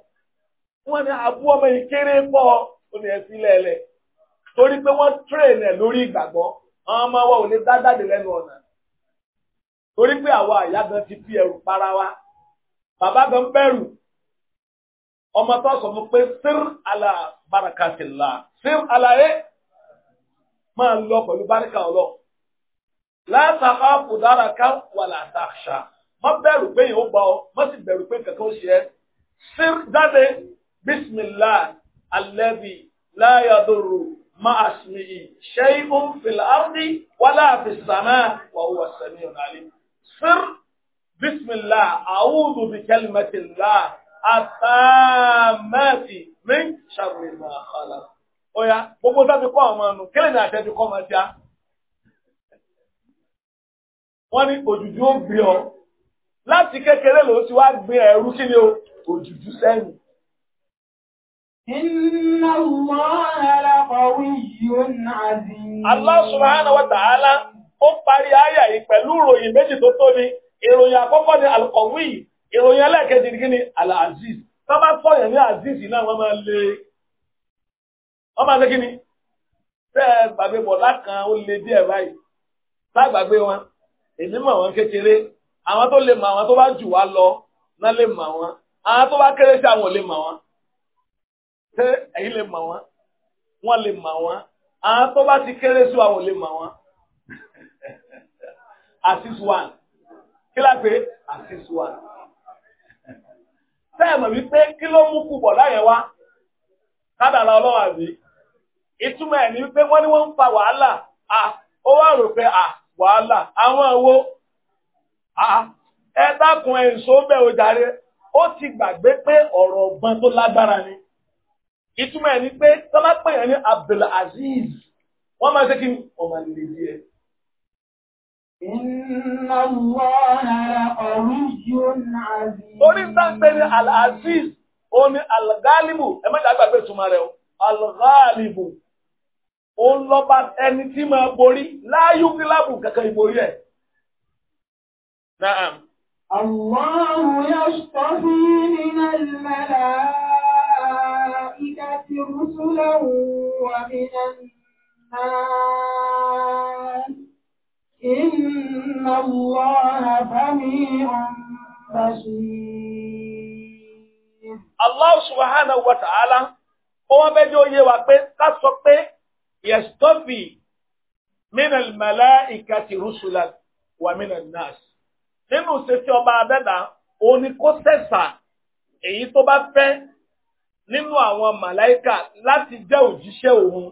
wọn ní abú ọmọ yìí kéré pọ̀ ó ní ẹ sílẹ̀ ẹlẹ́ẹ̀ torí pé wọ́n train ẹ̀ lórí ìgbàgbọ́ àwọn ọmọ wa ò lè dá jáde lẹ́nu ọ̀nà torí pé àwa àyà gan ti fi ẹrù para wa bàbá gan bẹ̀rù ọmọ tó sọ fún pé sír àlà barakatìlá sír àlà ẹ e, máa lọ pẹ̀lú báríkà ọlọ látàkà fùdára ká wà látàkṣà má bẹ̀rù pé yóò bá ọ má sì bẹ̀rù pé kankan ó ṣe ẹ́ sír jáde bísmìlá alẹ́bí láyàdúró máa sinmi yìí ṣe ìhùn fìlàrdì wálá àfìsàmà wàhùwà sẹ́mi ọ̀nàlẹ́. sir bisimilá àwùdù bí kẹlìmẹtìlá àtàmẹ́tì mí ṣàrùn ìmọ̀ àkàlà. ó yá gbogbo dábì kọ́ àwọn ọmọ kílẹ̀ ní àtẹ́bí kọ́ máa já. wọ́n ní òjùjú ó gbé ọ láti kékeré lòó ti wá gbé ẹrú kí ni o òjùjú sẹ́yìn. Inna Allaha laqawiyyun aziz. Allah subhanahu wa ta'ala ó parí àyà yìí pẹ̀lú ìròyìn méjì tó tó ni. Ìròyìn àkọ́kọ́ ni al-qawi, ìròyìn ẹlẹ́ẹ̀kejì ni al-aziz. Tó bá sọ̀yẹ̀ ní aziz náà wọ́n máa lé. Wọ́n máa lé kí ni? Tẹ́ gbàgbé bọ̀ lákan ó lé díẹ̀ báyìí. Lágbàgbé wọn, èmi mọ̀ wọn kékeré. Àwọn tó lè mọ̀ àwọn tó bá jù wá lọ náà lè mọ̀ wọn. Àwọn tó bá kéré sí àwọn ò lè mọ̀ wọn ṣé ẹ̀yin lè mọ̀ wọ́n wọ́n lè mọ̀ wọ́n àwọn tó bá ti kéré sí àwọn lè mọ̀ wọ́n asis one kí la pé asis one sẹ́ẹ̀mọ̀ wípé kí ló mú kú bọ̀ láyẹ̀ wá kádàlá ọlọ́wà bí ìtumọ̀ ẹ̀ ni wípé wọ́n ní wọ́n ń fa wàhálà à ó wá rò pé à wàhálà àwọn owó à ẹ dákun ẹ̀ ń so bẹ́ẹ̀ o jàre ó ti gbàgbé pé ọ̀rọ̀ ọ̀gbọ́n tó lágbára ni ìtumọ̀ ẹ̀ ni pé tọ́lá pè yẹn ní Abdul Aziz wọ́n máa ṣe kí ọmọ lè di ẹ. Inna Allaha qawiyyun aziz. Orí ń tán pé ní Al-Aziz, ó ní Al-Ghalibu, ẹ má dàgbà pé ìtumọ̀ rẹ̀ o, Al-Ghalibu. Ó ń lọ́ba ẹni tí máa borí láyú kíláàbù kankan ìborí ẹ̀. Na'am. Allahu yastafi min al-malaa. الملائكة رسلا ومن الناس إن الله سميع بصير الله سبحانه وتعالى wọ́n bẹ́ jẹ́ òye wa pé ká sọ pé yẹ̀stọ́fì mínal màláìka ti rúṣùlá wà mínal náàsì. nínú ìṣesí ọba abẹ́dà òun ni kó sẹ̀sà èyí tó bá fẹ́ nínú àwọn màláíkà láti jẹ́ òjíṣẹ́ òun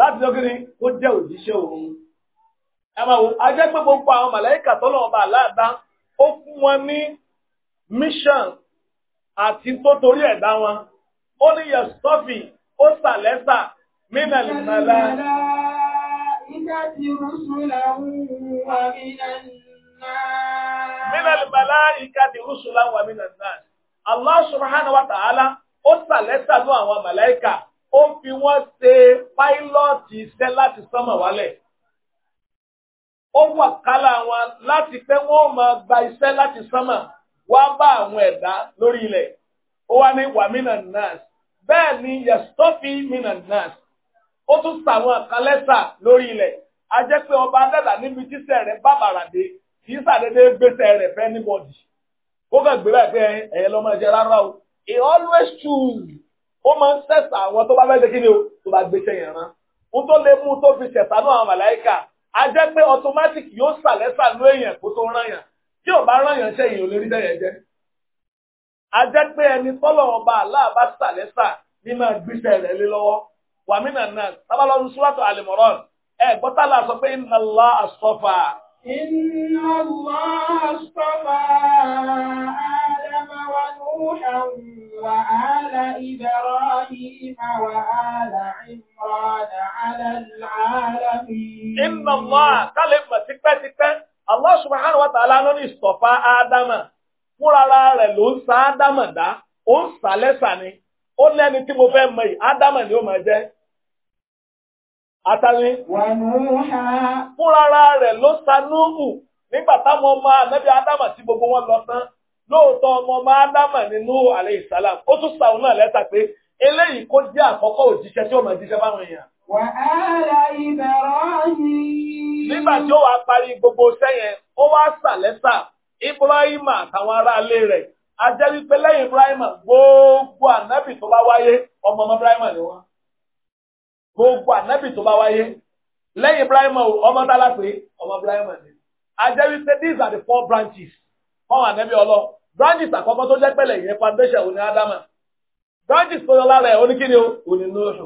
láti lọ́gírí ó jẹ́ òjíṣẹ́ òun. ẹ máa wo ajẹ́ pé gbogbo àwọn màláíkà tọ́lọ̀ ọba aláàbá ó fún wọn ní mission àti tó torí ẹ̀dá wọn ó ní yẹ̀sọ́fì ó sàlẹ́sà mínàlì màlá. Mínàlì màlá ìkàtì rúṣùlá wà mínàlì náà. Allah subhanahu wa ta'ala sànú àwọn màláìkà ó fi wọ́n ṣe páílọ́ọ̀tì iṣẹ́ láti sánmà wálẹ̀ ó wà kálá wọn láti pé wọ́n máa gba iṣẹ́ láti sánmà wá bá àwọn ẹ̀dá lórí ilẹ̀ ó wá ní wàmínà nurse bẹ́ẹ̀ ni yẹ̀sọ́fì mínà nurse ó tún sàwọn àkálẹ́sà lórí ilẹ̀ a jẹ́ pé ọba dàdà níbi tíṣẹ́ rẹ̀ bàbàrà dé kì í sàdédé gbèsè rẹ̀ fẹ́ níbọ̀dì kó kàn gbé bẹ́ẹ̀ pé ẹ̀yẹ lọ́mọ ẹ̀jẹ̀ rárá o he always choose ó máa ń sẹ̀sà àwọn tó bá fẹ́ ṣe ni o tó bá gbéṣẹ́ yẹn rán ohun tó lè mú tó fi ṣẹ̀sà náà àwọn màláìkà á jẹ́ pé automatic yóò sàlẹ́sà ló èèyàn kó tó rán yàn tí ò bá rán yàn ṣe èèyàn ò dẹ́yẹ jẹ́ á jẹ́ pé ẹni tọ́lọ̀ ọba Allah bá sàlẹ́sà ní máa gbéṣẹ́ rẹ̀ lé lọ́wọ́ wàmínà náà tábàlọ́nu súrátù Al-Imran gbọ́tàlá sọ pé inna Allah astafa. inna Allah astafa ونوحا وآل إبراهيم وآل عمران على العالمين إن الله كلمة تكبر تكبر Allah subhanahu wa ta'ala ló ní ìsọ̀fà Ádámà fúnra rẹ̀ ló ń sa Ádámà dá, ó ń sa lẹ́sà ni, ó lẹ́ni tí mo fẹ́ mọ yìí, Ádámà ni ó máa jẹ́. Atani. Fúnra rẹ̀ ló sa Núhù nígbà táwọn ọmọ ànábì Ádámà tí gbogbo wọn lọ tán, lóòótọ́ ọmọ ọmọ ádámà ni Nuhu alayhi salam ó tún sàwọn náà lẹ́tà pé eléyìí kó jẹ́ àkọ́kọ́ òjíṣẹ́ tí ó máa jíṣẹ́ báwọn èèyàn. wà á ra Ibrahim. nígbà tí ó wàá parí gbogbo iṣẹ́ yẹn ó wá sà lẹ́tà Ibrahim àtàwọn aráalé rẹ̀ a jẹ́ wípé lẹ́yìn Ibrahim gbogbo ànábì tó bá wáyé ọmọ ọmọ Ibrahim ni wọ́n gbogbo ànábì tó bá wáyé lẹ́yìn Ibrahim ọmọ dálá pé ọmọ Ibrahim ni a jẹ́ wípé these are the four branches fọ́n ànábì ọlọ́run branches àkọ́kọ́ tó jẹ́ pẹ̀lẹ̀ yẹn foundation òní ádámà branches tó yọ lára ẹ̀ òní kíni o òní nóòṣù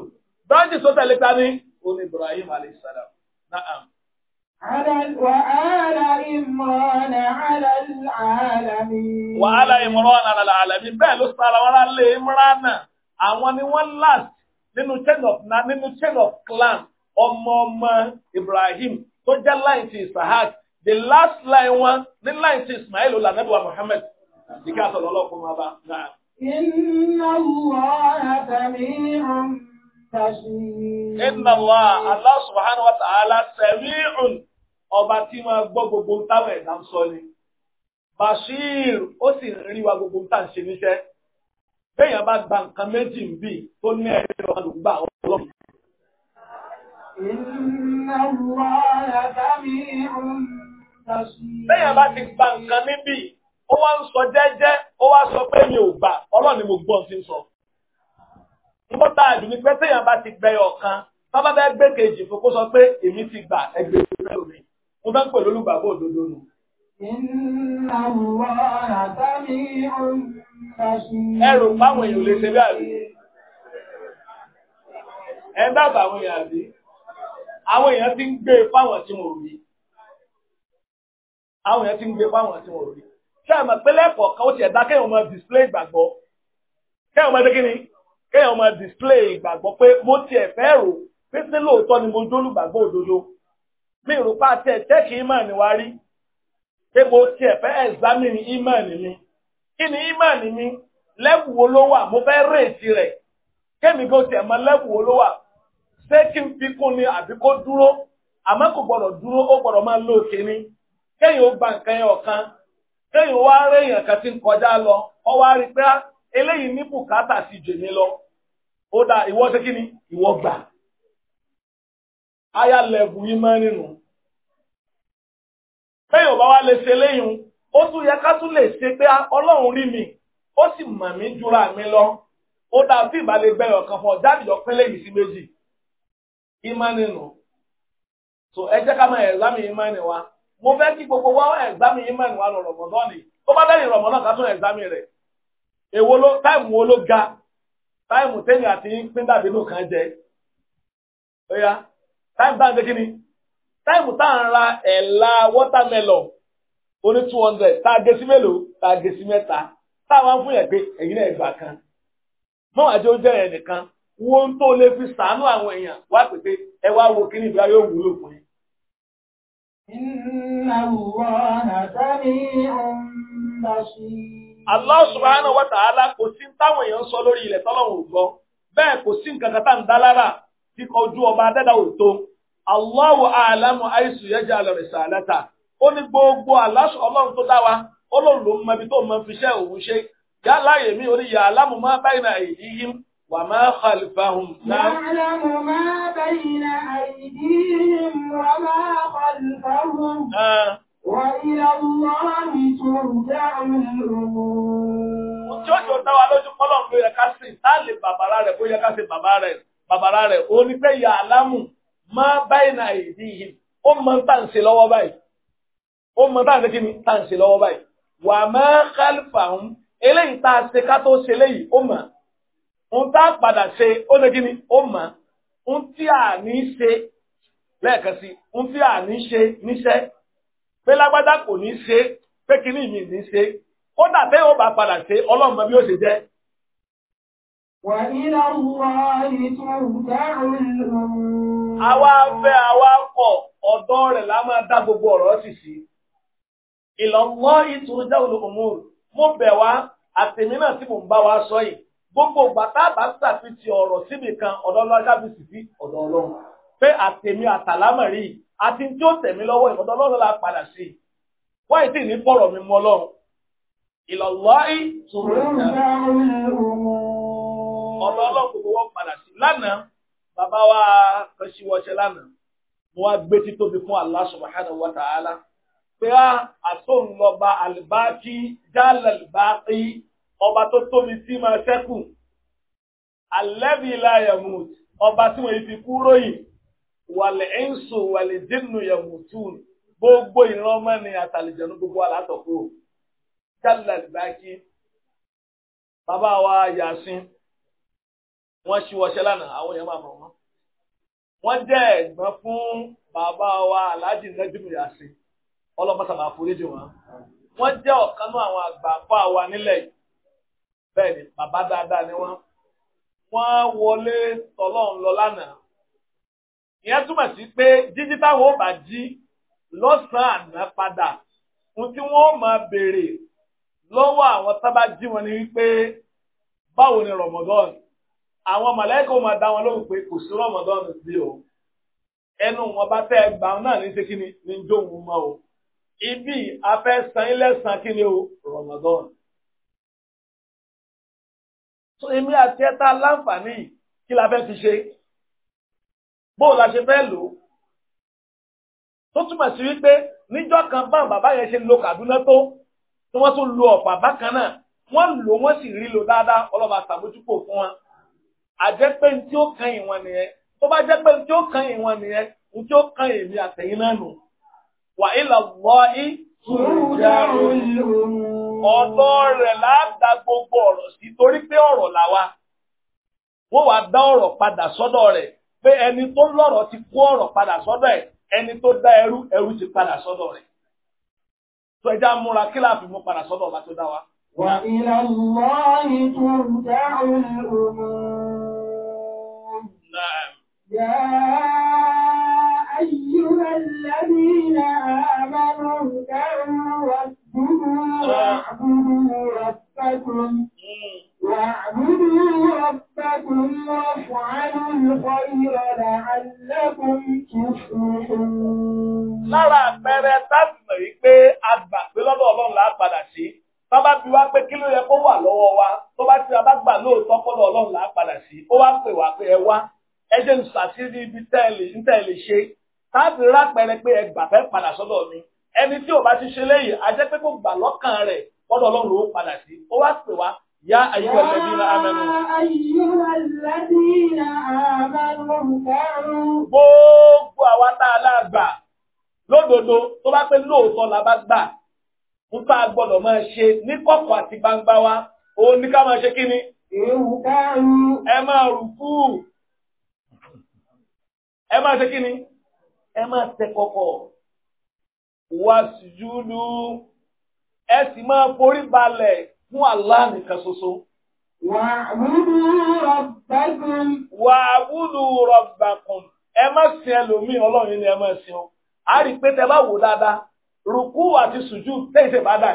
branches tó tẹ̀lé ta ní òní Ibrahim aleyhisselam naam. وآل عمران على العالمين وآل عمران على العالمين bẹ́ẹ̀ ló sara wọn lálẹ́ Imran àwọn ni wọ́n last nínú chain of nínú chain of clan ọmọ ọmọ Ibrahim tó jẹ́ line ti Isahak the last line wọn ní line ti Ismail olanabiwa Muhammad Ìkẹ́ àtọ̀lọ́ ọlọ́kùn máa bá náà. Inna Allaha sami'un basir. Inna Allaha Allah subhanahu wa ta'ala sami'un ọba tí máa gbọ́ gbogbo táwọn ẹ̀dá ń sọ ni. Bashir ó sì rí wa gbogbo tá à ń ṣe níṣẹ́. Béèyàn bá gba nǹkan méjì ń bì tó ní ẹ̀rí ọ̀rọ̀ ló gbà ọlọ́run. Inna Allaha bá ti gba nǹkan níbì ó wá ń sọ jẹ́jẹ́ ó wá sọ pé mi ò gbà ọlọ́run ni mo gbọ́ sí ń sọ. Nígbà tá a dùn ní pé téèyàn bá ti gbẹ ọ̀kan bábá bẹ́ẹ̀ gbé kejì fún kó sọ pé èmi ti gbà ẹgbẹ́ ìfẹ́ omi. Mo fẹ́ ń pè lólùgbàgbọ́ òdodo nù. Ẹrù páwọn èèyàn lè ṣe bí àbí. Ẹ dábàá àwọn èèyàn àbí. Àwọn èèyàn ti ń gbé e fáwọn tí wọn ò rí. Àwọn èèyàn ti ń gbé e fáwọn tí wọn ò rí ṣé àmọ̀ pé lẹ́kọ̀ọ́ kan ó ti ẹ̀dá kéèyàn máa display ìgbàgbọ́ kéèyàn máa ṣe kí ni display ìgbàgbọ́ pé mo tiẹ̀ fẹ́ rò pé sí lóòótọ́ ni mo jólùgbàgbọ́ òdodo mi rò pa tẹ tẹ́kì ìmọ̀ọ́nì wa rí pé mo tiẹ̀ fẹ́ examine ìmọ̀ọ́nì mi kí ni ìmọ̀ọ́nì mi lẹ́bù wo ló wà mo fẹ́ rèétí rẹ̀ kémi kó tiẹ̀ mọ lẹ́bù wo ló wà ṣé kí n fi kún ni àbí kó dúró àmọ́ kò gbọ́dọ̀ dúró ó gbọ́dọ̀ máa lóòkè ni kéèyàn ó gba nǹkan yẹn ọ̀kan téèyàn wá réèyàn kan ti ń kọjá lọ ọ wá rí pé ah, eléyìí ní bùkátà sí jèmi lọ ó dá ìwọ ṣe kí ni ìwọ gbà aya lẹ́bù yín máa nínú téèyàn bá wá lè ṣe léyìn ó tún yẹ ká tún lè ṣe pé ah, ọlọ́run rí mi ó sì mọ̀ mí jura mi lọ ó dá bí ìbálẹ̀ gbẹ̀rẹ̀ ọ̀kan fún ọ̀jáde ọ̀pẹ́lẹ̀ yìí sí méjì ìmánì nù so ẹ jẹ́ ká máa ẹ̀ lámì ìmánì wa. mo fẹ́ kí gbogbo wa ẹ̀gbámi yìí mẹ́rin wa lọ Ramadan ni tó bá dẹ́yìn Ramadan ká tún ẹ̀gbámi rẹ̀ èwo ló táìmù wo ló ga táìmù tẹ́yìn àti pín dàbí ló kàn jẹ ọ̀yà táìmù táà ń jẹ́ kí ni táìmù táà ń ra ẹ̀la watermelon oní two hundred tá a gé sí mélòó tá a gé sí mẹ́ta tá a wá fún yẹn pé ẹ̀yin náà ẹ̀gbà kan náà àjẹ́ ó jẹ́ ẹ̀ nìkan wọ́n tó lè fi sàánú àwọn èèyàn wá pèsè ẹ wá wo kíní ìgbà yóò wúlò fún yín. Allah subhanahu wa ta'ala kò sí táwọn èèyàn sọ lórí ilẹ̀ tọ́lọ́run gbọ́ bẹ́ẹ̀ kò sí nǹkan kátà ń dá lára tí kọjú ọba adẹ́dà òtó Allahu a'lamu àìsù yẹ́jà lọ́rẹ̀ sàlẹ́ta ó ní gbogbo aláṣọ ọlọ́run tó dá wa ó lòun ló tó mọ fi iṣẹ́ òun ṣe yálà èmi orí yà báyìí náà èyí yìí وما خلفهم يعلم ما بين أيديهم وما خلفهم آه. وإلى الله ترجع الأمور tí ó ṣe ọ̀dá wa lójú kọ́lọ̀ ló yẹ ká sí táàlì bàbára rẹ̀ bó yẹ ká sí bàbára rẹ̀ ó ní pé ìyá alámù máa báyìí náà ìdí yìí ó mọ tá lọ́wọ́ báyìí ó mọ tá kí ni tá lọ́wọ́ báyìí wà máa kálífà ń eléyìí tá a ṣe ká tó ṣe léyìí ó mọ̀ ohun tá a padà ṣe ó lé kíni ó mọ̀ ohun tí a ní ṣe lẹ́ẹ̀kan sí ohun tí a ní ṣe níṣẹ́ pé lágbádá kò ní ṣe pé kíní mi ní ṣe kódà pé ó bá padà ṣe ọlọ́run mọ bí ó ṣe jẹ́. وإلى الله ترجع الأمور Àwa fẹ́ àwa kọ̀ ọ̀dọ́ rẹ̀ la máa dá gbogbo ọ̀rọ̀ sì sí. Ila Allah turja'ul umur. Mo bẹ̀ wá, àtèmi náà tí mò ń bá wa sọ yìí gbogbo gbàtà àbáṣà fi ti ọ̀rọ̀ síbi kan ọ̀dọ̀ ọlọ́jà fi sì fi ọ̀dọ̀ ọlọ́run pé àtẹ̀mí àtàlámọ̀rí àti tí ó tẹ̀mí lọ́wọ́ ìfọ̀dọ̀ ọlọ́run la padà sí i wáyé tí ní fọ̀rọ̀ mi mọ́ ọlọ́run ìlọ̀lọ́ì tòun ọ̀dọ̀ ọlọ́run gbogbo wọn padà sí i lánàá bàbá wa kan sí wọṣẹ́ lánàá mo wá gbé títóbi fún Allah subhanahu wa ta'ala pé a ah, àtòun lọ bá àlùbáàkì jálẹ̀ àlùbáàkì ọba tó tóbi tí máa ṣẹ́kù alẹ́bí láyàmùt ọba tí wọ́n fi kúrò yìí wàlẹ̀ ẹ̀ńsò wàlẹ̀ dínú yàmùtún gbogbo ìran ọmọ ni àtàlìjẹ̀nu gbogbo alátọ̀kúrò jálẹ̀ ìgbàkí bàbá wa yàsín wọ́n ṣí wọṣẹ́ lánàá àwọn èèyàn máa mọ̀ wọ́n jẹ́ ẹ̀gbọ́n fún bàbá wa aláàjì nẹ́jùmù yàsín ọlọ́pàá sábà foríjì wọn wọ́n jẹ́ ọ̀kan náà àwọn àgbà fún àwa nílẹ̀ yìí bẹ́ẹ̀ ni bàbá dáadáa ni wọ́n wọ́n wọlé tọ́lọ́run lọ lánàá ìyẹn túmọ̀ sí pé jíjí táwọn ò bá jí lọ́sàn-án àná padà fún tí wọ́n máa béèrè lọ́wọ́ àwọn sábà jí wọn ni wípé báwo ni Ramadan àwọn màláíkà máa dá wọn lóhùn pé kò sí Ramadan sí o ẹnu wọn bá tẹ́ gbà náà ní ṣe kí ni ní jóun mọ́ o ibi afẹ́sán ilẹ̀sán kí ni o Ramadan. so èmi àti ẹta láǹfààní kí la fẹ́ fi ṣe bó la ṣe fẹ́ lò ó tó túmọ̀ sí wípé níjọ́ kan bá bàbá yẹn ṣe lo Kàdúná tó tí wọ́n tún lo ọ̀pá bákan náà wọ́n lò wọ́n sì rí lo dáadáa ọlọ́ba àtàbójúpò fún wọn àjẹ́ pé ní tí ó kan ìwọ̀n nìyẹn tó bá jẹ́ pé ní tí ó kan ìwọ̀n nìyẹn ní tí ó kan èmi àtẹ̀yìn náà nù wà ilà wọ́ í. Sùúrù dàrú ìlú ọ̀dọ́ rẹ̀ láàdá gbogbo ọ̀rọ̀ sí torí pé ọ̀rọ̀ làwa wọ́n wá dá ọ̀rọ̀ padà sọ́dọ̀ rẹ̀ pé ẹni tó lọ́rọ̀ ti kó ọ̀rọ̀ padà sọ́dọ̀ ẹ̀ ẹni tó dá ẹrú ẹrú ti padà sọ́dọ̀ rẹ̀ tó ẹja múra kí la fi mú padà sọ́dọ̀ ọba tó dá wa. wà ilà lọ́ọ̀ni tó dáhùn òun. yà á ayúwa lábí náà bá lọ́ọ̀dá wọn. Uh -huh. Uh -huh. gbangba wa ó ní ká máa ṣe kí ni. ẹ máa rùkú ẹ máa ṣe kí ni ẹ máa tẹ kọ̀kọ̀ wá sùjúdù ẹ sì Allah nìkan ṣoṣo. Wa'budu rabbakum. Wa'budu rabbakum. Ẹ má sin ẹlòmíì ọlọ́run ni ẹ má A rí pé tẹ bá wò dáadáa, rùkú àti sùjú tẹ̀sẹ̀ bá dà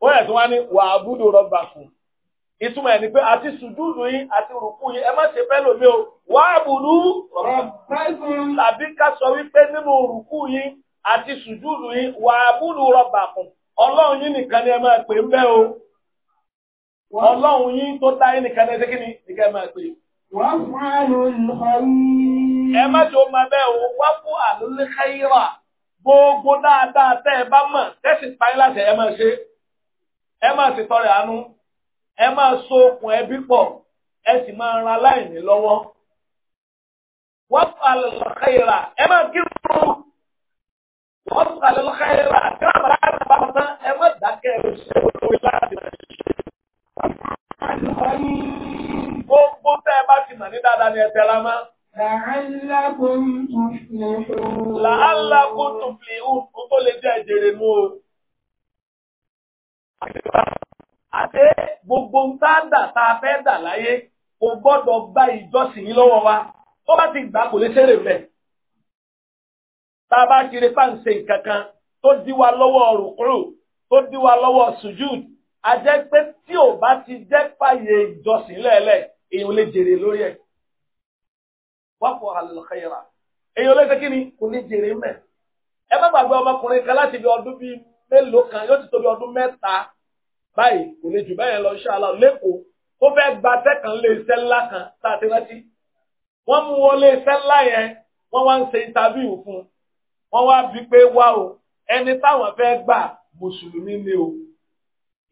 ó yẹ tí wọ́n ní wà á búdò rọ́bà fún ìtumọ̀ ẹ̀ ni pé àti sùdúùdù yín àti rùkú yín ẹ má ṣe fẹ́ lómi o wà á bùdú tàbí ká sọ wípé nínú rùkú yín àti sùdúùdù yín wà á búdò rọ́bà fún ọlọ́run yín nìkan ni ẹ máa pè ń bẹ́ o ọlọ́run yín tó dá yín nìkan ni ẹ ṣe ni nìkan ẹ máa pè. wọ́n fún àlọ́ ìlú ẹ má jọ máa bẹ́ẹ̀ o wá fún àlùlẹ́kẹ́yìrà gbogbo dáadáa tẹ́ ẹ bá mọ̀ tẹ́sí parí láti ẹ máa ṣe ẹ máa ṣètọrẹ àánú ẹ máa so okùn ẹbí pọ̀ ẹ sì máa ran aláìní lọ́wọ́. wọ́n falẹ̀ lọ́kàyèrà ẹ máa kírun wọ́n falẹ̀ lọ́kàyèrà kí wọ́n bá rà bá wọn tán ẹ má dákẹ́ ẹ ṣe olórí láti rẹ̀ gbogbo tẹ́ ẹ bá ti mọ̀ ní dáadáa ni ẹ tẹ́ra mọ́. Làálàkùn tùfìlì ó. Làálàkùn tùfìlì ó tó lè jẹ́ ìjèrè mú o àti gbogbo ń tá dà tá a fẹ́ dà láyé kò gbọ́dọ̀ gba ìjọsìn yìí lọ́wọ́ wa tó bá ti gbà kò lè ṣeré rẹ̀. tá a bá kiri páǹsẹ̀ kankan tó dí wa lọ́wọ́ rùkúrù tó dí wa lọ́wọ́ sùjúd a jẹ́ pé tí ò bá ti jẹ́ fàyè ìjọsìn lẹ́ẹ̀lẹ́ èèyàn lè jèrè lórí ẹ̀. wáfọ̀ àlùkẹ́yẹ̀rà èèyàn lè ṣe kí ni kò ní jèrè mẹ́. ẹ má gbàgbé ọmọkùnrin kan láti fi ọdún bíi mélòó kan yóò ti tóbi ọdún mẹ́ta báyìí kò lè jù bẹ́ẹ̀ lọ ṣáàlà lẹ́kọ̀ọ́ ó fẹ́ gba sẹ́kàn lé iṣẹ́ ńlá kan tá a ti rántí wọ́n mú wọlé iṣẹ́ ńlá yẹn wọ́n wá ń ṣe interview fún un wọ́n wá bíi pé wá o ẹni táwọn fẹ́ gbà mùsùlùmí ni o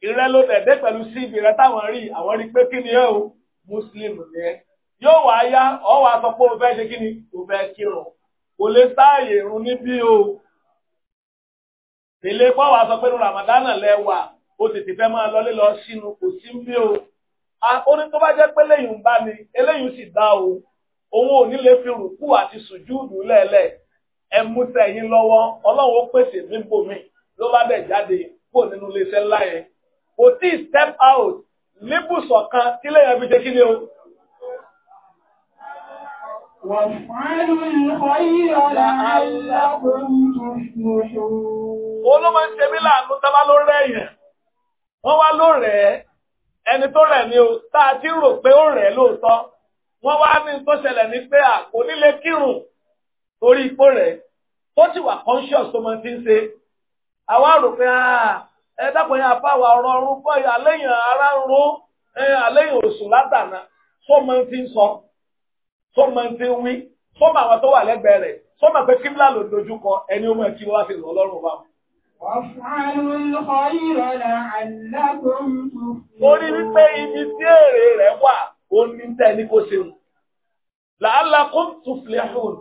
ìrẹ́ ló dẹ̀dẹ́ pẹ̀lú cv rẹ táwọn rí àwọn rí pé kí ni ẹ o muslim ni ẹ yóò wá yá ọ ni o fẹ́ kírun kò Èlé pọ́wà sọ pé Ramadana lẹ́wà, ó sì ti fẹ́ máa lọlé lọ sínú kò sí bí o. Ó ní tó bá jẹ́ pé lẹ́yìn ń bá mi, eléyìí sì dá o. Òun ò ní lè fi rùkú àti sùjúùdù lẹ́ẹ̀lẹ̀. Ẹ mú sẹ́yìn lọ́wọ́, Ọlọ́run ó pèsè níbo mi ló bá bẹ̀ jáde kó nínú iléeṣẹ́ ńlá yẹn. Kò tí ì step out níbùsọ̀ kan kí lèèyàn fi ṣe kí ni o. وافعلوا الخير لعلكم تفلحون òun ló ń ṣe mí láàánú tábà ló rẹ̀ yẹn wọ́n wá ló rẹ̀ ẹni tó rẹ̀ ni o tá a ti rò pé ó rẹ̀ lóòótọ́ wọ́n wá ní tó ṣẹlẹ̀ ní pé à kò nílé kírun torí ipò rẹ̀ tó ti wà conscious tó máa ti ń ṣe àwa rò pé ẹ dákun yẹn apá wa ọ̀rọ̀ ọ̀run bọ́ àléyìn ara ń ro àléyìn oṣù látàná tó máa ti ń sọ tó máa ti ń wí tó máa wọn tó wà lẹ́gbẹ̀ẹ́ rẹ̀ tó máa pé kíbla ló dojú kọ ẹni ó máa kí wọ́n á fi lọ́ lọ́rùn wa. Mo wípé ibi tí èrè rẹ̀ wà, ó ní tẹ́ni kó ṣe wù. La'allakum tuflihun.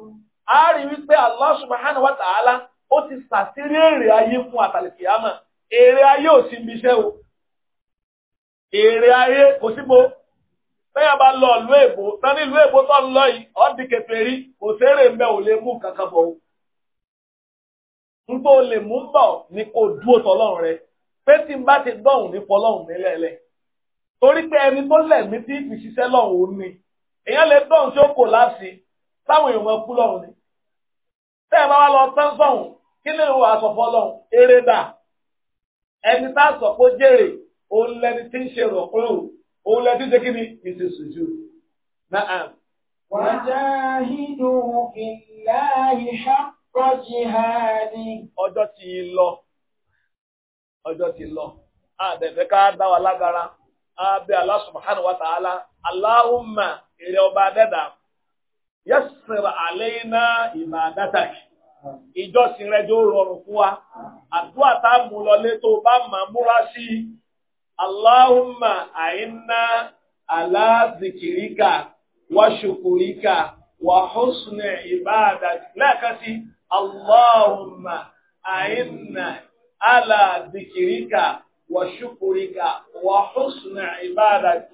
A rí wípé Allah subhanahu wa ó ti sàtírí èrè ayé fún Èrè ayé ò sí ibiṣẹ́ o. Èrè ayé kò sí bo. Bẹ́yà bá lọ ìlú èbó, tán ní ìlú èbó lọ nígbà ó lè mú tọ̀ ni kò dúró tọ́lọ́run rẹ pé tí n bá ti dọ̀hùn ní fọlọ́hùn mi lẹ́lẹ̀ torí pé ẹni tó lẹ̀mí tí ìfi ṣiṣẹ́ lọ́hùn ún ni èèyàn lè dọ̀hùn tí ó kò láti táwọn èèyàn máa kú lọ́hùn ni tẹ́ ẹ bá wá lọ tán sọ̀hùn kí lè wo àsọ̀fọ́ lọ́hùn eré dà ẹni tá a sọ pé jèrè òun lẹni tí ń ṣe rọ̀ pé òun lẹni tí ń ṣe kí ni ìṣèṣùjú náà. wàjáhìndùn ìlà ìṣàkó. Ọjọ́ ti lọ. Ọjọ́ ti lọ. Àbẹ̀fẹ́ ká dá wa lágara. Abẹ́ Allah subhanahu wa ọba dẹ́dà. Yassir alayna ibadatak. Ìjọsìn rẹ̀ yóò rọrùn fún wa. Àdúrà tá a mú lọlé tó bá múra sí. ala zikirika wa wa Lẹ́ẹ̀kan sí اللهم أعنا على ذكرك وشكرك وحسن عبادتك